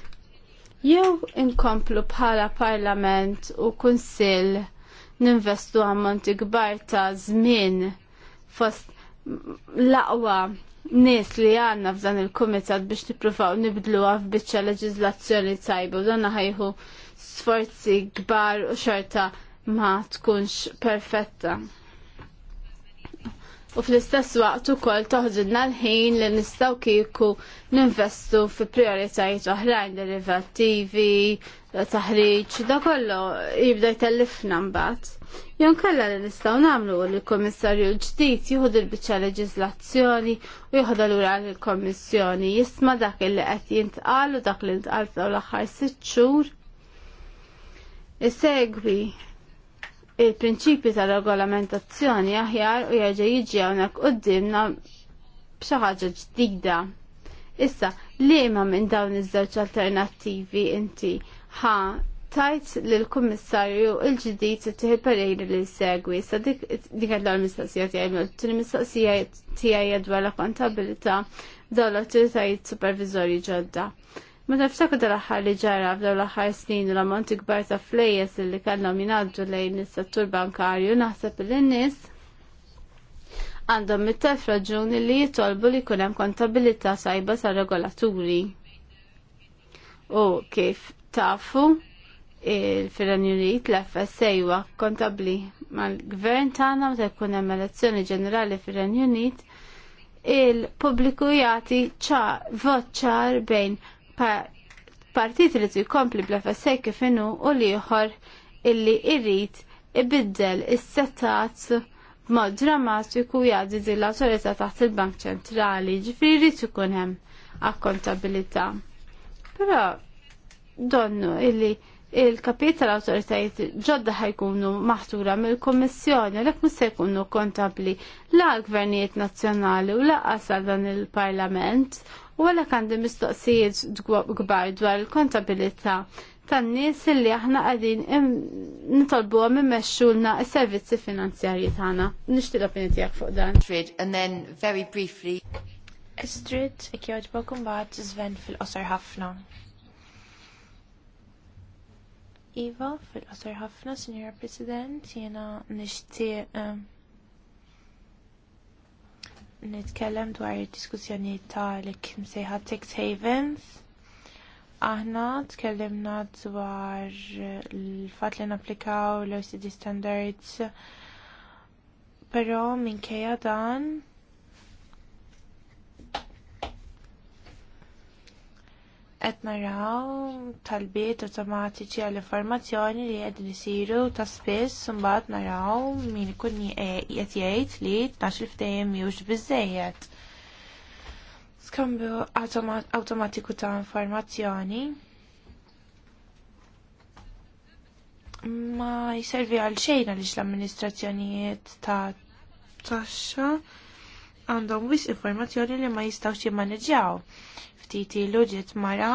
Jew inkomplu bħala Parlament u Kunsill ninvestu ammonti kbar ta' żmien fost l-aqwa nies li għanna f'dan il-komitat biex nippruvaw nibdlu għaf bieċa leġizlazzjoni tajbu dan ħajħu sforzi kbar u xorta ma tkunx perfetta. U fl-istess waqt ukoll toħġilna l-ħin li nistgħu kieku ninvestu fi prioritajiet oħrajn derivattivi, taħriġ, da kollu jibda jtellifna mbagħad. Jon kalla li nistaw namlu li l-Komissarju l-ġdijt juhud il-bicċa leġizlazzjoni u juhud l-ura l-Komissjoni jisma dak li għet jintqal u dak li jintqal f'daw aħħar sitxur. Isegwi il-prinċipju tal regolamentazzjoni aħjar u jaġa jiġi għonek u d-dimna bċaħġa ġdida. Issa, li ma minn dawn iż-żewġ alternattivi inti ħa tajt l-Kummissarju il-ġdid tiħi parejri li segwi. Sa dik għadda l-mistaqsija tiegħi l-ultimi mistaqsija tiegħi dwar l-kontabilità dawn l tajt supervizori ġodda. Meta ftakru dal-aħħar li ġara f'daw l-aħħar snin l-ammont kbar ta' flejjes li kellhom jingħaddu lejn is-settur bankarju naħseb l-innis nies għandhom mit raġuni li jitolbu li jkun hemm kontabilità sajba sar regolaturi. U kif tafu fil-Unit l-FSA kontabli mal-gvern tagħna ma jkun hemm elezzjoni ġenerali fil-Unit il-pubbliku jagħti vot ċar bejn partit li tu jkompli bl-FSA kif inhu u l-ieħor illi irrid ibiddel is-settat b'mod drammatiku jgħaddi din l-awtorità taħt il-Bank Ċentrali, ġifieri ikun hemm akkontabilità. Però donnu illi il-kapit tal-autoritajiet ġodda ħajkunu maħtura mill-Kommissjoni l mhux se jkunu kontabli la gvernijiet nazzjonali u laqas għal dan il-Parlament u għalhekk għandi mistoqsijiet kbar dwar il-kontabilità tan-nies li aħna qegħdin nitolbuhom immexxulna s-servizzi finanzjarji tagħna. Nixtieq l-opinjoni tiegħek fuq dan. Astrid, and then very briefly. Astrid, ikjoġbok imbagħad żven fil qosar ħafna. Iva, fil qasar ħafna, Senior President, jena nishti ehm, nitkellem dwar id-diskussjoni li kim sejħa Tax Havens. Aħna tkellimna dwar l-fat li napplikaw l-OCD standards, pero kejja dan qed naraw talbiet automatiċi għall informazzjoni li qegħdin isiru ta' spiss imbagħad naraw min ikun e- qed jgħid li tnax ftehim mhux biżejjed. Skambju awtomatiku ta' informazzjoni ma jservi għal xejn għaliex l-amministrazzjonijiet ta' taxxa għandhom wis informazzjoni li ma jistawx jimmaneġġjaw. Ftit ilu ġiet mara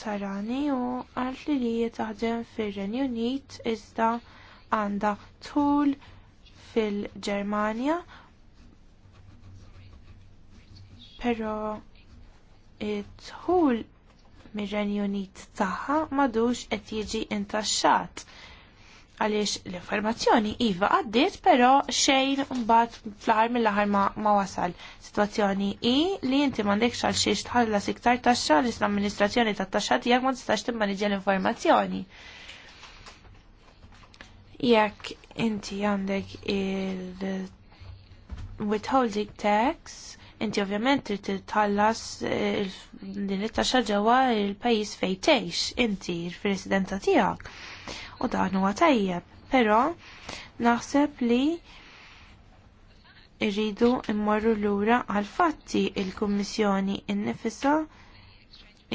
tarani u għalt li li taħdem fir-Renju Unit iżda għandha tul fil-Ġermanja. Però it-tul mir-Renju Unit tagħha m'għadux qed jiġi intaxxat għaliex l-informazzjoni iva għaddiet, pero xejn mbagħad fl-aħħar mill-aħħar ma, wasal. Situazzjoni i li inti m'għandekx għal xiex tħallas iktar taxxa li l-amministrazzjoni tat-taxxa tiegħek ma tistax timmaniġja l-informazzjoni. Jekk inti għandek il withholding tax, inti ovvjament trid titħallas eh, din it-taxxa ġewwa il-pajjiż fejn tgħix inti l-residenza tiegħek u dan huwa tajjeb, però naħseb li irridu immorru lura għal fatti il-Kummissjoni innifisha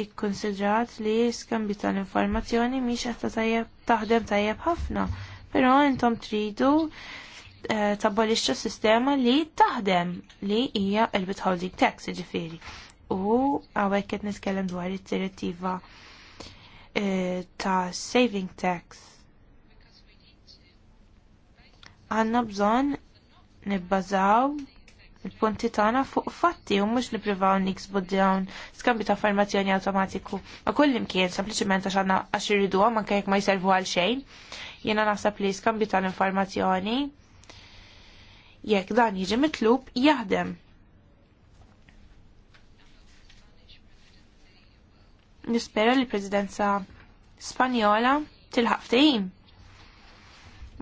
ikkonsidrat li skambju tal-informazzjoni miex qed tajjeb taħdem tajjeb ħafna, però intom tridu eh, tabbolixxu sistema li taħdem li hija il-withholding tax ġifieri. U għawek qed nitkellem dwar it-direttiva Eh, ta' saving tax. Għanna bżon nibbażaw il-punti tagħna fuq fatti u mhux nippruvaw niksbu dawn skambju ta' informazzjoni awtomatiku. Ma kull imkien sempliċement għax għandna għax irridu anke jekk ma jservu għal xejn. Jiena naħseb li skambju tal-informazzjoni jekk dan jiġi mitlub jaħdem. nispera li l-Presidenza Spanjola tilħaq ftehim.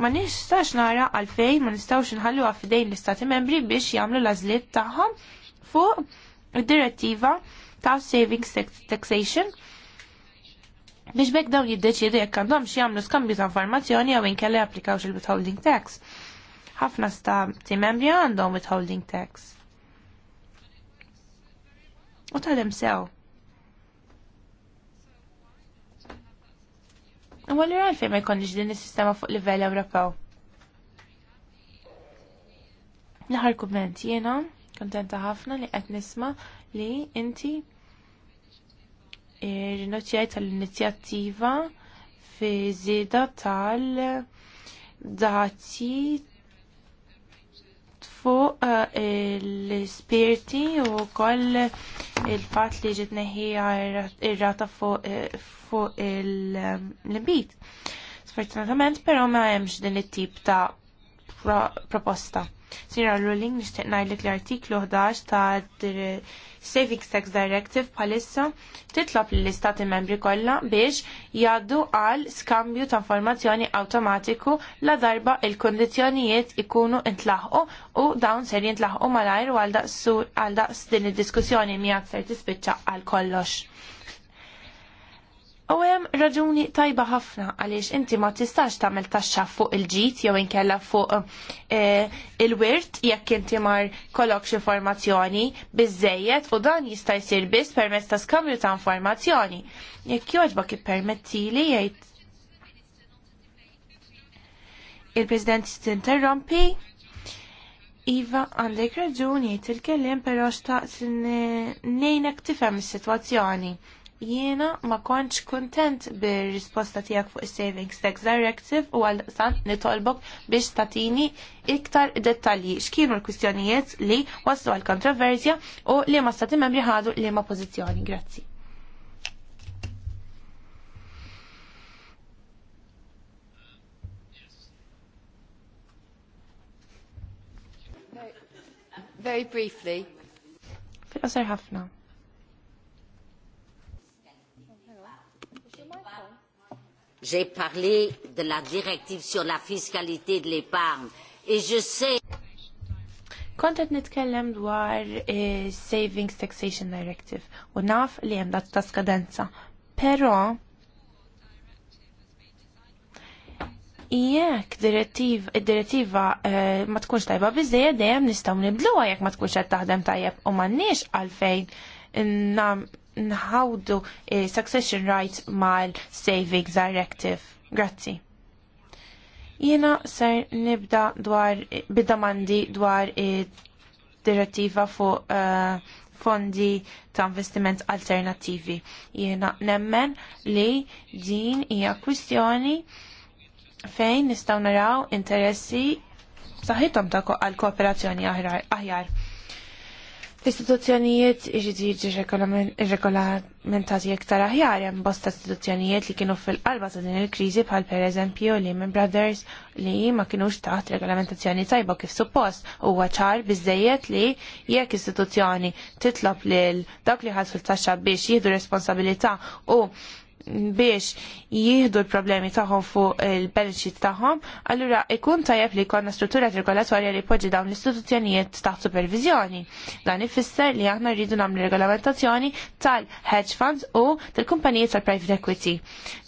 Ma nistax nara għalfejn ma nistax nħallu għafidejn l-Istati membri biex jagħmlu l-għażliet tagħhom fuq id-direttiva ta' Savings Taxation biex bekk dawn jiddeċidu jekk għandhom xi jagħmlu skambju ta' informazzjoni jew inkella japplikawx il-withholding tax. Ħafna stati membri għandhom withholding tax. U tal sew. U għallura fej ma jkollix din is-sistema fuq livell Ewropew. Laħar kumment jena kontenta ħafna li qed nisma' li inti rinnoċjaj tal-inizjattiva fi zida tal-dati fuq eh, l-spirti u koll il-fat li ġit hija irrata fuq eh, il-bit. Eh, Sfortunatament, pero ma jemx din it-tip ta' proposta. Sinjora Ruling nixtieq ngħidlek li artiklu 11 ta' Savings Tax Directive bħalissa titlob lill istati membri kollha biex jgħaddu għal skambju ta' informazzjoni awtomatiku la darba il kondizjonijiet ikunu intlaħqu u dawn ser jintlaħqu malajr għal daqs din id-diskussjoni miegħek ser tispiċċa għal kollox. U hemm raġuni tajba ħafna għaliex inti ma tistax tagħmel taxxa fuq il-ġid jew inkella fuq eh, il-wirt jekk inti mar kollok xi informazzjoni biżejjed u dan jista' jsir biss permezz ta' skambju ta' informazzjoni. Jekk jogħġbok ippermettili jgħid il-President tinterrompi. Iva, għandek raġuni, jgħid il-kellim però xtaqt nejnek tifhem is-sitwazzjoni jiena ma konċ kontent bir-risposta tijak fuq il-Savings Tax Directive u għal san nitolbok biex tatini iktar dettalji x'kienu l-kwistjonijiet li waslu għal kontroversja u li ma stati membri ħadu li ma pozizjoni. Grazzi. Very briefly. fil qasar ħafna. J'ai parlé de la directive sur la fiscalité de l'épargne et je sais qed nitkellem dwar eh, Savings Taxation Directive u naf li hemm dat ta' skadenza. Però jekk id direttiva eh, ma tkunx tajba biżejjed dejjem nistgħu nibluha jekk ma tkunx qed taħdem tajjeb u m'għandniex għalfejn nħawdu eh, succession rights mal saving Directive. Grazzi. Jena ser nibda dwar bidamandi dwar eh, direttiva fuq eh, fondi ta' investiment alternativi. Jena nemmen li din hija kwistjoni fejn nistaw naraw interessi saħitom ta' għal kooperazzjoni aħjar. L-istituzzjonijiet iġidi regolamentati iktar aħjar hemm bosta istituzzjonijiet li kienu fil-qalba ta' din il-kriżi bħal pereżempju Lehman Brothers li ma kinux taħt regolamentazzjoni tajba kif suppost huwa ċar bizzejiet li jekk istituzzjoni titlob lil dok li ħasfil taċċa biex jieħdu responsabilità u biex jieħdu l-problemi tagħhom fuq il-balance taħħom, tagħhom, allura ikun tajab li konna struttura regolatorja li jpoġġi dawn l-istituzzjonijiet taħt supervizjoni. Dan ifisser li aħna rridu nagħmlu regolamentazzjoni tal-hedge funds u tal-kumpaniji tal-private equity.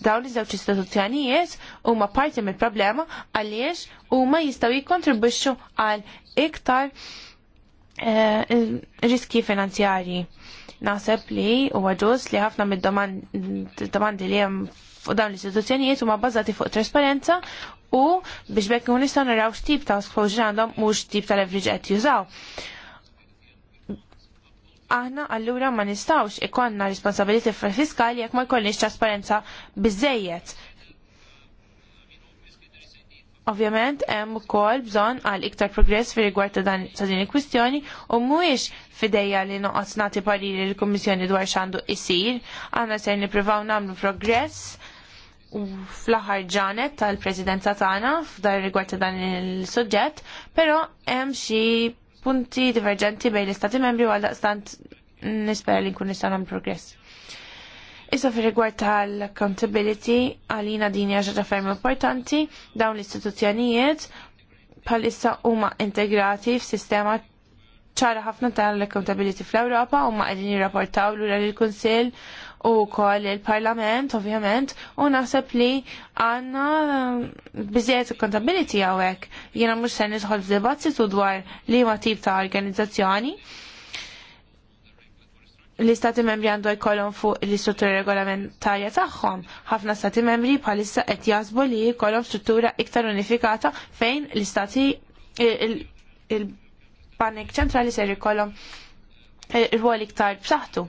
Dawn iż-żewġ istituzzjonijiet huma parti mill-problema għaliex huma jistgħu jikkontribwixxu għal iktar Eh, riski finanzjarji. Naħseb li huwa ġust li ħafna mid-domandi li hemm fuq dawn l-istituzzjonijiet huma bbażati fuq trasparenza u biex bekk nkun nistgħu naraw x'tip ta' exposure għandhom mhux tip ta' leverage qed jużaw. Aħna allura ma nistgħux ikonna responsabilità fiskali jekk ma jkollniex trasparenza biżejjed Ovvjament hemm ukoll bżonn għal iktar progress fi rigward ta' dan ta' din il-kwistjoni u mhuwiex fidejja li noqgħod nagħti pariri l-Kummissjoni dwar x'għandu isir, aħna se nippruvaw nagħmlu progress u fl-aħħar ġanet tal-Presidenza tagħna f'dan rigward ta' dan il-suġġett, però hemm xi punti diverġenti bejn l-Istati membri u għal daqstant nispera li nkun nistgħu nagħmlu progress. Issa fi rigward tal-accountability għalina din ħaġa ferm importanti dawn l-istituzzjonijiet bħalissa huma integrati f'sistema ċara ħafna tal-accountability fl-Ewropa u ma qegħdin jirrapportaw lura lill-Kunsill u wkoll il-Parlament ovvjament u naħseb li għandna um, biżejjed accountability hawnhekk. Jiena mhux se nidħol f'dibattitu dwar liema tip ta' organizzazzjoni l-istati membri għandu jkollhom fuq l-istruttura regolamentarja tagħhom. Ħafna stati membri bħalissa qed jasbu li jkollhom struttura iktar unifikata fejn l-istati il panik ċentrali ser jkollhom eh, rwol iktar b'saħħtu.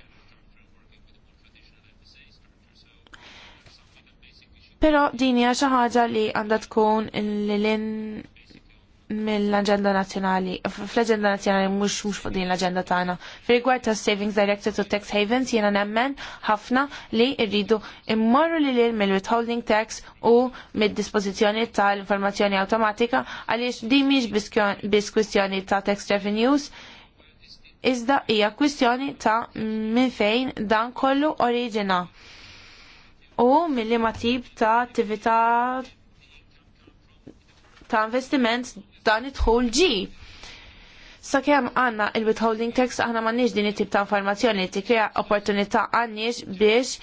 Però din hija xi ħaġa li għandha tkun lil mill-agenda nazjonali, fl-agenda nazjonali mux mux fuq din l-agenda tagħna. Fir-rigward ta' Savings Directive to Tax Havens jiena nemmen ħafna li rridu immorru li lil mill-withholding tax u mid-dispożizzjoni tal-informazzjoni awtomatika għaliex din mhix bis kwistjoni ta' tax revenues iżda hija kwistjoni ta' minn fejn dan kollu oriġina u mill-liema tip ta' attività ta' investiment dan id-dħul ġi. Sakemm għandna il-withholding tax aħna m'għandniex din it-tip ta' informazzjoni li tikkrea opportunità għanniex biex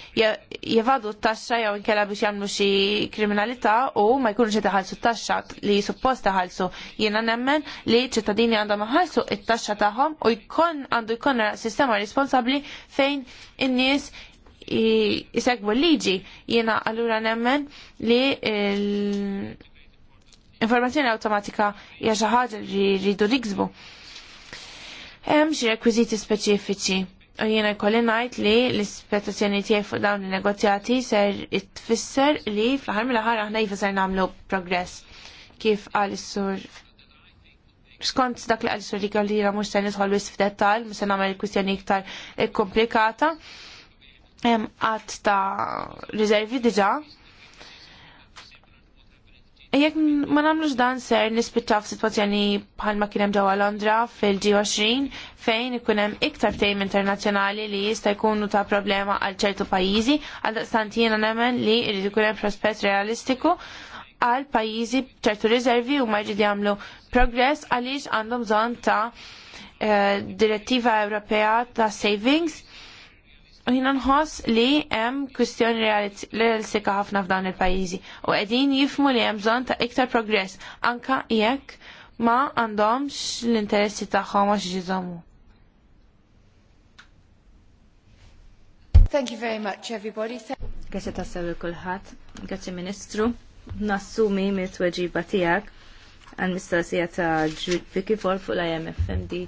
jevadu t-taxxa jew inkella biex jagħmlu xi kriminalità u ma jkunux qed iħallsu t-taxxa li suppost iħallsu. Jiena nemmen li ċittadini għandhom iħallsu it-taxxa tagħhom u jkun għandu jkun sistema responsabbli fejn in-nies jisegwu l-liġi. Jiena allura nemmen li informazzjoni awtomatika hija xi ħaġa li rridu niksbu. Hemm xi rekwiżiti speċifiċi u jiena jkolli ngħid li l-ispettazzjoni tiegħi fuq dawn in-negozjati ser tfisser li fl-aħħar mill-aħħar aħna jifa ser nagħmlu progress kif qal is-sur skont dak li għal-sur li għallira mux se nidħol wis f'dettal, mux se namel kwistjoni iktar komplikata. Għat ta' rizervi diġa, Jek ma namlux dan ser nispiċċaw f'sitwazzjoni bħal ma kienem ġewwa Londra fil-G20 fejn ikun hemm iktar tejm internazzjonali li jista' jkunu ta' problema għal ċertu pajjiżi, għal daqstant jiena nemmen li jrid ikun hemm prospett realistiku għal pajjiżi ċertu riservi u ma jrid jagħmlu progress għaliex għandhom bżonn ta' eh, direttiva Ewropea ta' savings jina nħoss li hemm kustjoni realistika ħafna f'dan il-pajjiżi u qegħdin jifmu li hemm bżonn ta' iktar progress anka jekk ma għandhomx l-interessi tagħhom għax ġizomu. Thank you very much everybody. Grazie tassew sewi kulħadd grazie Ministru, nassumi mit-tweġiba tiegħek għal mistoqsija ta' ġrid fuq l-IMFMD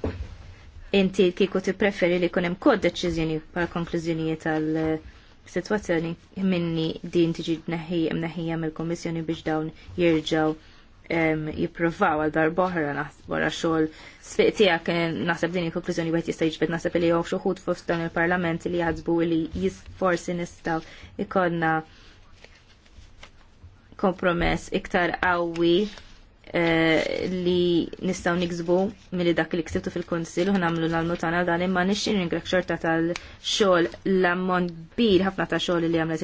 inti kieku tippreferi li jkun hemm kod deċiżjoni bħala konklużjonijiet tal situazzjoni minni din tiġi mneħija mill-Kommissjoni biex dawn jirġaw jiprovaw għal dar boħra wara xogħol sfiq tiegħek naħseb din il-konklużjoni wieħed jista' jiġbed naħseb li hawn xuħud fost dan il-Parlament li jaħsbu li forsi nistgħu ikonna kompromess iktar qawwi Eh, li nistaw nikzbu mill dak li ksibtu fil-konsil u ħnamlu l-almu tana dan imma nixin ringrak xorta tal-xol l-ammont bil ħafna ta' xol li għamlet